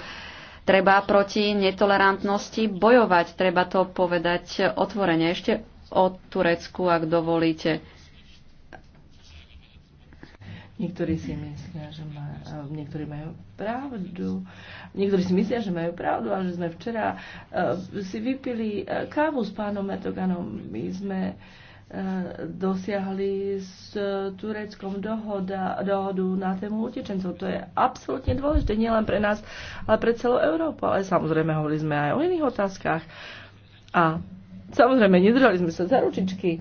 Treba proti netolerantnosti bojovať. Treba to povedať otvorene. Ešte o Turecku, ak dovolíte. Niektorí si myslia, že má, e, niektorí majú pravdu niektorí si myslia, že majú pravdu a že sme včera eh, si vypili eh, kávu s pánom Erdoganom. My sme eh, dosiahli s Tureckom dohoda, dohodu na tému utečencov. To je absolútne dôležité, nielen pre nás, ale pre celú Európu. Ale samozrejme hovorili sme aj o iných otázkach. A samozrejme, nedržali sme sa za ručičky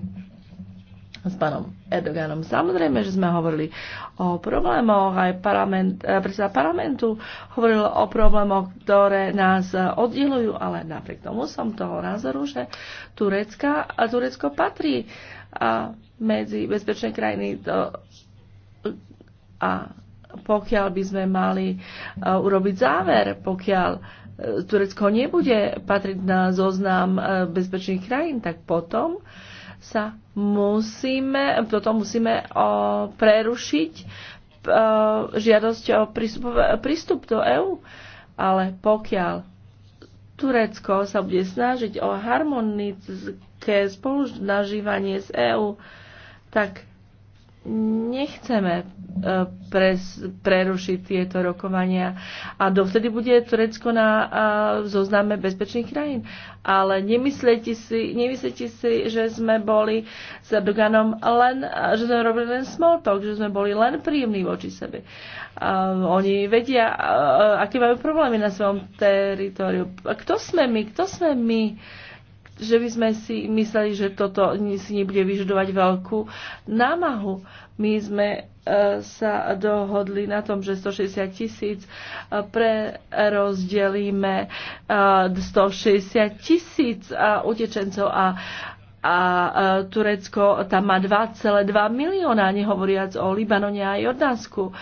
s pánom Erdoganom. Samozrejme, že sme hovorili o problémoch, aj parlament, e, predseda parlamentu hovoril o problémoch, ktoré nás oddelujú, ale napriek tomu som toho názoru, že Turecka, a Turecko patrí a medzi bezpečné krajiny to, a pokiaľ by sme mali e, urobiť záver, pokiaľ e, Turecko nebude patriť na zoznam bezpečných krajín, tak potom sa musíme, toto musíme prerušiť žiadosť o prístup, prístup do EÚ. Ale pokiaľ Turecko sa bude snažiť o harmonické spolužnažívanie z EÚ, tak nechceme e, pre, prerušiť tieto rokovania a dovtedy bude Turecko na e, zozname bezpečných krajín. Ale nemyslíte si, nemyslíte si, že sme boli s Erdoganom len, e, že sme robili len small talk, že sme boli len príjemní voči sebe. A, oni vedia, uh, aké majú problémy na svojom teritoriu. Kto sme my? Kto sme my? že by sme si mysleli, že toto si nebude vyžadovať veľkú námahu. My sme e, sa dohodli na tom, že 160 tisíc e, prerozdelíme 160 e, tisíc utečencov a a Turecko tam má 2,2 milióna, nehovoriac o Libanone a Jordánsku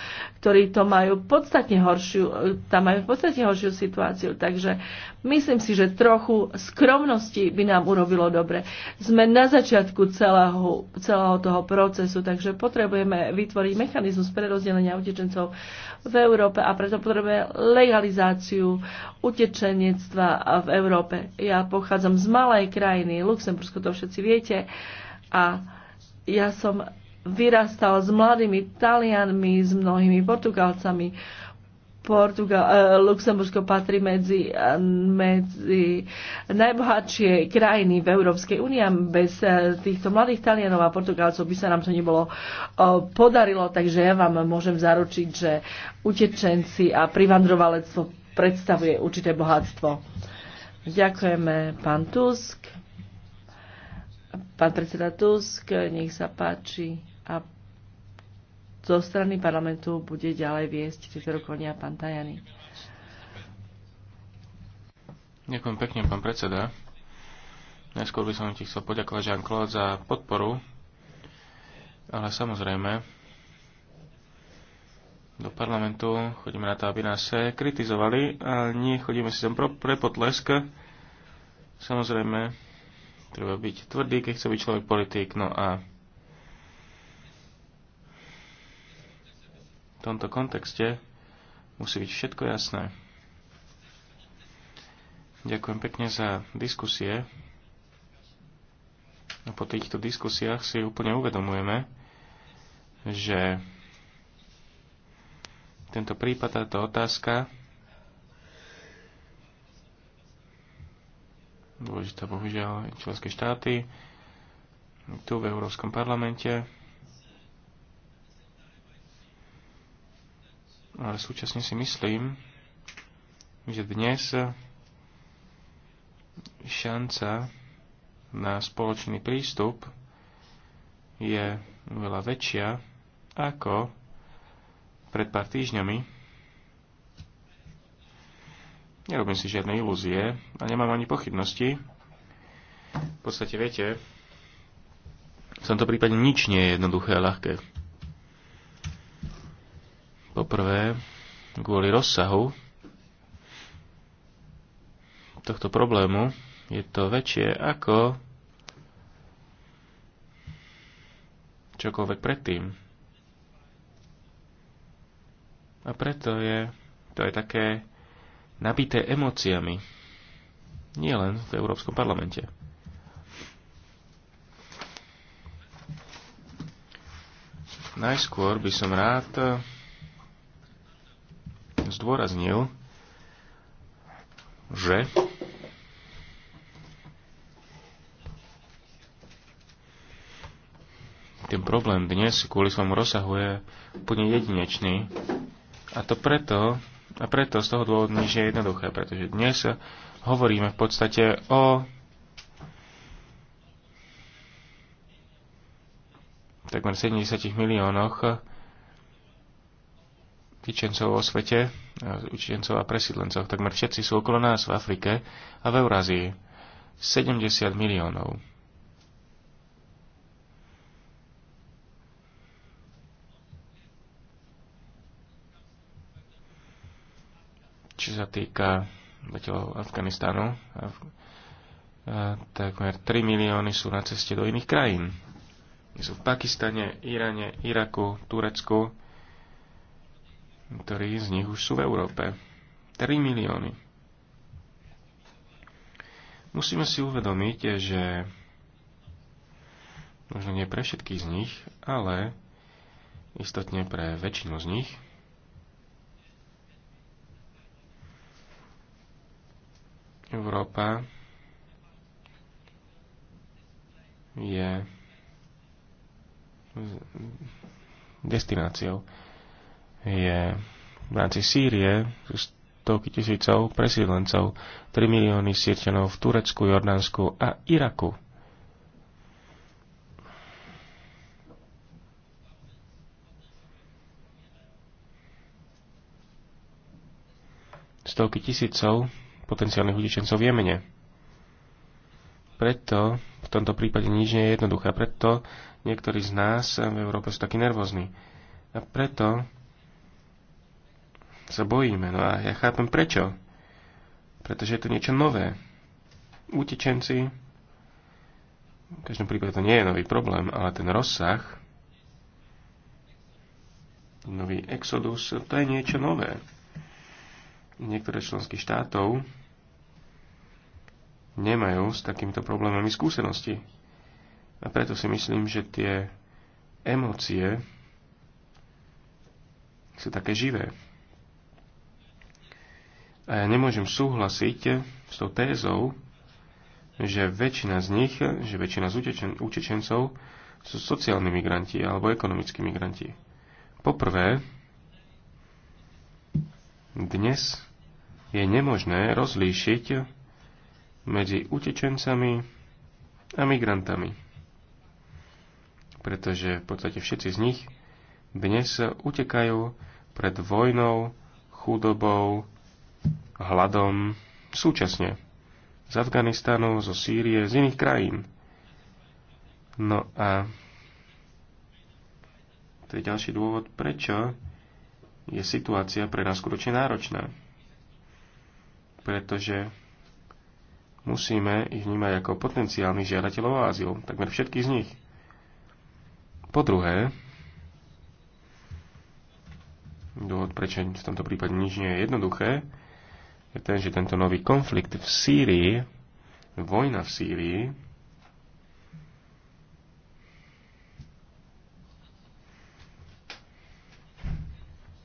ktorí to majú podstatne horšiu, e, tam majú podstatne horšiu situáciu. Takže myslím si, že trochu skromnosti by nám urobilo dobre. Sme na začiatku celého, celého toho procesu, takže potrebujeme vytvoriť mechanizmus pre rozdelenia utečencov v Európe a preto potrebujeme legalizáciu utečenectva v Európe. Ja pochádzam z malej krajiny, Luxembursko to všetci viete, a ja som vyrastal s mladými Talianmi, s mnohými Portugalcami. Portugal, eh, Luxembursko patrí medzi, eh, medzi najbohatšie krajiny v Európskej únii bez eh, týchto mladých Talianov a Portugalcov by sa nám to nebolo podarilo, takže ja vám môžem zaručiť, že utečenci a privandrovalectvo predstavuje určité bohatstvo. Ďakujeme, pán Tusk. Pán predseda Tusk, nech sa páči a zo strany parlamentu bude ďalej viesť tieto rokovania pán Tajany. Ďakujem pekne, pán predseda. Najskôr by som ti chcel poďakovať, Jean-Claude, za podporu, ale samozrejme do parlamentu chodíme na to, aby nás eh, kritizovali a nie chodíme si sem pre potlesk. Samozrejme, treba byť tvrdý, keď chce byť človek politik, no a V tomto kontexte musí byť všetko jasné. Ďakujem pekne za diskusie. A po týchto diskusiách si úplne uvedomujeme, že tento prípad, táto otázka dôležitá bohužiaľ členské štáty tu v Európskom parlamente ale súčasne si myslím, že dnes šanca na spoločný prístup je veľa väčšia ako pred pár týždňami. Nerobím si žiadne ilúzie a nemám ani pochybnosti. V podstate viete, v tomto prípade nič nie je jednoduché a ľahké. Poprvé, kvôli rozsahu tohto problému je to väčšie ako čokoľvek predtým. A preto je to aj také nabité emóciami. Nie len v Európskom parlamente. Najskôr by som rád zdôraznil, že ten problém dnes kvôli svojmu rozsahu je úplne jedinečný. A to preto, a preto z toho dôvodu nič je jednoduché, pretože dnes hovoríme v podstate o takmer 70 miliónoch utečencov vo svete, e, utečencov a presídlencov. Takmer všetci sú okolo nás v Afrike a v Eurázii. 70 miliónov. Čo sa týka Afganistánu, Af- a, e, takmer 3 milióny sú na ceste do iných krajín. Sú v Pakistane, Iráne, Iraku, Turecku, ktorí z nich už sú v Európe. 3 milióny. Musíme si uvedomiť, že možno nie pre všetkých z nich, ale istotne pre väčšinu z nich Európa je destináciou je v rámci Sýrie stovky tisícov presídlencov, 3 milióny Sýrčanov v Turecku, Jordánsku a Iraku. stovky tisícov potenciálnych utečencov v Jemene. Preto v tomto prípade nič nie je jednoduché. Preto niektorí z nás v Európe sú takí nervózni. A preto sa bojíme. No a ja chápem prečo. Pretože je to niečo nové. Utečenci, v každom prípade to nie je nový problém, ale ten rozsah, nový exodus, to je niečo nové. Niektoré členských štátov nemajú s takýmito problémami skúsenosti. A preto si myslím, že tie emócie sú také živé. A ja nemôžem súhlasiť s tou tézou, že väčšina z nich, že väčšina z utečen, utečencov sú sociálni migranti alebo ekonomickí migranti. Poprvé, dnes je nemožné rozlíšiť medzi utečencami a migrantami. Pretože v podstate všetci z nich dnes utekajú pred vojnou, chudobou, hladom súčasne. Z Afganistanu, zo Sýrie, z iných krajín. No a to je ďalší dôvod, prečo je situácia pre nás skutočne náročná. Pretože musíme ich vnímať ako potenciálnych žiadateľov o azyl, takmer všetkých z nich. Po druhé, dôvod, prečo v tomto prípade nič nie je jednoduché, je ten, že tento nový konflikt v Sýrii, vojna v Sýrii,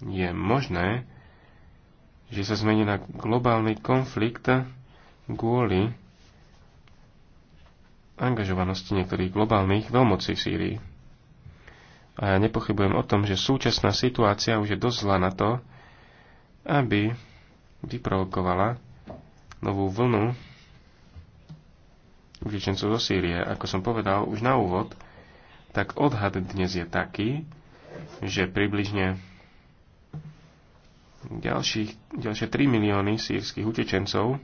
je možné, že sa zmení na globálny konflikt kvôli angažovanosti niektorých globálnych veľmocí v Sýrii. A ja nepochybujem o tom, že súčasná situácia už je dosť zlá na to, aby vyprovokovala novú vlnu utečencov zo Sýrie. Ako som povedal už na úvod, tak odhad dnes je taký, že približne ďalších, ďalšie 3 milióny sírskych utečencov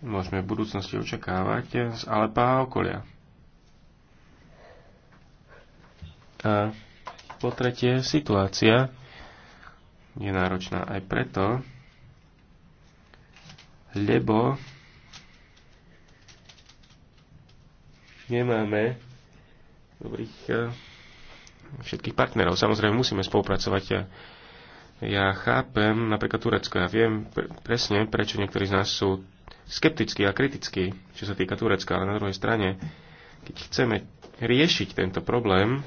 môžeme v budúcnosti očakávať z Alepa a okolia. A po tretie, situácia je náročná aj preto, lebo nemáme dobrých eh, všetkých partnerov. Samozrejme, musíme spolupracovať Ja, ja chápem napríklad Turecko. Ja viem pre, presne, prečo niektorí z nás sú skeptickí a kritickí, čo sa týka Turecka, ale na druhej strane, keď chceme riešiť tento problém,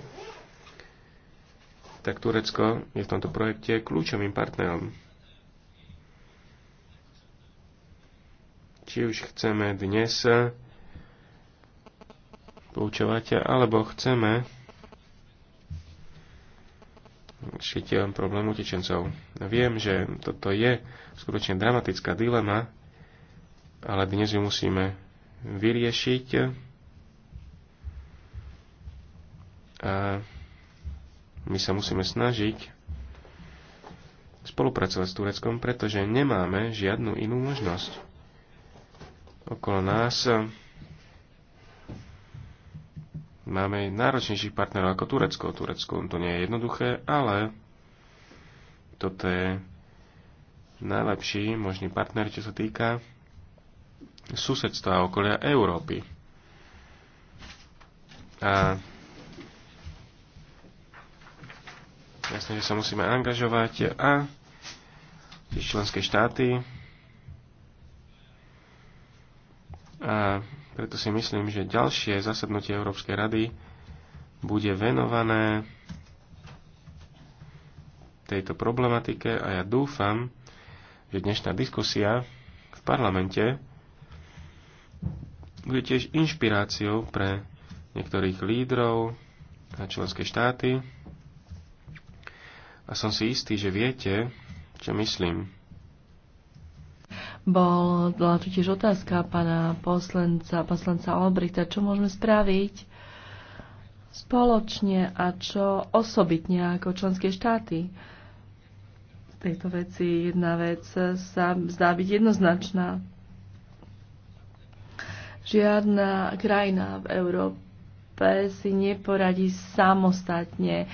tak Turecko je v tomto projekte kľúčovým partnerom. Či už chceme dnes poučovať, alebo chceme riešiť problém utečencov. Viem, že toto je skutočne dramatická dilema, ale dnes ju musíme vyriešiť. A my sa musíme snažiť spolupracovať s Tureckom, pretože nemáme žiadnu inú možnosť. Okolo nás eh, máme náročnejších partnerov ako Turecko. Turecko to nie je jednoduché, ale toto je najlepší možný partner, čo sa týka susedstva okolia Európy. A Jasne, že sa musíme angažovať a tie členské štáty. A preto si myslím, že ďalšie zasadnutie Európskej rady bude venované tejto problematike a ja dúfam, že dnešná diskusia v parlamente bude tiež inšpiráciou pre niektorých lídrov a členské štáty, a som si istý, že viete, čo myslím. Bol, bola tu tiež otázka pána poslanca, poslanca Albrichta, čo môžeme spraviť spoločne a čo osobitne ako členské štáty. V tejto veci jedna vec sa zdá byť jednoznačná. Žiadna krajina v Európe si neporadí samostatne e,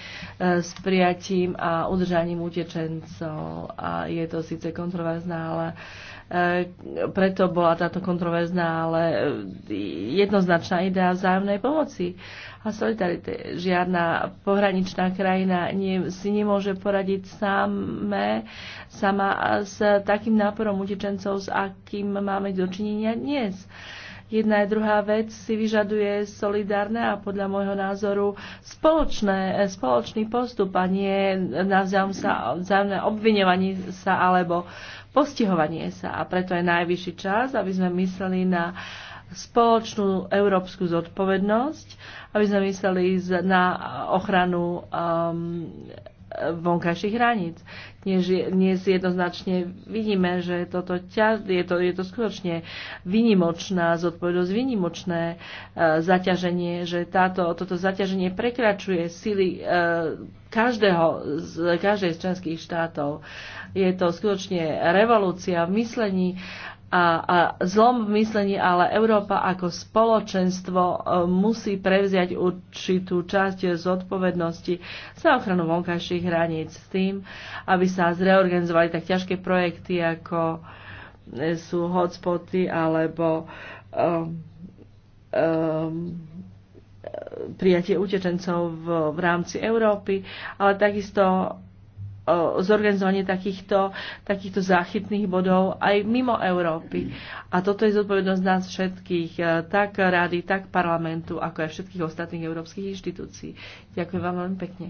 s prijatím a udržaním utečencov. A je to síce kontroverzná, ale e, preto bola táto kontroverzná, ale e, jednoznačná idea vzájomnej pomoci a solidarity. Žiadna pohraničná krajina nie, si nemôže poradiť samé, sama s takým náporom utečencov, s akým máme dočinenia dnes. Uh, Jedna aj druhá vec si vyžaduje solidárne a podľa môjho názoru spoločné, spoločný postup a nie navzájom sa, vzájomné obviňovanie sa alebo postihovanie sa. A preto je najvyšší čas, aby sme mysleli na spoločnú európsku zodpovednosť, aby sme mysleli na ochranu um, vonkajších hraníc. Dnes, dnes jednoznačne vidíme, že toto ťa, je, to, je to skutočne vynimočná zodpovednosť, vynimočné e, zaťaženie, že táto, toto zaťaženie prekračuje sily e, každého, z, každej z členských štátov. Je to skutočne revolúcia v myslení a, a zlom v myslení, ale Európa ako spoločenstvo e, musí prevziať určitú časť zodpovednosti za ochranu vonkajších hraníc s tým, aby sa zreorganizovali tak ťažké projekty, ako e, sú hotspoty alebo um, um, prijatie utečencov v, v rámci Európy, ale takisto zorganizovanie takýchto, takýchto záchytných bodov aj mimo Európy. A toto je zodpovednosť nás všetkých, e, tak rady, tak parlamentu, ako aj všetkých ostatných európskych inštitúcií. Ďakujem vám veľmi pekne.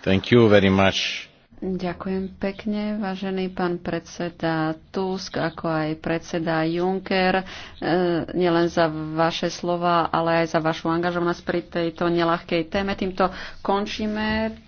Thank you very much. Ďakujem pekne, vážený pán predseda Tusk, ako aj predseda Juncker, e, nielen za vaše slova, ale aj za vašu angažovanosť pri tejto nelahkej téme. Týmto končíme